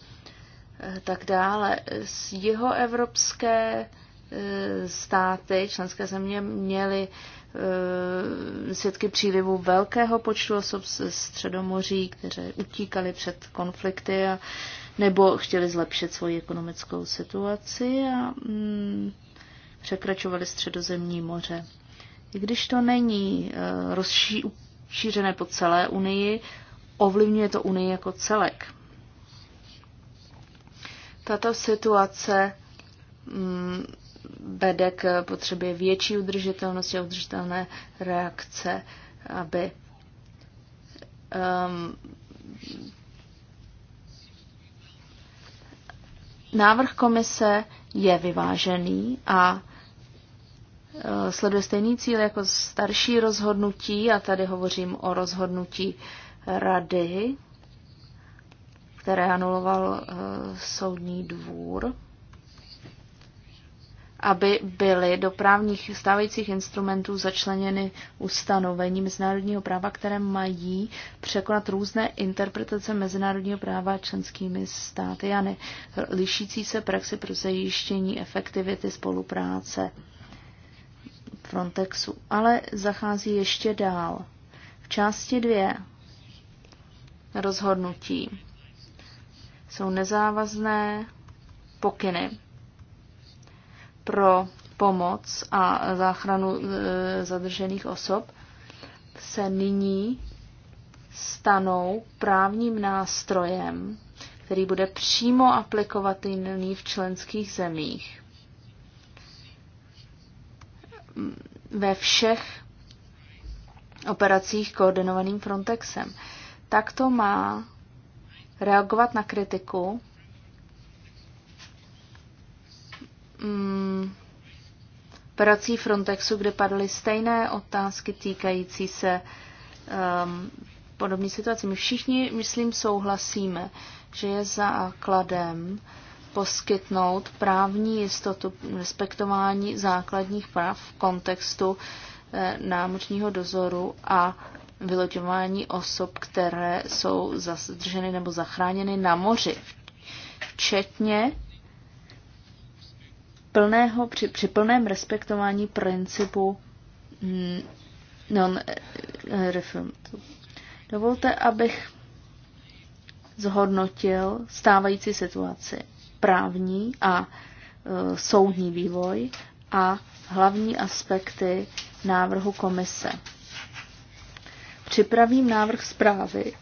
eh, tak dále. Z jeho evropské eh, státy, členské země měly eh, svědky přílivu velkého počtu osob z Středomoří, kteří utíkali před konflikty a nebo chtěli zlepšit svoji ekonomickou situaci a mm, překračovali středozemní moře. I když to není e, rozšířené po celé Unii, ovlivňuje to Unii jako celek. Tato situace mm, vede k potřebě větší udržitelnosti a udržitelné reakce, aby Návrh komise je vyvážený a e, sleduje stejný cíl jako starší rozhodnutí, a tady hovořím o rozhodnutí rady, které anuloval e, soudní dvůr aby byly do právních stávajících instrumentů začleněny ustanovení mezinárodního práva, které mají překonat různé interpretace mezinárodního práva členskými státy a ne lišící se praxi pro zajištění efektivity spolupráce Frontexu. Ale zachází ještě dál. V části dvě rozhodnutí jsou nezávazné pokyny pro pomoc a záchranu e, zadržených osob se nyní stanou právním nástrojem, který bude přímo aplikovatelný v členských zemích. Ve všech operacích koordinovaným Frontexem. Takto má reagovat na kritiku mm, prací Frontexu, kde padly stejné otázky týkající se um, podobné situace. My všichni, myslím, souhlasíme, že je základem poskytnout právní jistotu respektování základních práv v kontextu e, námořního dozoru a vyloďování osob, které jsou zadrženy nebo zachráněny na moři, včetně plného, při, při plném respektování principu mm, non eh, eh, refundu. Dovolte, abych zhodnotil stávající situaci právní a e, soudní vývoj a hlavní aspekty návrhu komise. Připravím návrh zprávy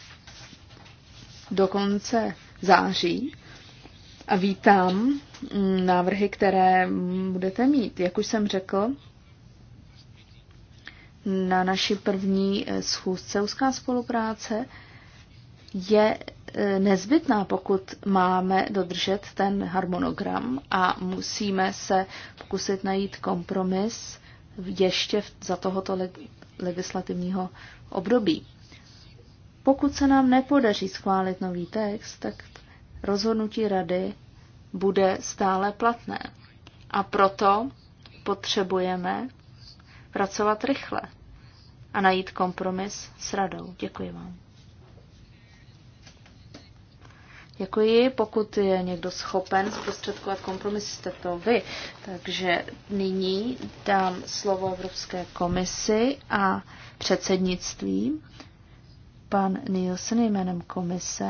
do konce září a vítám mm, návrhy, které budete mít. Jak už jsem řekl, na naší první eh, schůzce úzká spolupráce je eh, nezbytná, pokud máme dodržet ten harmonogram a musíme se pokusit najít kompromis ještě za tohoto legislativního období. Pokud se nám nepodaří schválit nový text, tak rozhodnutí rady bude stále platné. A proto potřebujeme pracovat rychle a najít kompromis s radou. Děkuji vám. Děkuji. Pokud je někdo schopen zprostředkovat kompromis, jste to vy. Takže nyní dám slovo Evropské komisi a předsednictví. Pan Nielsen jménem komise.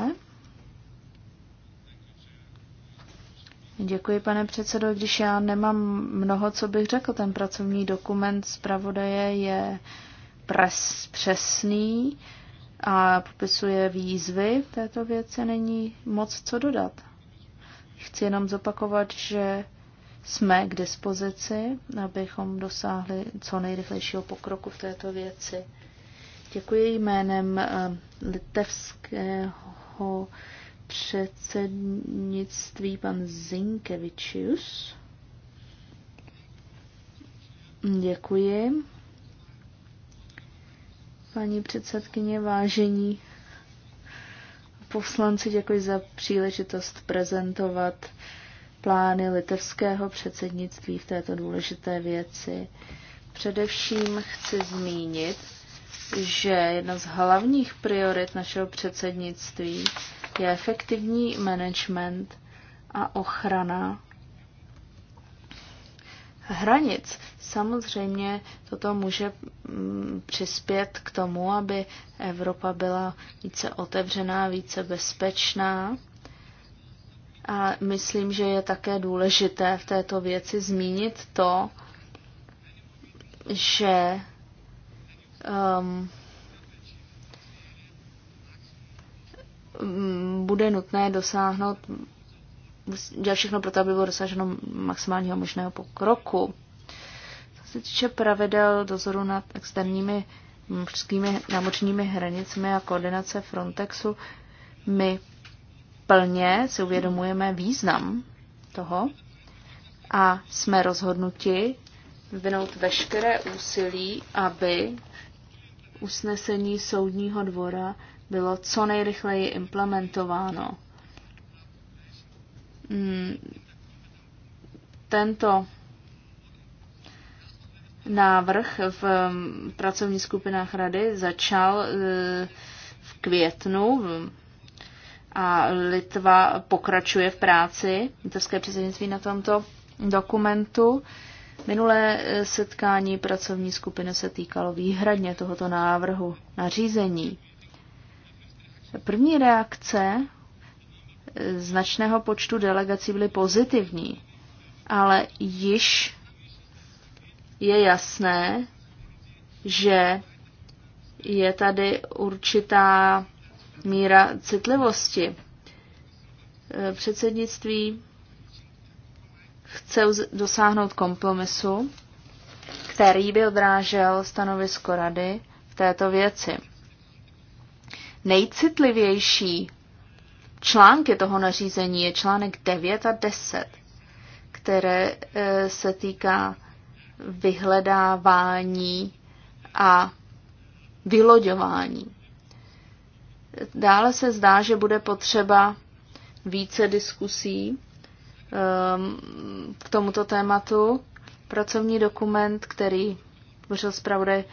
Děkuji, pane předsedo. Když já nemám mnoho, co bych řekl, ten pracovní dokument zpravodaje je pres, přesný a popisuje výzvy této věci, není moc co dodat. Chci jenom zopakovat, že jsme k dispozici, abychom dosáhli co nejrychlejšího pokroku v této věci. Děkuji jménem eh, litevského předsednictví pan Zinkevičius. Děkuji. Paní předsedkyně, vážení poslanci, děkuji za příležitost prezentovat plány litevského předsednictví v této důležité věci. Především chci zmínit, že jedna z hlavních priorit našeho předsednictví je efektivní management a ochrana hranic. Samozřejmě toto může mm, přispět k tomu, aby Evropa byla více otevřená, více bezpečná. A myslím, že je také důležité v této věci zmínit to, že um, Mm, bude nutné dosáhnout, dělat všechno pro to, aby bylo dosaženo maximálního možného pokroku. Co se týče pravidel dozoru nad externími mořskými mm, námořními hranicemi a koordinace Frontexu, my plně si uvědomujeme význam toho a jsme rozhodnuti vynout veškeré úsilí, aby usnesení soudního dvora bylo co nejrychleji implementováno. Hmm. Tento návrh v um, pracovních skupinách rady začal uh, v květnu a Litva pokračuje v práci litevské předsednictví na tomto dokumentu. Minulé uh, setkání pracovní skupiny se týkalo výhradně tohoto návrhu nařízení. První reakce značného počtu delegací byly pozitivní, ale již je jasné, že je tady určitá míra citlivosti. Předsednictví chce dosáhnout kompromisu, který by odrážel stanovisko rady v této věci. Nejcitlivější články toho nařízení je článek 9 a 10, které eh, se týká vyhledávání a vyloďování. Dále se zdá, že bude potřeba více diskusí ehm, k tomuto tématu. Pracovní dokument, který tvořil zpravodaj,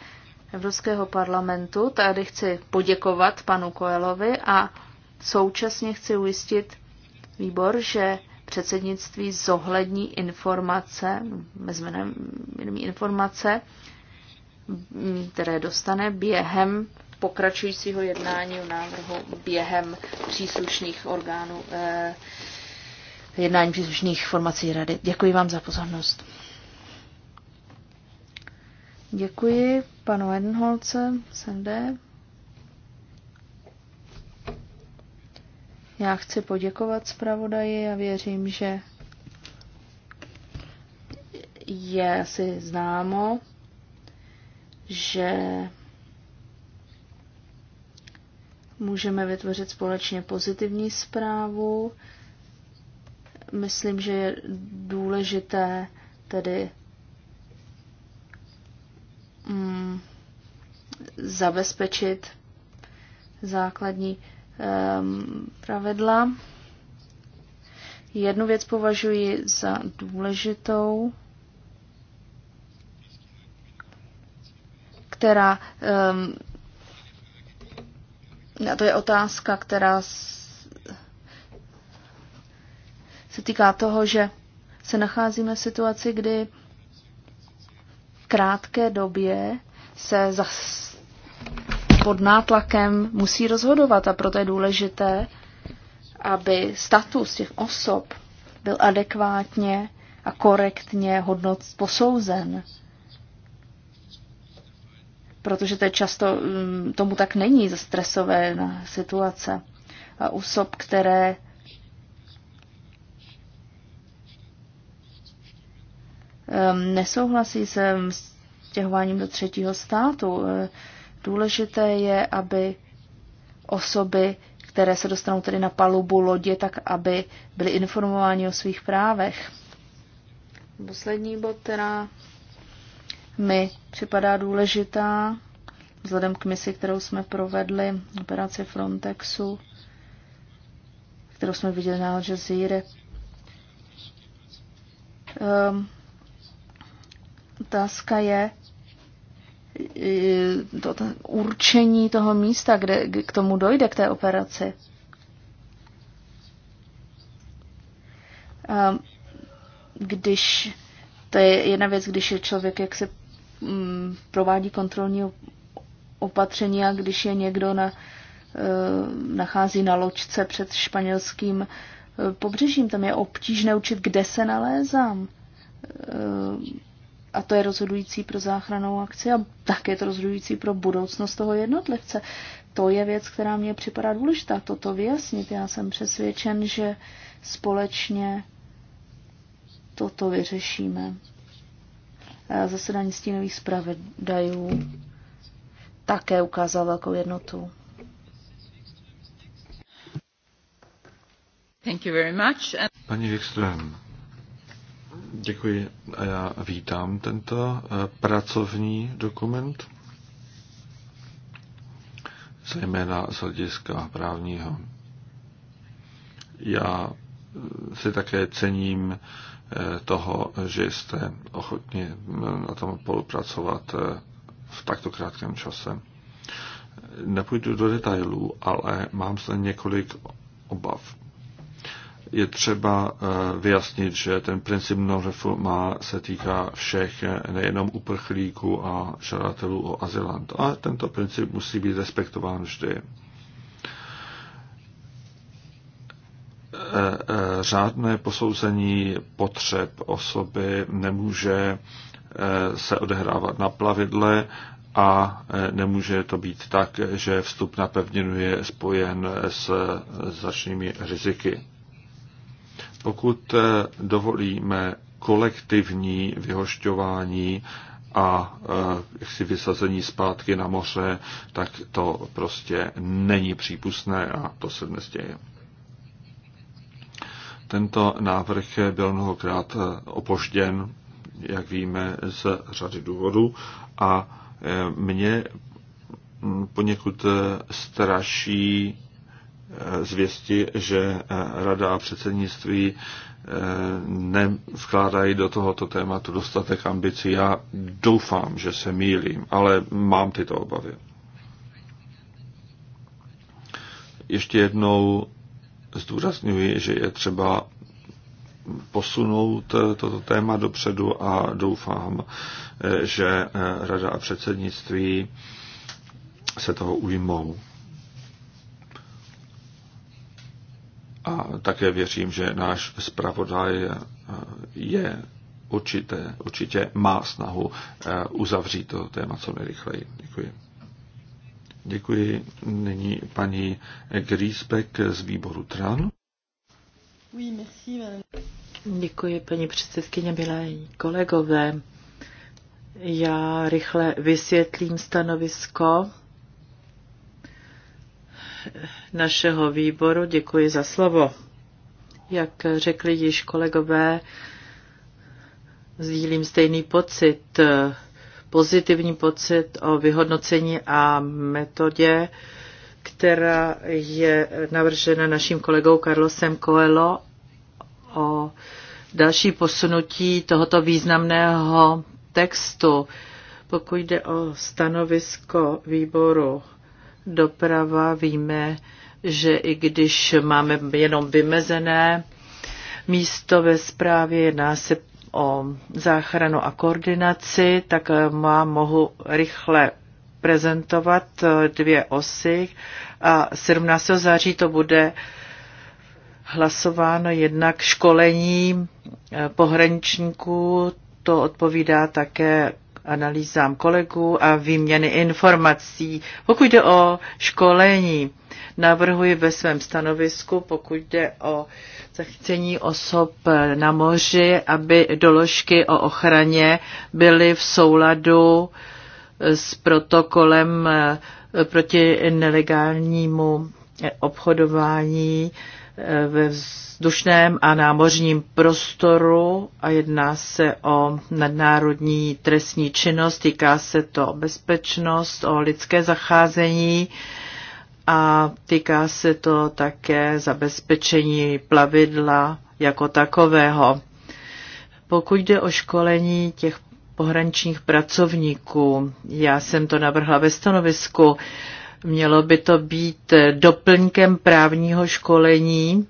Evropského parlamentu. Tady chci poděkovat panu Koelovi a současně chci ujistit výbor, že předsednictví zohlední informace, mezmenem informace, které dostane během pokračujícího jednání o návrhu během příslušných orgánů, eh, jednání příslušných formací rady. Děkuji vám za pozornost. Děkuji panu Edenholce, SND. Já chci poděkovat zpravodaji a věřím, že je asi známo, že můžeme vytvořit společně pozitivní zprávu. Myslím, že je důležité tedy mm, zabezpečit základní um, pravidla. Jednu věc považuji za důležitou, která, um, a to je otázka, která se týká toho, že se nacházíme v situaci, kdy krátké době se pod nátlakem musí rozhodovat a proto je důležité, aby status těch osob byl adekvátně a korektně hodnot posouzen. Protože to je často, mm, tomu tak není ze stresové situace. A osob, které Ehm, nesouhlasí se stěhováním do třetího státu. Ehm, důležité je, aby osoby, které se dostanou tedy na palubu lodě, tak aby byly informováni o svých právech. Poslední bod, která mi připadá důležitá, vzhledem k misi, kterou jsme provedli, operaci Frontexu, kterou jsme viděli na Al Jazeera, um, Otázka je to, to určení toho místa, kde k tomu dojde, k té operaci. A když, to je jedna věc, když je člověk, jak se mm, provádí kontrolní opatření a když je někdo na, e, nachází na loďce před španělským e, pobřežím. Tam je obtížné učit, kde se nalézám. E, a to je rozhodující pro záchranou akci a také je to rozhodující pro budoucnost toho jednotlivce. To je věc, která mě připadá důležitá, toto vyjasnit. Já jsem přesvědčen, že společně toto vyřešíme. Zasedání stínových zpravedajů také ukázal velkou jednotu. Thank you very much. Paní Wikström, Děkuji a já vítám tento eh, pracovní dokument, zejména z hlediska právního. Já eh, si také cením eh, toho, že jste ochotni mm, na tom spolupracovat v takto krátkém čase. Nepůjdu do detailů, ale mám zde několik obav je třeba eh, vyjasnit, že ten princip NOREFu má se týká všech, nejenom uprchlíků a žadatelů o azylant. A tento princip musí být respektován vždy. Eh, eh, řádné posouzení potřeb osoby nemůže se odehrávat na plavidle a nemůže to být tak, že vstup na pevninu je spojen s začnými riziky pokud eh, dovolíme kolektivní vyhošťování a eh, si vysazení zpátky na moře, tak to prostě není přípustné a to se dnes děje. Tento návrh byl mnohokrát eh, opožděn, jak víme, z řady důvodů a mě poněkud straší zvěsti, že eh, Rada a předsednictví eh, nevkládají do tohoto tématu dostatek ambicí. Já doufám, že se mýlím, ale mám tyto obavy. Ještě jednou zdůrazňuji, že je třeba posunout eh, toto téma dopředu a doufám, že Rada a předsednictví se toho ujmou. A také věřím, že náš zpravodaj eh, je určité, určitě má snahu eh, uzavřít to téma co nejrychleji. Děkuji. Děkuji nyní paní Griesbeck z výboru TRAN. Děkuji, paní předsedkyně, milé kolegové. Já rychle vysvětlím stanovisko našeho výboru. Děkuji za slovo. Jak řekli již kolegové, sdílím stejný pocit, pozitivní pocit o vyhodnocení a metodě, která je navržena naším kolegou Carlosem Coelho o další posunutí tohoto významného textu, pokud jde o stanovisko výboru doprava. Víme, že i když máme jenom vymezené místo ve zprávě, jedná se o záchranu a koordinaci, tak eh, má, mohu rychle prezentovat eh, dvě osy a 17. září to bude hlasováno jednak školení eh, pohraničníků, to odpovídá také analýzám kolegů a výměny informací. Pokud jde o školení, navrhuji ve svém stanovisku, pokud jde o zachycení osob na moři, aby doložky o ochraně byly v souladu s protokolem eh, proti nelegálnímu obchodování ve vzdušném a námořním prostoru a jedná se o nadnárodní trestní činnost, týká se to bezpečnost, o lidské zacházení a týká se to také zabezpečení plavidla jako takového. Pokud jde o školení těch pohraničních pracovníků, já jsem to navrhla ve stanovisku, Mělo by to být eh, doplňkem právního školení,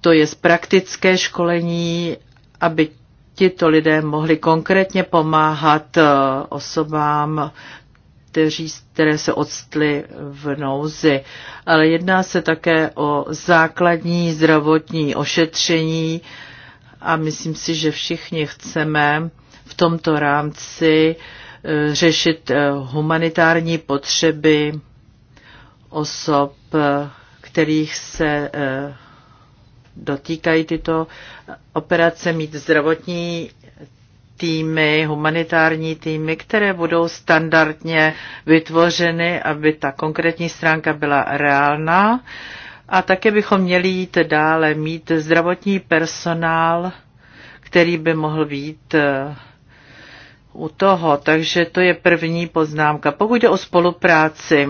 to je z praktické školení, aby tito lidé mohli konkrétně pomáhat eh, osobám, kteří, které se odstly v nouzi. Ale jedná se také o základní zdravotní ošetření a myslím si, že všichni chceme v tomto rámci eh, řešit humanitární potřeby osob, kterých se eh, dotýkají tyto operace, mít zdravotní týmy, humanitární týmy, které budou standardně vytvořeny, aby ta konkrétní stránka byla reálná. A také bychom měli jít dále, mít zdravotní personál, který by mohl být eh, u toho. Takže to je první poznámka. Pokud jde o spolupráci,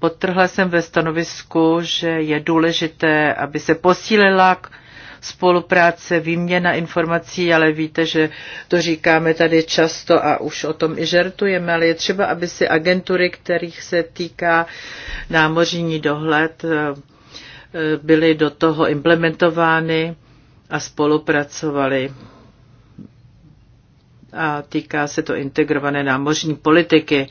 Podtrhla jsem ve stanovisku, že je důležité, aby se posílila spolupráce, výměna informací, ale víte, že to říkáme tady často a už o tom i žertujeme, ale je třeba, aby si agentury, kterých se týká námořní dohled, eh, byly do toho implementovány a spolupracovaly. A týká se to integrované námořní politiky.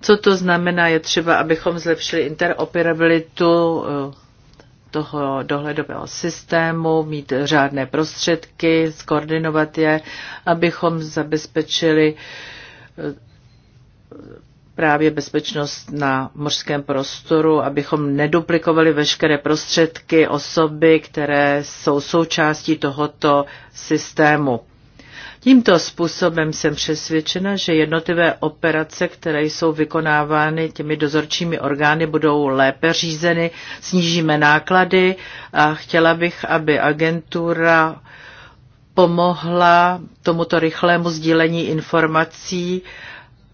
Co to znamená, je třeba, abychom zlepšili interoperabilitu eh, toho dohledového systému, mít řádné prostředky, skoordinovat je, abychom zabezpečili eh, právě bezpečnost na mořském prostoru, abychom neduplikovali veškeré prostředky, osoby, které jsou součástí tohoto systému. Tímto způsobem jsem přesvědčena, že jednotlivé operace, které jsou vykonávány těmi dozorčími orgány, budou lépe řízeny, snížíme náklady a chtěla bych, aby agentura pomohla tomuto rychlému sdílení informací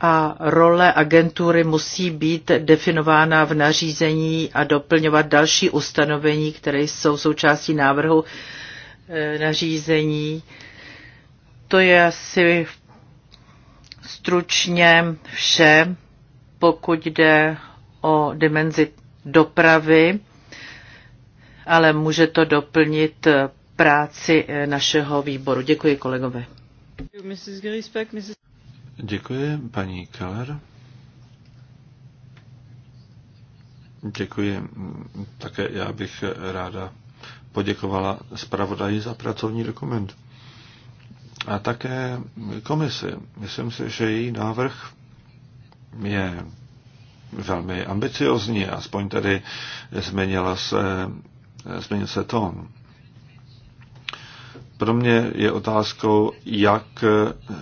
a role agentury musí být definována v nařízení a doplňovat další ustanovení, které jsou součástí návrhu eh, nařízení to je asi stručně vše, pokud jde o dimenzi dopravy, ale může to doplnit práci eh, našeho výboru. Děkuji kolegové. Děkuji, paní Keller. Děkuji. Také já bych ráda poděkovala zpravodaji za pracovní dokument a také komisi. Myslím si, že její návrh je velmi ambiciozní, aspoň tedy změnila se, změnil se tón. Pro mě je otázkou, jak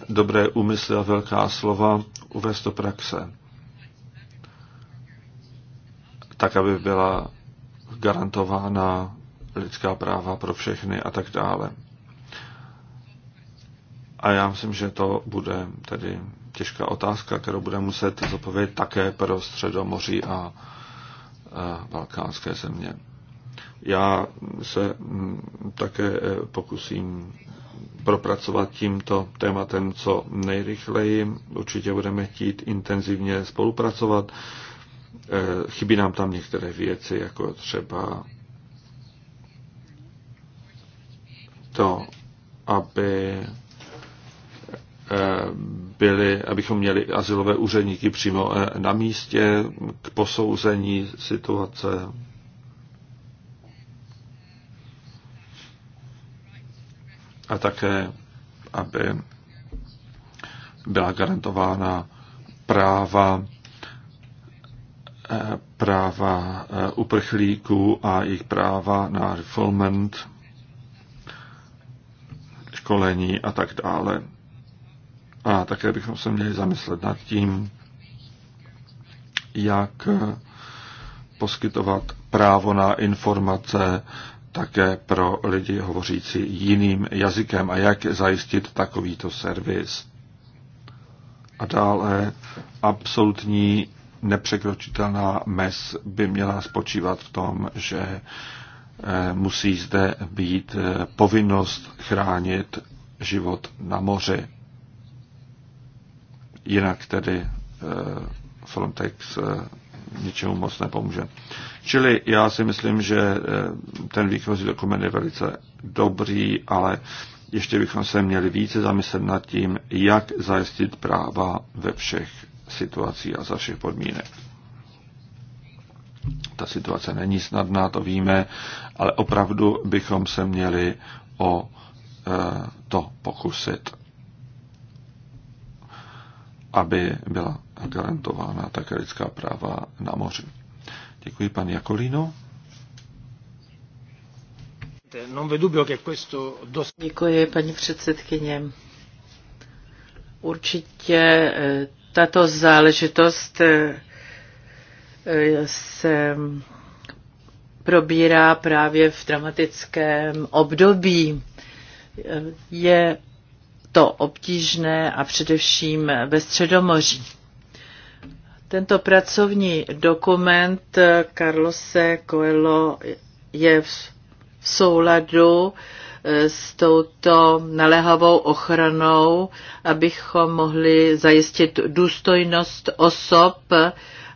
dobré úmysly a velká slova uvést do praxe. Tak, aby byla garantována lidská práva pro všechny a tak dále. A já myslím, že to bude tedy těžká otázka, kterou bude muset zodpovědět také pro Středomoří a, a balkánské země. Já se mm, také e, pokusím propracovat tímto tématem co nejrychleji. Určitě budeme chtít intenzivně spolupracovat. E, chybí nám tam některé věci, jako třeba to, aby Eh, byli, abychom měli asilové úředníky přímo eh, na místě k posouzení situace. A také, aby byla garantována práva eh, práva uprchlíků a jejich práva na refoulement, školení a tak dále. A také bychom se měli zamyslet nad tím, jak eh, poskytovat právo na informace také pro lidi hovořící jiným jazykem a jak zajistit takovýto servis. A dále absolutní nepřekročitelná mez by měla spočívat v tom, že eh, musí zde být eh, povinnost chránit život na moři jinak tedy eh, Frontex eh, ničemu moc nepomůže. Čili já si myslím, že eh, ten výchozí dokument je velice dobrý, ale ještě bychom se měli více zamyslet nad tím, jak zajistit práva ve všech situacích a za všech podmínek. Ta situace není snadná, to víme, ale opravdu bychom se měli o to pokusit aby byla garantována také lidská práva na moři. Děkuji, pan Jakolino. Děkuji, paní předsedkyně. Určitě eh, tato záležitost eh, eh, se probírá právě v dramatickém období. Je to obtížné a především ve Středomoří. Tento pracovní dokument Carlose Coelho je v souladu s touto naléhavou ochranou, abychom mohli zajistit důstojnost osob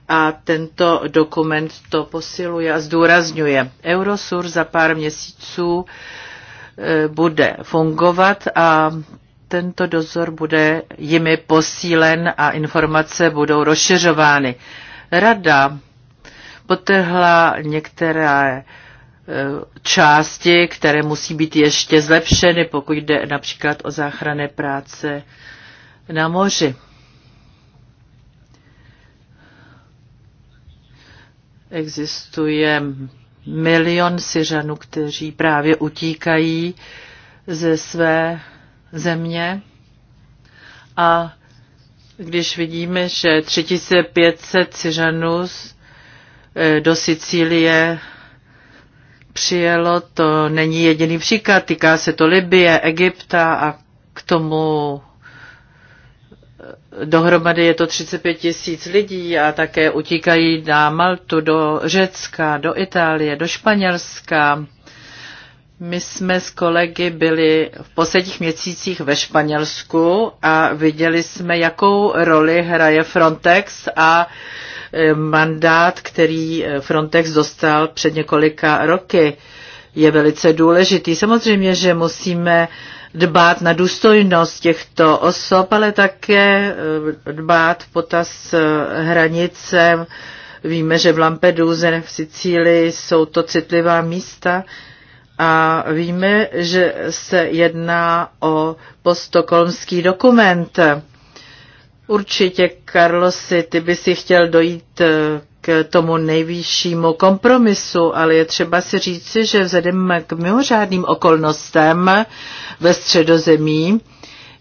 a tento dokument to posiluje a zdůrazňuje. Eurosur za pár měsíců eh, bude fungovat a tento dozor bude jimi posílen a informace budou rozšiřovány. Rada potrhla některé e, části, které musí být ještě zlepšeny, pokud jde například o záchranné práce na moři. Existuje milion Syřanů, kteří právě utíkají ze své země a když vidíme, že 3500 Syřanů eh, do Sicílie přijelo, to není jediný příklad, týká se to Libie, Egypta a k tomu eh, dohromady je to 35 tisíc lidí a také utíkají na Maltu, do Řecka, do Itálie, do Španělska, my jsme s kolegy byli v posledních měsících ve Španělsku a viděli jsme, jakou roli hraje Frontex a e, mandát, který e, Frontex dostal před několika roky, je velice důležitý. Samozřejmě, že musíme dbát na důstojnost těchto osob, ale také e, dbát potaz hranice. Víme, že v Lampeduze, v Sicílii jsou to citlivá místa a víme, že se jedná o postokolmský dokument. Určitě, Karlosi ty by si chtěl dojít eh, k tomu nejvyššímu kompromisu, ale je třeba si říci, že vzhledem k mimořádným okolnostem ve středozemí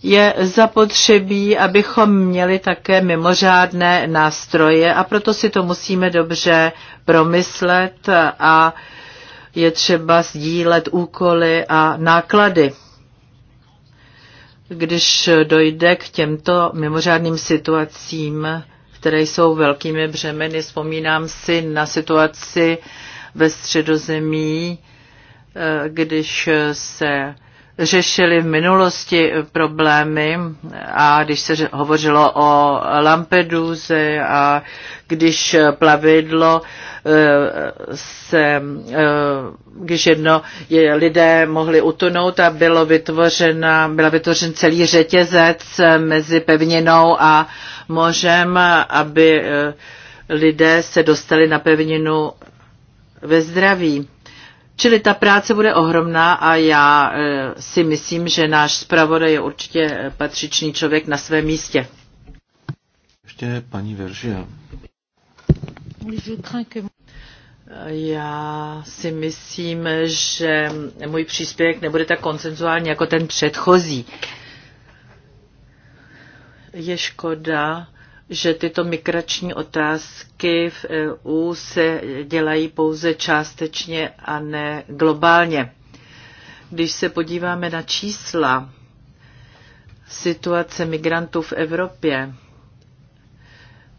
je zapotřebí, abychom měli také mimořádné nástroje a proto si to musíme dobře promyslet a je třeba sdílet úkoly a náklady. Když dojde k těmto mimořádným situacím, které jsou velkými břemeny, vzpomínám si na situaci ve středozemí, eh, když se řešili v minulosti problémy a když se hovořilo o Lampeduze a když plavidlo eh, se, eh, když jedno je, lidé mohli utonout a bylo vytvořena, byla vytvořen celý řetězec eh, mezi pevninou a mořem, aby lidé se dostali na pevninu ve zdraví. Čili ta práce bude ohromná a já eh, si myslím, že náš zpravodaj je určitě eh, patřičný člověk na svém místě. Ještě paní Veržia. Já si myslím, že můj příspěvek nebude tak konsenzuální jako ten předchozí. Je škoda, že tyto migrační otázky v EU se dělají pouze částečně a ne globálně. Když se podíváme na čísla situace migrantů v Evropě,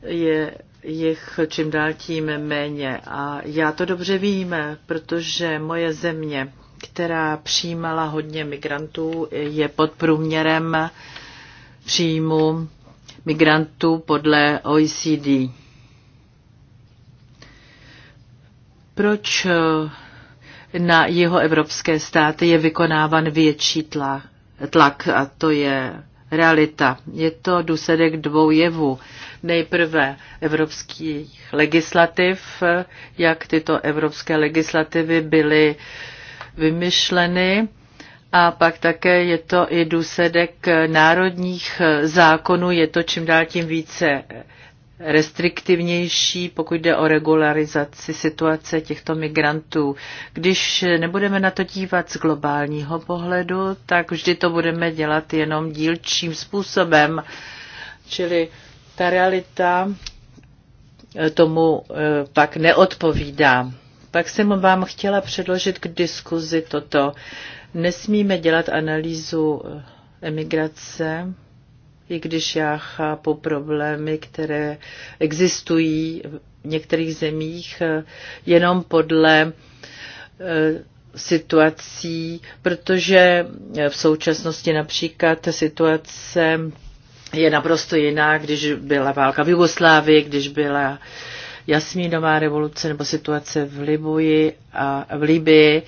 je jich čím dál tím méně. A já to dobře vím, protože moje země, která přijímala hodně migrantů, je pod průměrem příjmu migrantů podle OECD. Proč eh, na jeho evropské státy je vykonávan větší tlak, tlak a to je realita. Je to důsledek dvou jevů. Nejprve evropských legislativ, eh, jak tyto evropské legislativy byly vymyšleny a pak také je to i důsledek národních zákonů, je to čím dál tím více restriktivnější, pokud jde o regularizaci situace těchto migrantů. Když nebudeme na to dívat z globálního pohledu, tak vždy to budeme dělat jenom dílčím způsobem. Čili ta realita tomu eh, pak neodpovídá. Pak jsem vám chtěla předložit k diskuzi toto. Nesmíme dělat analýzu eh, emigrace, i když já chápu problémy, které existují v některých zemích, eh, jenom podle eh, situací, protože v současnosti například situace je naprosto jiná, když byla válka v Jugoslávii, když byla Jasmínová revoluce nebo situace v Libuji a v Libii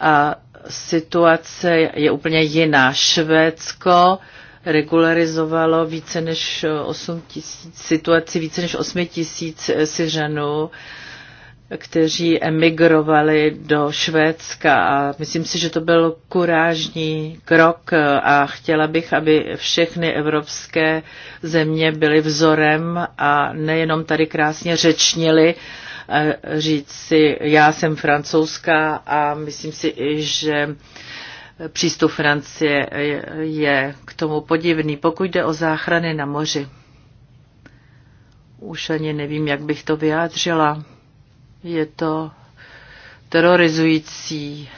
a situace je úplně jiná. Švédsko regularizovalo více než 8 tisíc, situaci více než 8 tisíc Syřanů, kteří emigrovali do Švédska a myslím si, že to byl kurážní krok a chtěla bych, aby všechny evropské země byly vzorem a nejenom tady krásně řečnili, říct si, já jsem francouzská a myslím si, že přístup Francie je k tomu podivný, pokud jde o záchrany na moři. Už ani nevím, jak bych to vyjádřila. Je to terorizující,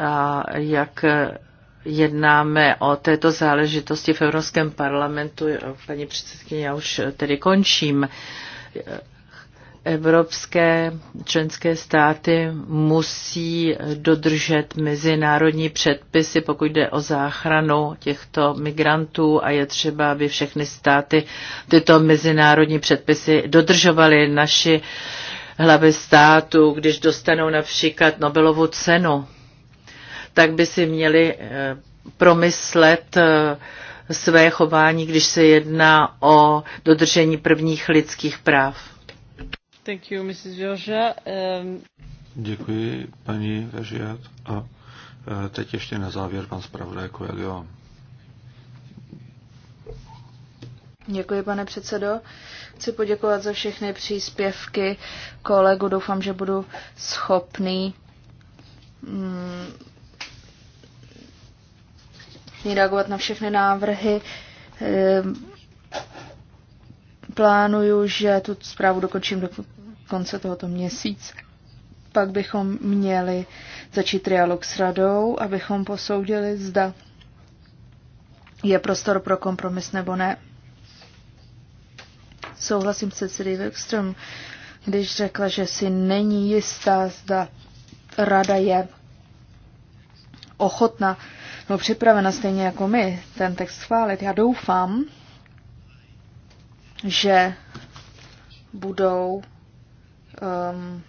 a jak jednáme o této záležitosti v Evropském parlamentu. Paní předsedkyně, já už tedy končím. Evropské členské státy musí dodržet mezinárodní předpisy, pokud jde o záchranu těchto migrantů a je třeba, aby všechny státy tyto mezinárodní předpisy dodržovaly naši hlavy státu, když dostanou například Nobelovu cenu, tak by si měli eh, promyslet eh, své chování, když se jedná o dodržení prvních lidských práv. Thank you, Mrs. Vjoža. Um... Děkuji, paní Vežiat. A e, teď ještě na závěr pan zpravodaj Coelho. Děkuji, pane předsedo. Chci poděkovat za všechny příspěvky kolegu. Doufám, že budu schopný mm, reagovat na všechny návrhy. Ehm, plánuju, že tu zprávu dokončím do konce tohoto měsíce. Pak bychom měli začít trialog s radou, abychom posoudili, zda je prostor pro kompromis nebo ne. Souhlasím se Cedy Wilkström, když řekla, že si není jistá, zda rada je ochotna nebo připravena stejně jako my ten text schválit. Já doufám, že budou um,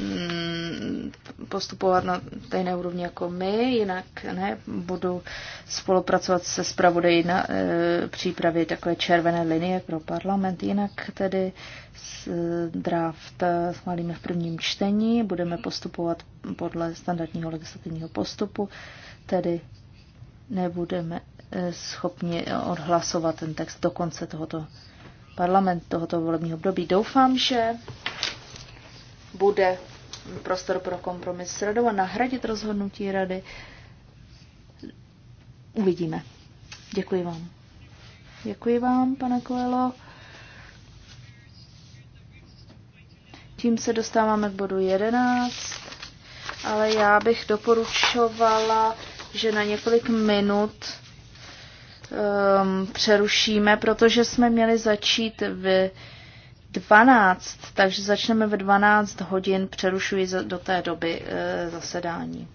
mm, postupovat na stejné úrovni jako my, jinak ne, budu spolupracovat se zpravodají na e, přípravě takové červené linie pro parlament, jinak tedy s, e, draft e, schválíme v prvním čtení, budeme postupovat podle standardního legislativního postupu, tedy nebudeme e, schopni odhlasovat ten text do konce tohoto parlament tohoto volebního období. Doufám, že bude prostor pro kompromis s radou a nahradit rozhodnutí rady. Uvidíme. Děkuji vám. Děkuji vám, pane Koelo. Tím se dostáváme k bodu 11, ale já bych doporučovala, že na několik minut um, přerušíme, protože jsme měli začít v 12, takže začneme ve 12 hodin, přerušuji do té doby eh, zasedání.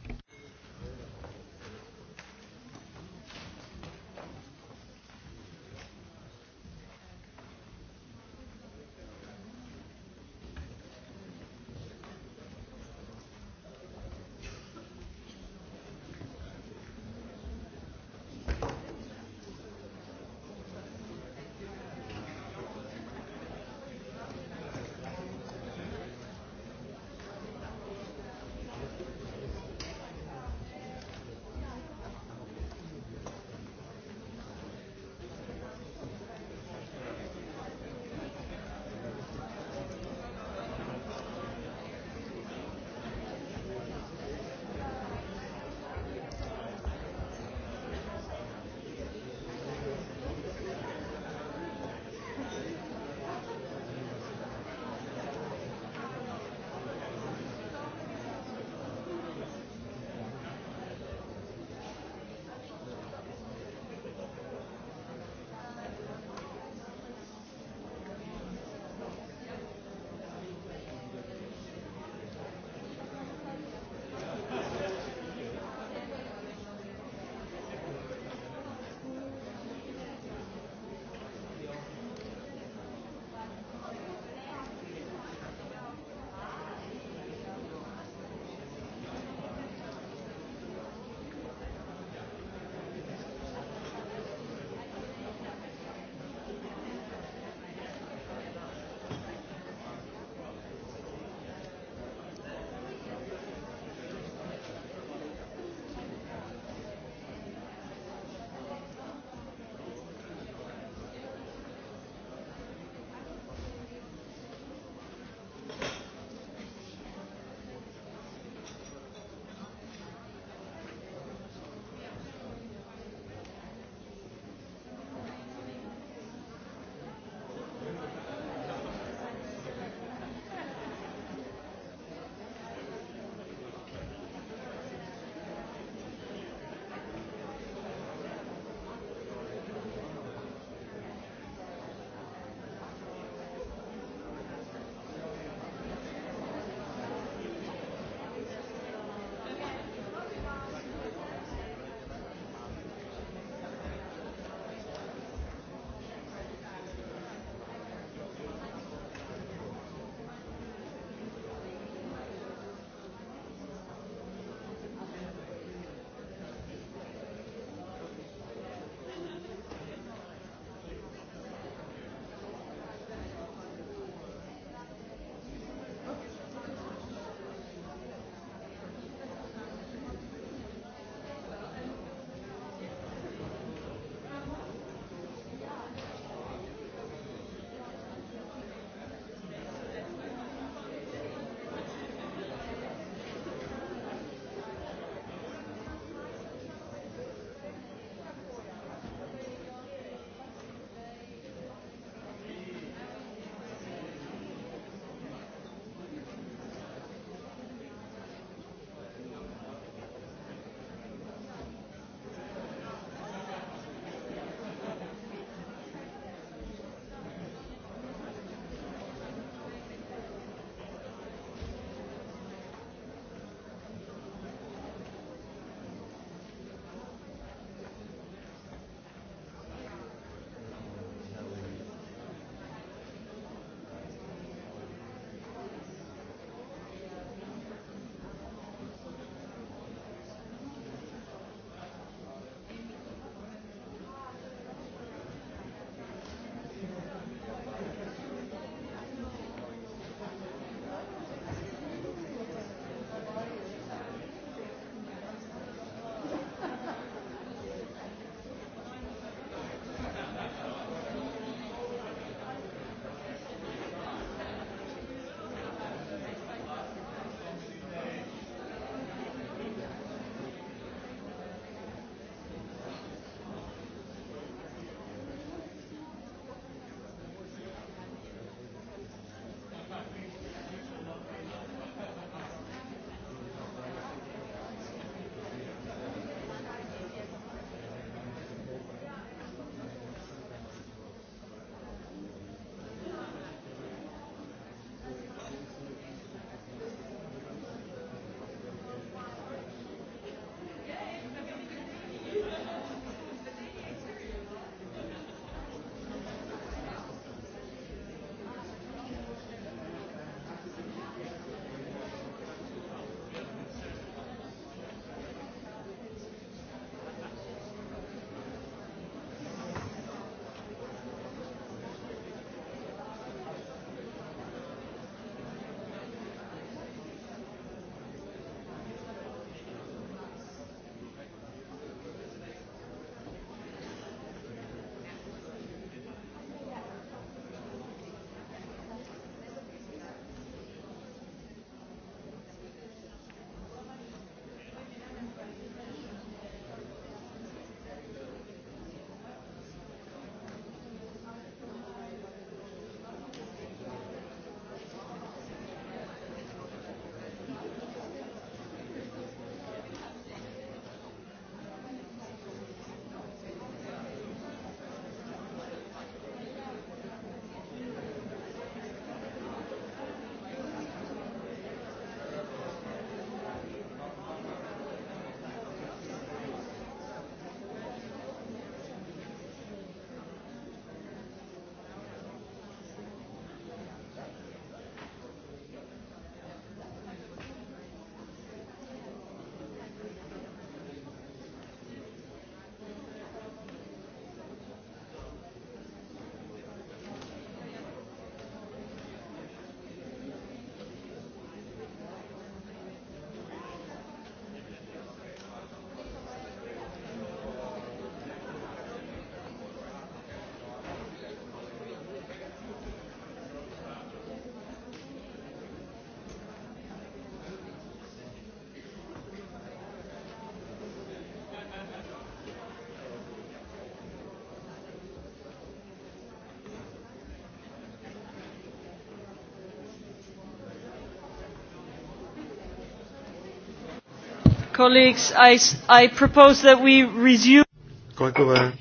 Kolegové,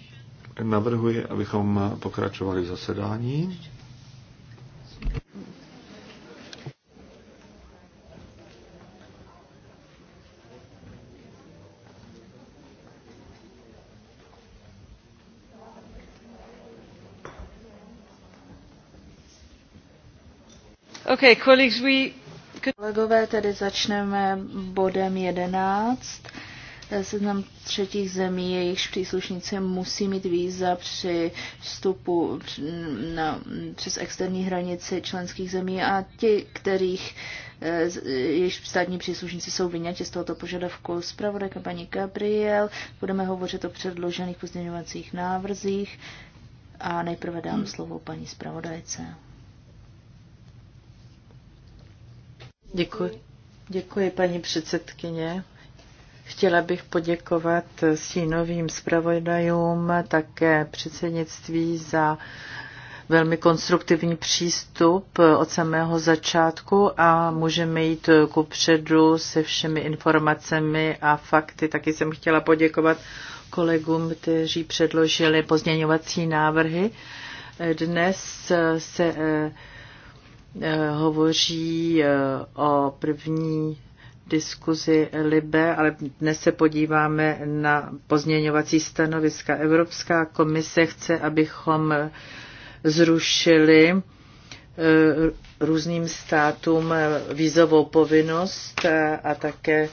navrhuji, abychom pokračovali v zasedání. Okay, colleagues, we Kolegové, tedy začneme bodem 11. Seznam třetích zemí, jejichž příslušníci musí mít víza při vstupu na, přes externí hranici členských zemí a ti, kterých eh, jejichž státní příslušníci jsou vyňati z tohoto požadavku. Zpravodajka paní Gabriel, budeme hovořit o předložených pozměňovacích návrzích a nejprve dám hmm. slovo paní zpravodajce. Děkuji. Děkuji, paní předsedkyně. Chtěla bych poděkovat stínovým zpravodajům, také předsednictví za velmi konstruktivní přístup od samého začátku a můžeme jít ku předu se všemi informacemi a fakty. Taky jsem chtěla poděkovat kolegům, kteří předložili pozměňovací návrhy. Dnes se eh, Eh, hovoří eh, o první diskuzi Libe, ale dnes se podíváme na pozměňovací stanoviska. Evropská komise chce, abychom zrušili eh, různým státům vízovou povinnost a také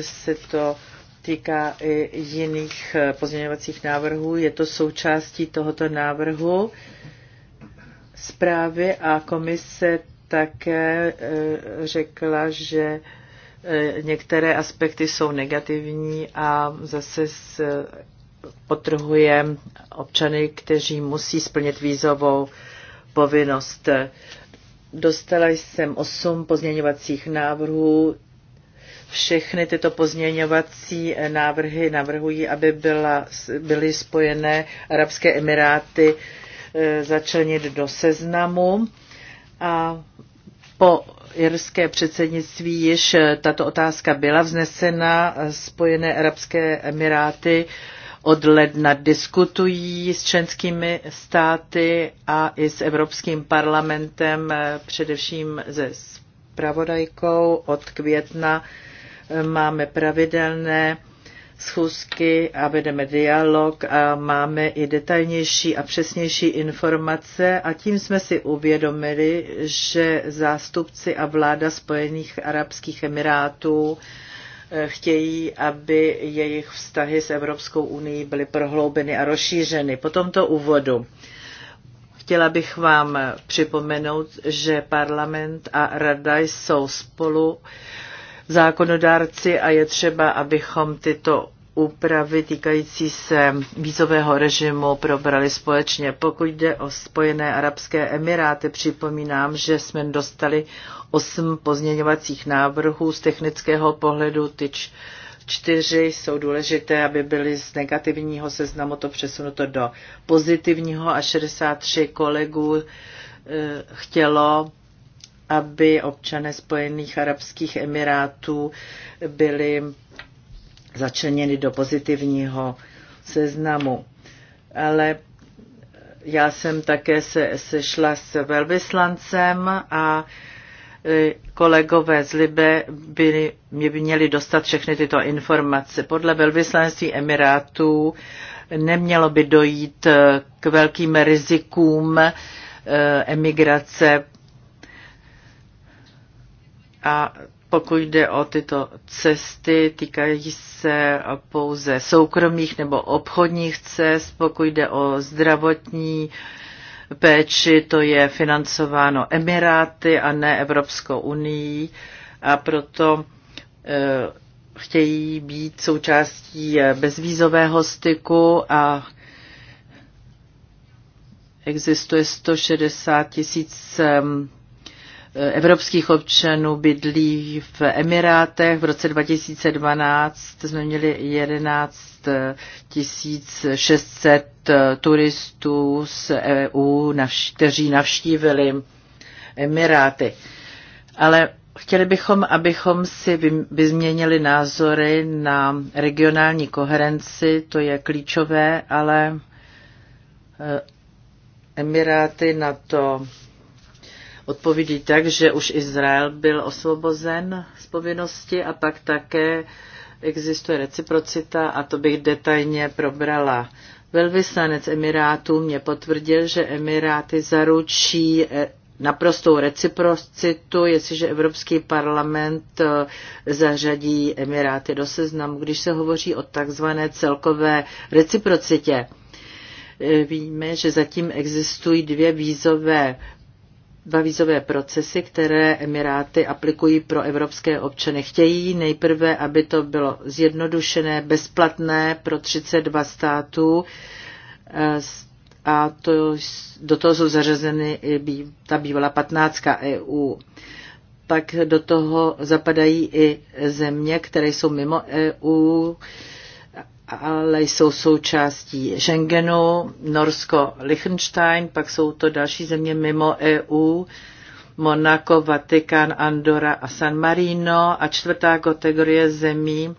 se to týká i jiných pozměňovacích návrhů. Je to součástí tohoto návrhu zprávy a komise také e, řekla, že e, některé aspekty jsou negativní a zase e, potrhuje občany, kteří musí splnit vízovou povinnost. Dostala jsem osm pozměňovacích návrhů. Všechny tyto pozměňovací návrhy navrhují, aby byla, byly spojené Arabské Emiráty E, začlenit do seznamu a po jirské předsednictví již e, tato otázka byla vznesena. Spojené Arabské Emiráty od ledna diskutují s členskými státy a i s Evropským parlamentem, e, především se spravodajkou. Od května máme pravidelné schůzky a vedeme dialog a máme i detailnější a přesnější informace a tím jsme si uvědomili, že zástupci a vláda Spojených Arabských Emirátů eh, chtějí, aby jejich vztahy s Evropskou unii byly prohloubeny a rozšířeny. Po tomto úvodu chtěla bych vám připomenout, že parlament a rada jsou spolu uh, zákonodárci a je třeba, abychom tyto úpravy týkající se vízového režimu probrali společně. Pokud jde o Spojené arabské emiráty, připomínám, že jsme dostali osm pozměňovacích návrhů z technického pohledu tyč čtyři jsou důležité, aby byly z negativního seznamu to přesunuto do pozitivního a 63 kolegů eh, chtělo aby občané Spojených Arabských Emirátů byli začleněny do pozitivního seznamu. Ale já jsem také se, sešla s velvyslancem a e, kolegové z Libe by, mě by měli dostat všechny tyto informace. Podle velvyslanství Emirátů nemělo by dojít e, k velkým rizikům e, emigrace a pokud jde o tyto cesty, týkají se pouze soukromých nebo obchodních cest, pokud jde o zdravotní péči, to je financováno Emiráty a ne Evropskou unii a proto e, chtějí být součástí e, bezvízového styku a existuje 160 tisíc evropských občanů bydlí v Emirátech. V roce 2012 jsme měli 11 600 turistů z EU, kteří navštívili Emiráty. Ale chtěli bychom, abychom si vyzměnili názory na regionální koherenci, to je klíčové, ale e, Emiráty na to odpovědí tak, že už Izrael byl osvobozen z povinnosti a pak také existuje reciprocita a to bych detailně probrala. Velvyslanec Emirátů mě potvrdil, že Emiráty zaručí eh, naprostou reciprocitu, jestliže Evropský parlament eh, zařadí Emiráty do seznamu, když se hovoří o takzvané celkové reciprocitě. Eh, víme, že zatím existují dvě vízové dva vízové procesy, které Emiráty aplikují pro evropské občany. Chtějí nejprve, aby to bylo zjednodušené, bezplatné pro 32 států eh, a to, do toho jsou zařazeny i ta bývalá 15 EU. Pak do toho zapadají i země, které jsou mimo EU, ale jsou součástí Schengenu, Norsko, Liechtenstein, pak jsou to další země mimo EU, Monako, Vatikán, Andora a San Marino a čtvrtá kategorie zemí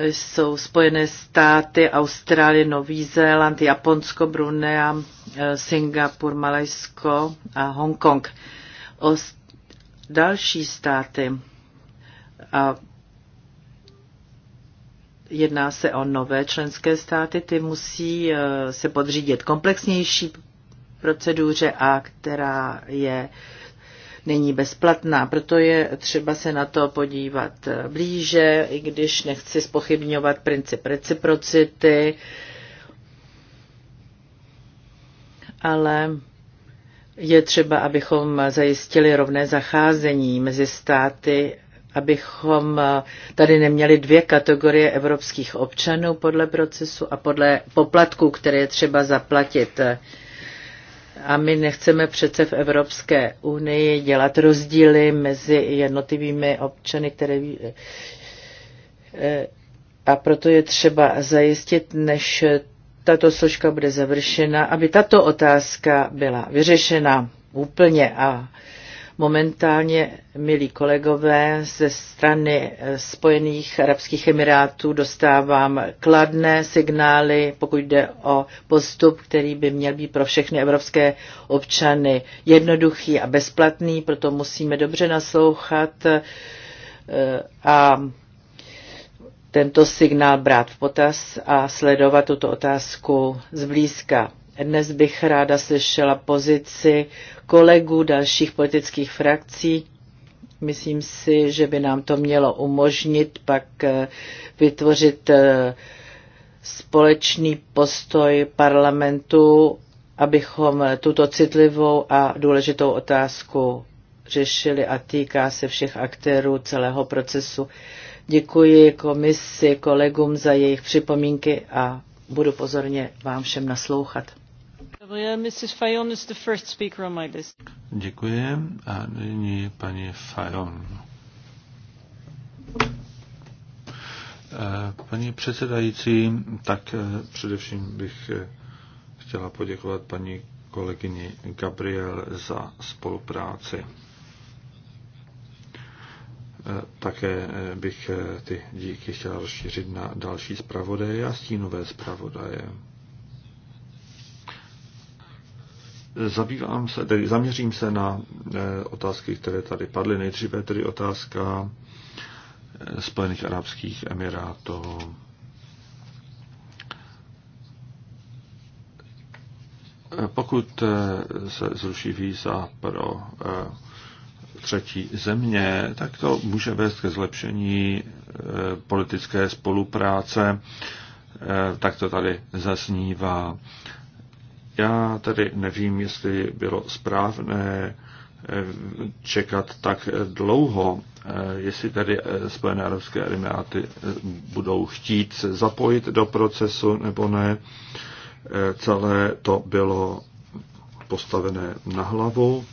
jsou Spojené státy, Austrálie, Nový Zéland, Japonsko, Brunea, eh, Singapur, Malajsko a Hongkong. O další státy a Jedná se o nové členské státy, ty musí eh, se podřídit komplexnější proceduře a která je není bezplatná. Proto je třeba se na to podívat eh, blíže, i když nechci spochybňovat princip reciprocity, ale je třeba, abychom zajistili rovné zacházení mezi státy abychom eh, tady neměli dvě kategorie evropských občanů podle procesu a podle poplatků, které je třeba zaplatit. A my nechceme přece v Evropské unii dělat rozdíly mezi jednotlivými občany, které eh, a proto je třeba zajistit, než tato složka bude završena, aby tato otázka byla vyřešena úplně a Momentálně, milí kolegové, ze strany Spojených Arabských Emirátů dostávám kladné signály, pokud jde o postup, který by měl být pro všechny evropské občany jednoduchý a bezplatný, proto musíme dobře naslouchat eh, a tento signál brát v potaz a sledovat tuto otázku zblízka. Dnes bych ráda slyšela pozici kolegů dalších politických frakcí. Myslím si, že by nám to mělo umožnit pak eh, vytvořit eh, společný postoj parlamentu, abychom tuto citlivou a důležitou otázku řešili a týká se všech aktérů celého procesu. Děkuji komisi, kolegům za jejich připomínky a budu pozorně vám všem naslouchat. Děkuji a nyní paní Fajon. Eh, paní předsedající, tak eh, především bych eh, chtěla poděkovat paní kolegyni Gabriel za spolupráci. Také bych ty díky chtěla rozšířit na další zpravodaje a stínové zpravodaje. Zabývám se, tedy zaměřím se na eh, otázky, které tady padly. Nejdříve tedy otázka eh, Spojených Arabských Emirátů. Eh, pokud se zruší víza pro třetí země, tak to může vést ke zlepšení politické spolupráce. Tak to tady zaznívá. Já tedy nevím, jestli bylo správné eh, čekat tak dlouho, eh, jestli tedy eh, Spojené arabské emiráty budou chtít se zapojit do procesu nebo ne. Celé to bylo postavené na hlavu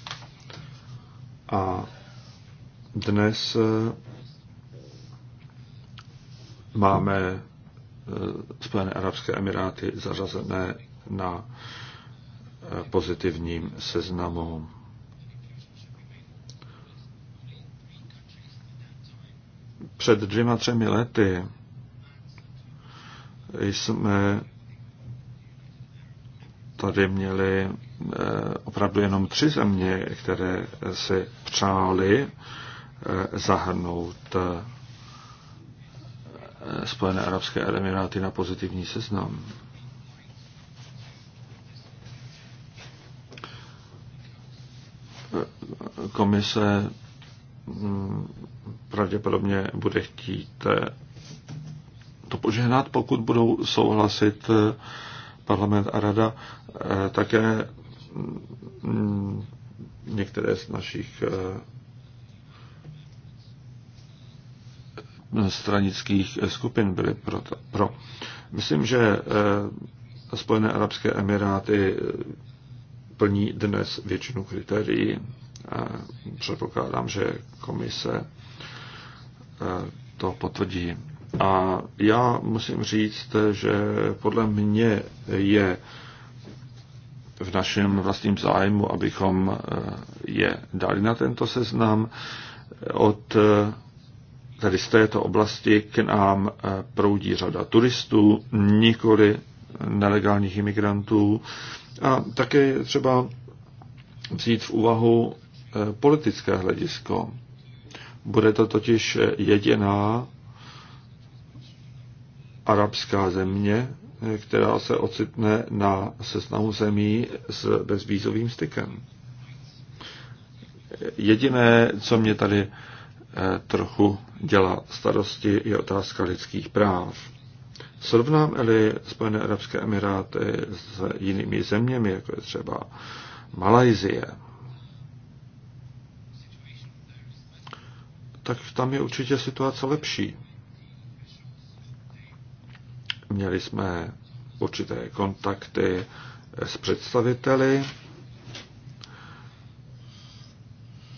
a dnes máme Spojené arabské emiráty zařazené na pozitivním seznamu. Před dvěma, třemi lety jsme tady měli eh, opravdu jenom tři země, které si přáli eh, zahrnout eh, Spojené arabské emiráty na pozitivní seznam. komise mm, pravděpodobně bude chtít eh, to požehnat, pokud budou souhlasit eh, parlament a rada. Eh, také mm, některé z našich stranických skupin byly pro. Myslím, že Spojené arabské emiráty plní dnes většinu kritérií. Předpokládám, že komise eh, to potvrdí. A já musím říct, že podle mě je v našem vlastním zájmu, abychom eh, je dali na tento seznam. Od eh, tady z této oblasti k nám proudí řada turistů, nikoli nelegálních imigrantů a také je třeba vzít v úvahu eh, politické hledisko. Bude to totiž jediná arabská země, eh, která se ocitne na seznamu zemí s bezvízovým stykem. Jediné, co mě tady eh, trochu dělá starosti, je otázka lidských práv. Srovnáme-li Spojené arabské emiráty s jinými zeměmi, jako je třeba Malajzie, tak tam je určitě situace lepší. Měli jsme určité kontakty s představiteli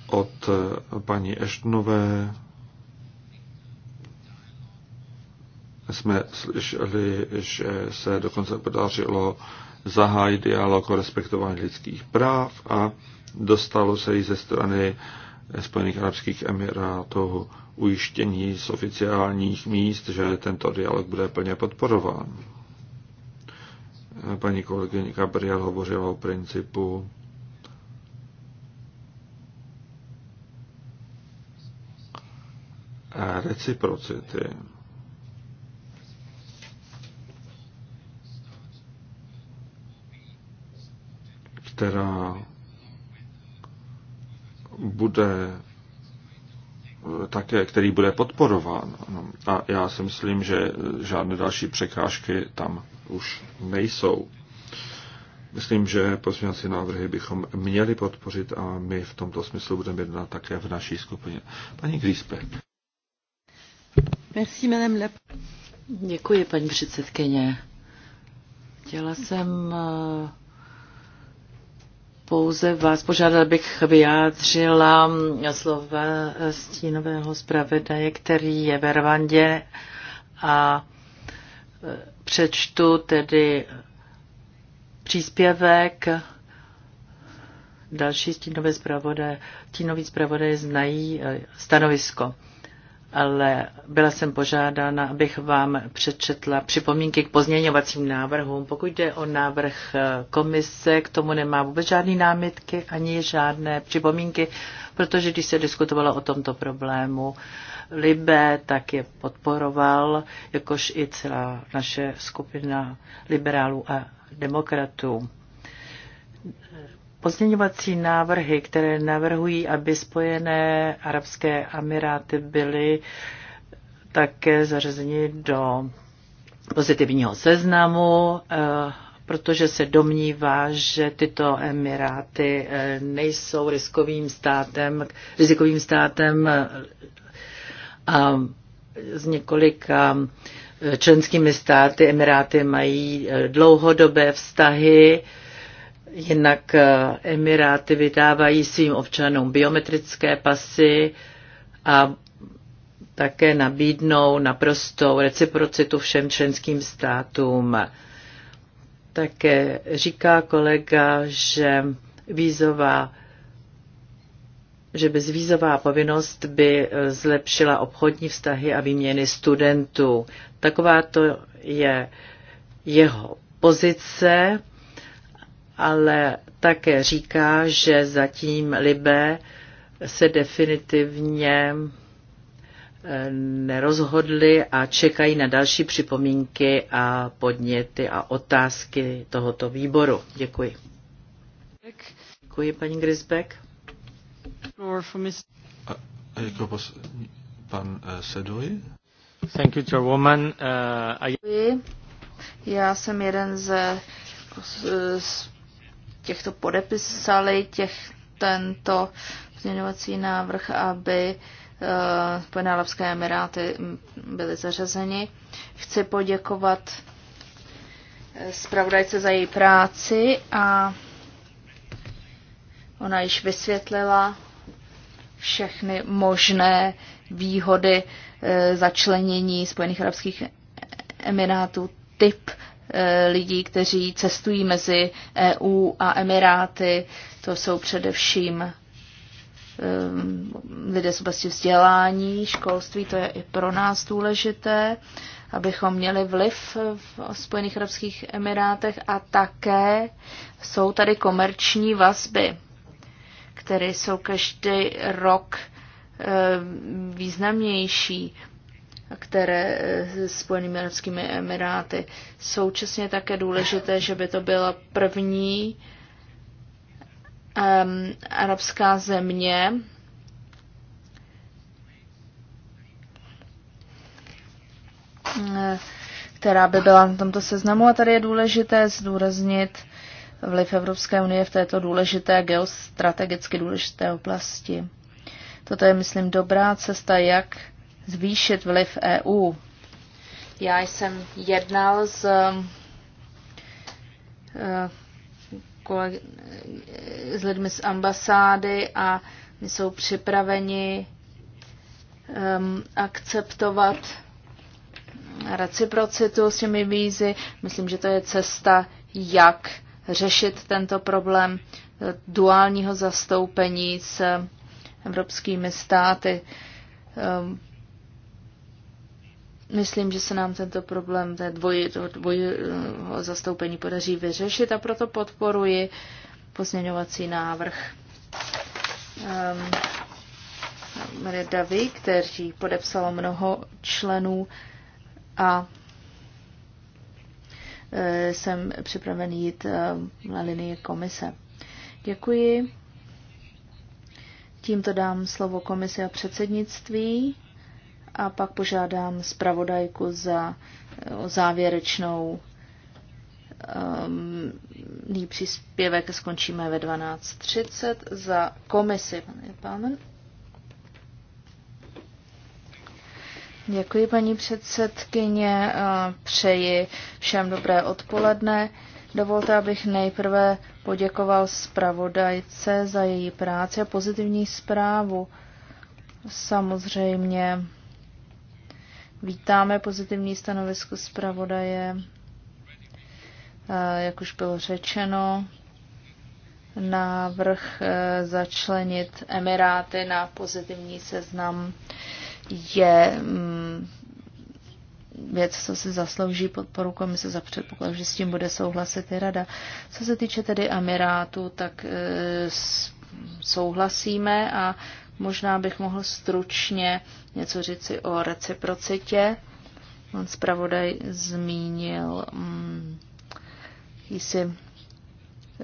od paní Eštnové jsme slyšeli, že se dokonce podařilo zahájit dialog o respektování lidských práv a dostalo se i ze strany Spojených arabských emirátů ujištění z oficiálních míst, že tento dialog bude plně podporován. Paní kolegyně Gabriel hovořila o principu reciprocity. která bude také, který bude podporován. A já si myslím, že žádné další překážky tam už nejsou. Myslím, že pozměňovací návrhy bychom měli podpořit a my v tomto smyslu budeme jednat také v naší skupině. Paní Grispe. Merci, madame la... Děkuji, paní předsedkyně. Chtěla jsem eh, pouze vás požádal, abych vyjádřila slova stínového zpravodaje, který je ve Rwandě a e, přečtu tedy příspěvek. Další stínové zpravodaje. stínový zpravodaj znají e, stanovisko ale byla jsem požádána, abych vám přečetla připomínky k pozměňovacím návrhům. Pokud jde o návrh eh, komise, k tomu nemá vůbec žádné námitky ani žádné připomínky, protože když se diskutovalo o tomto problému, Libe tak je podporoval, jakož i celá naše skupina liberálů a demokratů. Pozměňovací návrhy, které navrhují, aby Spojené Arabské Emiráty byly také zařazeny do pozitivního seznamu, eh, protože se domnívá, že tyto Emiráty eh, nejsou riskovým státem, rizikovým státem eh, a z několika členskými státy Emiráty mají dlouhodobé vztahy, Jinak eh, Emiráty vydávají svým občanům biometrické pasy a také nabídnou naprostou reciprocitu všem členským státům. Také říká kolega, že vízová že bezvízová povinnost by eh, zlepšila obchodní vztahy a výměny studentů. Taková to je jeho pozice ale také říká, že zatím Libé se definitivně eh, nerozhodli a čekají na další připomínky a podněty a otázky tohoto výboru. Děkuji. Děkuji, paní Grisbeck. A jako pos... pan uh, Sedoj. Thank you, Chairwoman. Uh, I... Já jsem jeden z, z těchto podepisali, těch, tento pozměňovací návrh, aby uh, Spojené arabské emiráty mm, byly zařazeni. Chci poděkovat eh, zpravodajce za její práci a ona již vysvětlila všechny možné výhody eh, začlenění Spojených arabských emirátů typ Eh, lidí, kteří cestují mezi EU a Emiráty. To jsou především ehm, lidé z oblasti vzdělání, školství, to je i pro nás důležité, abychom měli vliv v Spojených Arabských Emirátech a také jsou tady komerční vazby, které jsou každý rok ehm, významnější které eh, s Spojenými arabskými emiráty. Současně také důležité, že by to byla první um, arabská země, eh, která by byla na tomto seznamu. A tady je důležité zdůraznit vliv Evropské unie v této důležité geostrategicky důležité oblasti. Toto je, myslím, dobrá cesta, jak zvýšit vliv EU. Já jsem jednal s eh, s lidmi z ambasády a my jsou připraveni um, akceptovat reciprocitu s těmi vízy. Myslím, že to je cesta, jak řešit tento problém duálního zastoupení s evropskými státy. Um, Myslím, že se nám tento problém té dvoji, toho dvojího zastoupení podaří vyřešit a proto podporuji pozměňovací návrh um, ehm, Marie Davy, který podepsalo mnoho členů a e, jsem připraven jít e, na linii komise. Děkuji. Tímto dám slovo komise a předsednictví a pak požádám zpravodajku za eh, závěrečnou um, příspěvek skončíme ve 12.30 za komisi. Děkuji, paní předsedkyně. Přeji všem dobré odpoledne. Dovolte, abych nejprve poděkoval zpravodajce za její práci a pozitivní zprávu. Samozřejmě Vítáme pozitivní stanovisko zpravodaje. Jak už bylo řečeno, návrh e, začlenit Emiráty na pozitivní seznam je mm, věc, co si zaslouží podporu komise za předpoklad, že s tím bude souhlasit i rada. Co se týče tedy Emirátu, tak e, souhlasíme a Možná bych mohl stručně něco říci o reciprocitě. On zpravodaj zmínil mm, jsi eh,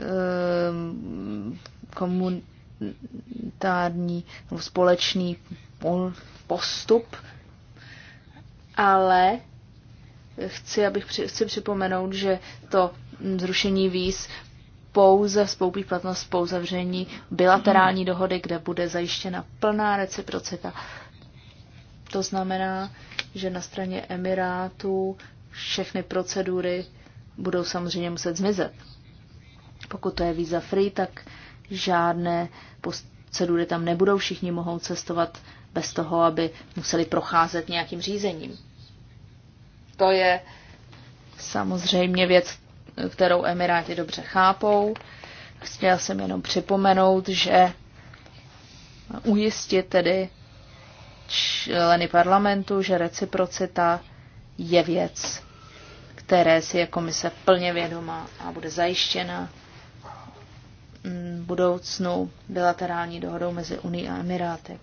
komunitární nebo společný postup, ale chci, abych, chci připomenout, že to zrušení víz pouze spoupí platnost po uzavření bilaterální hmm. dohody, kde bude zajištěna plná reciprocita. To znamená, že na straně Emirátů všechny procedury budou samozřejmě muset zmizet. Pokud to je víza free, tak žádné procedury tam nebudou, všichni mohou cestovat bez toho, aby museli procházet nějakým řízením. To je samozřejmě věc, kterou Emiráti dobře chápou. Chtěla jsem jenom připomenout, že ujistit tedy členy parlamentu, že reciprocita je věc, které si je komise plně vědoma, a bude zajištěna budoucnu bilaterální dohodou mezi Unii a Emiráty.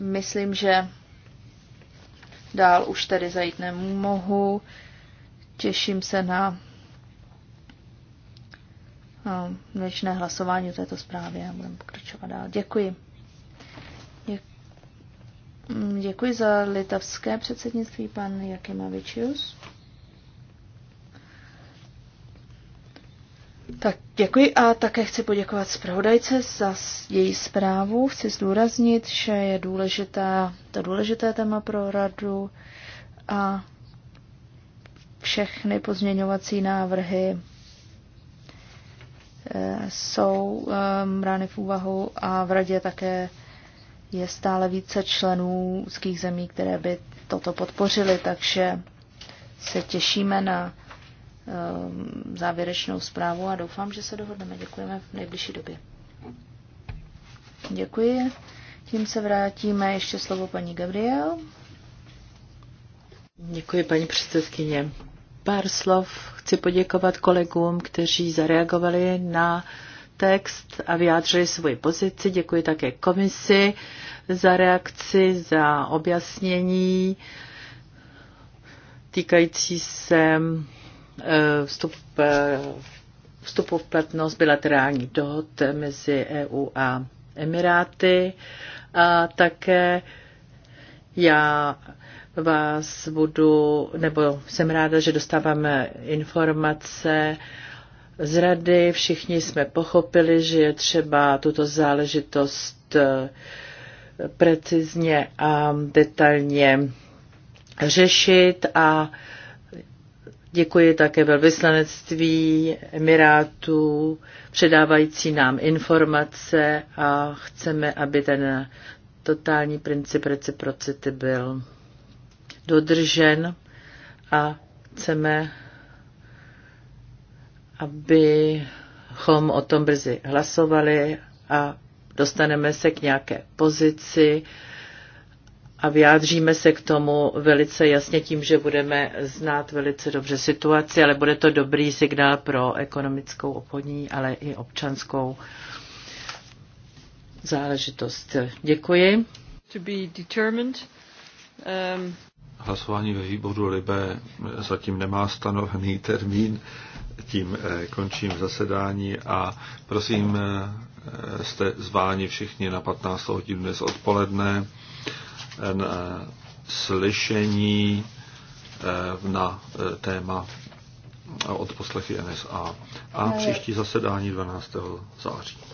Myslím, že dál už tedy zajít nemohu. Těším se na věčné hlasování o této zprávě a budeme pokračovat dál. Děkuji. Děkuji za litavské předsednictví, pan Jakimavičius. Tak děkuji a také chci poděkovat zpravodajce za její zprávu. Chci zdůraznit, že je důležitá, to důležité téma pro radu a všechny pozměňovací návrhy eh, jsou eh, brány v úvahu a v radě také je stále více členů úzkých zemí, které by toto podpořili, takže se těšíme na eh, závěrečnou zprávu a doufám, že se dohodneme. Děkujeme v nejbližší době. Děkuji. Tím se vrátíme ještě slovo paní Gabriel. Děkuji, paní předsedkyně pár slov chci poděkovat kolegům, kteří zareagovali na text a vyjádřili svoji pozici. Děkuji také komisi za reakci, za objasnění týkající se eh, vstup, eh, vstupu v platnost bilaterální dohod mezi EU a Emiráty a také já vás budu, nebo jsem ráda, že dostáváme informace z rady. Všichni jsme pochopili, že je třeba tuto záležitost eh, precizně a detailně řešit a Děkuji také velvyslanectví Emirátů, předávající nám informace a chceme, aby ten totální princip reciprocity byl dodržen a chceme, abychom o tom brzy hlasovali a dostaneme se k nějaké pozici a vyjádříme se k tomu velice jasně tím, že budeme znát velice dobře situaci, ale bude to dobrý signál pro ekonomickou, obchodní, ale i občanskou záležitost. Děkuji. To be determined. Um hlasování ve výboru Libe zatím nemá stanovený termín, tím eh, končím zasedání a prosím, eh, jste zváni všichni na 15 hodin dnes odpoledne eh, na slyšení na téma odposlechy NSA a příští zasedání 12. září.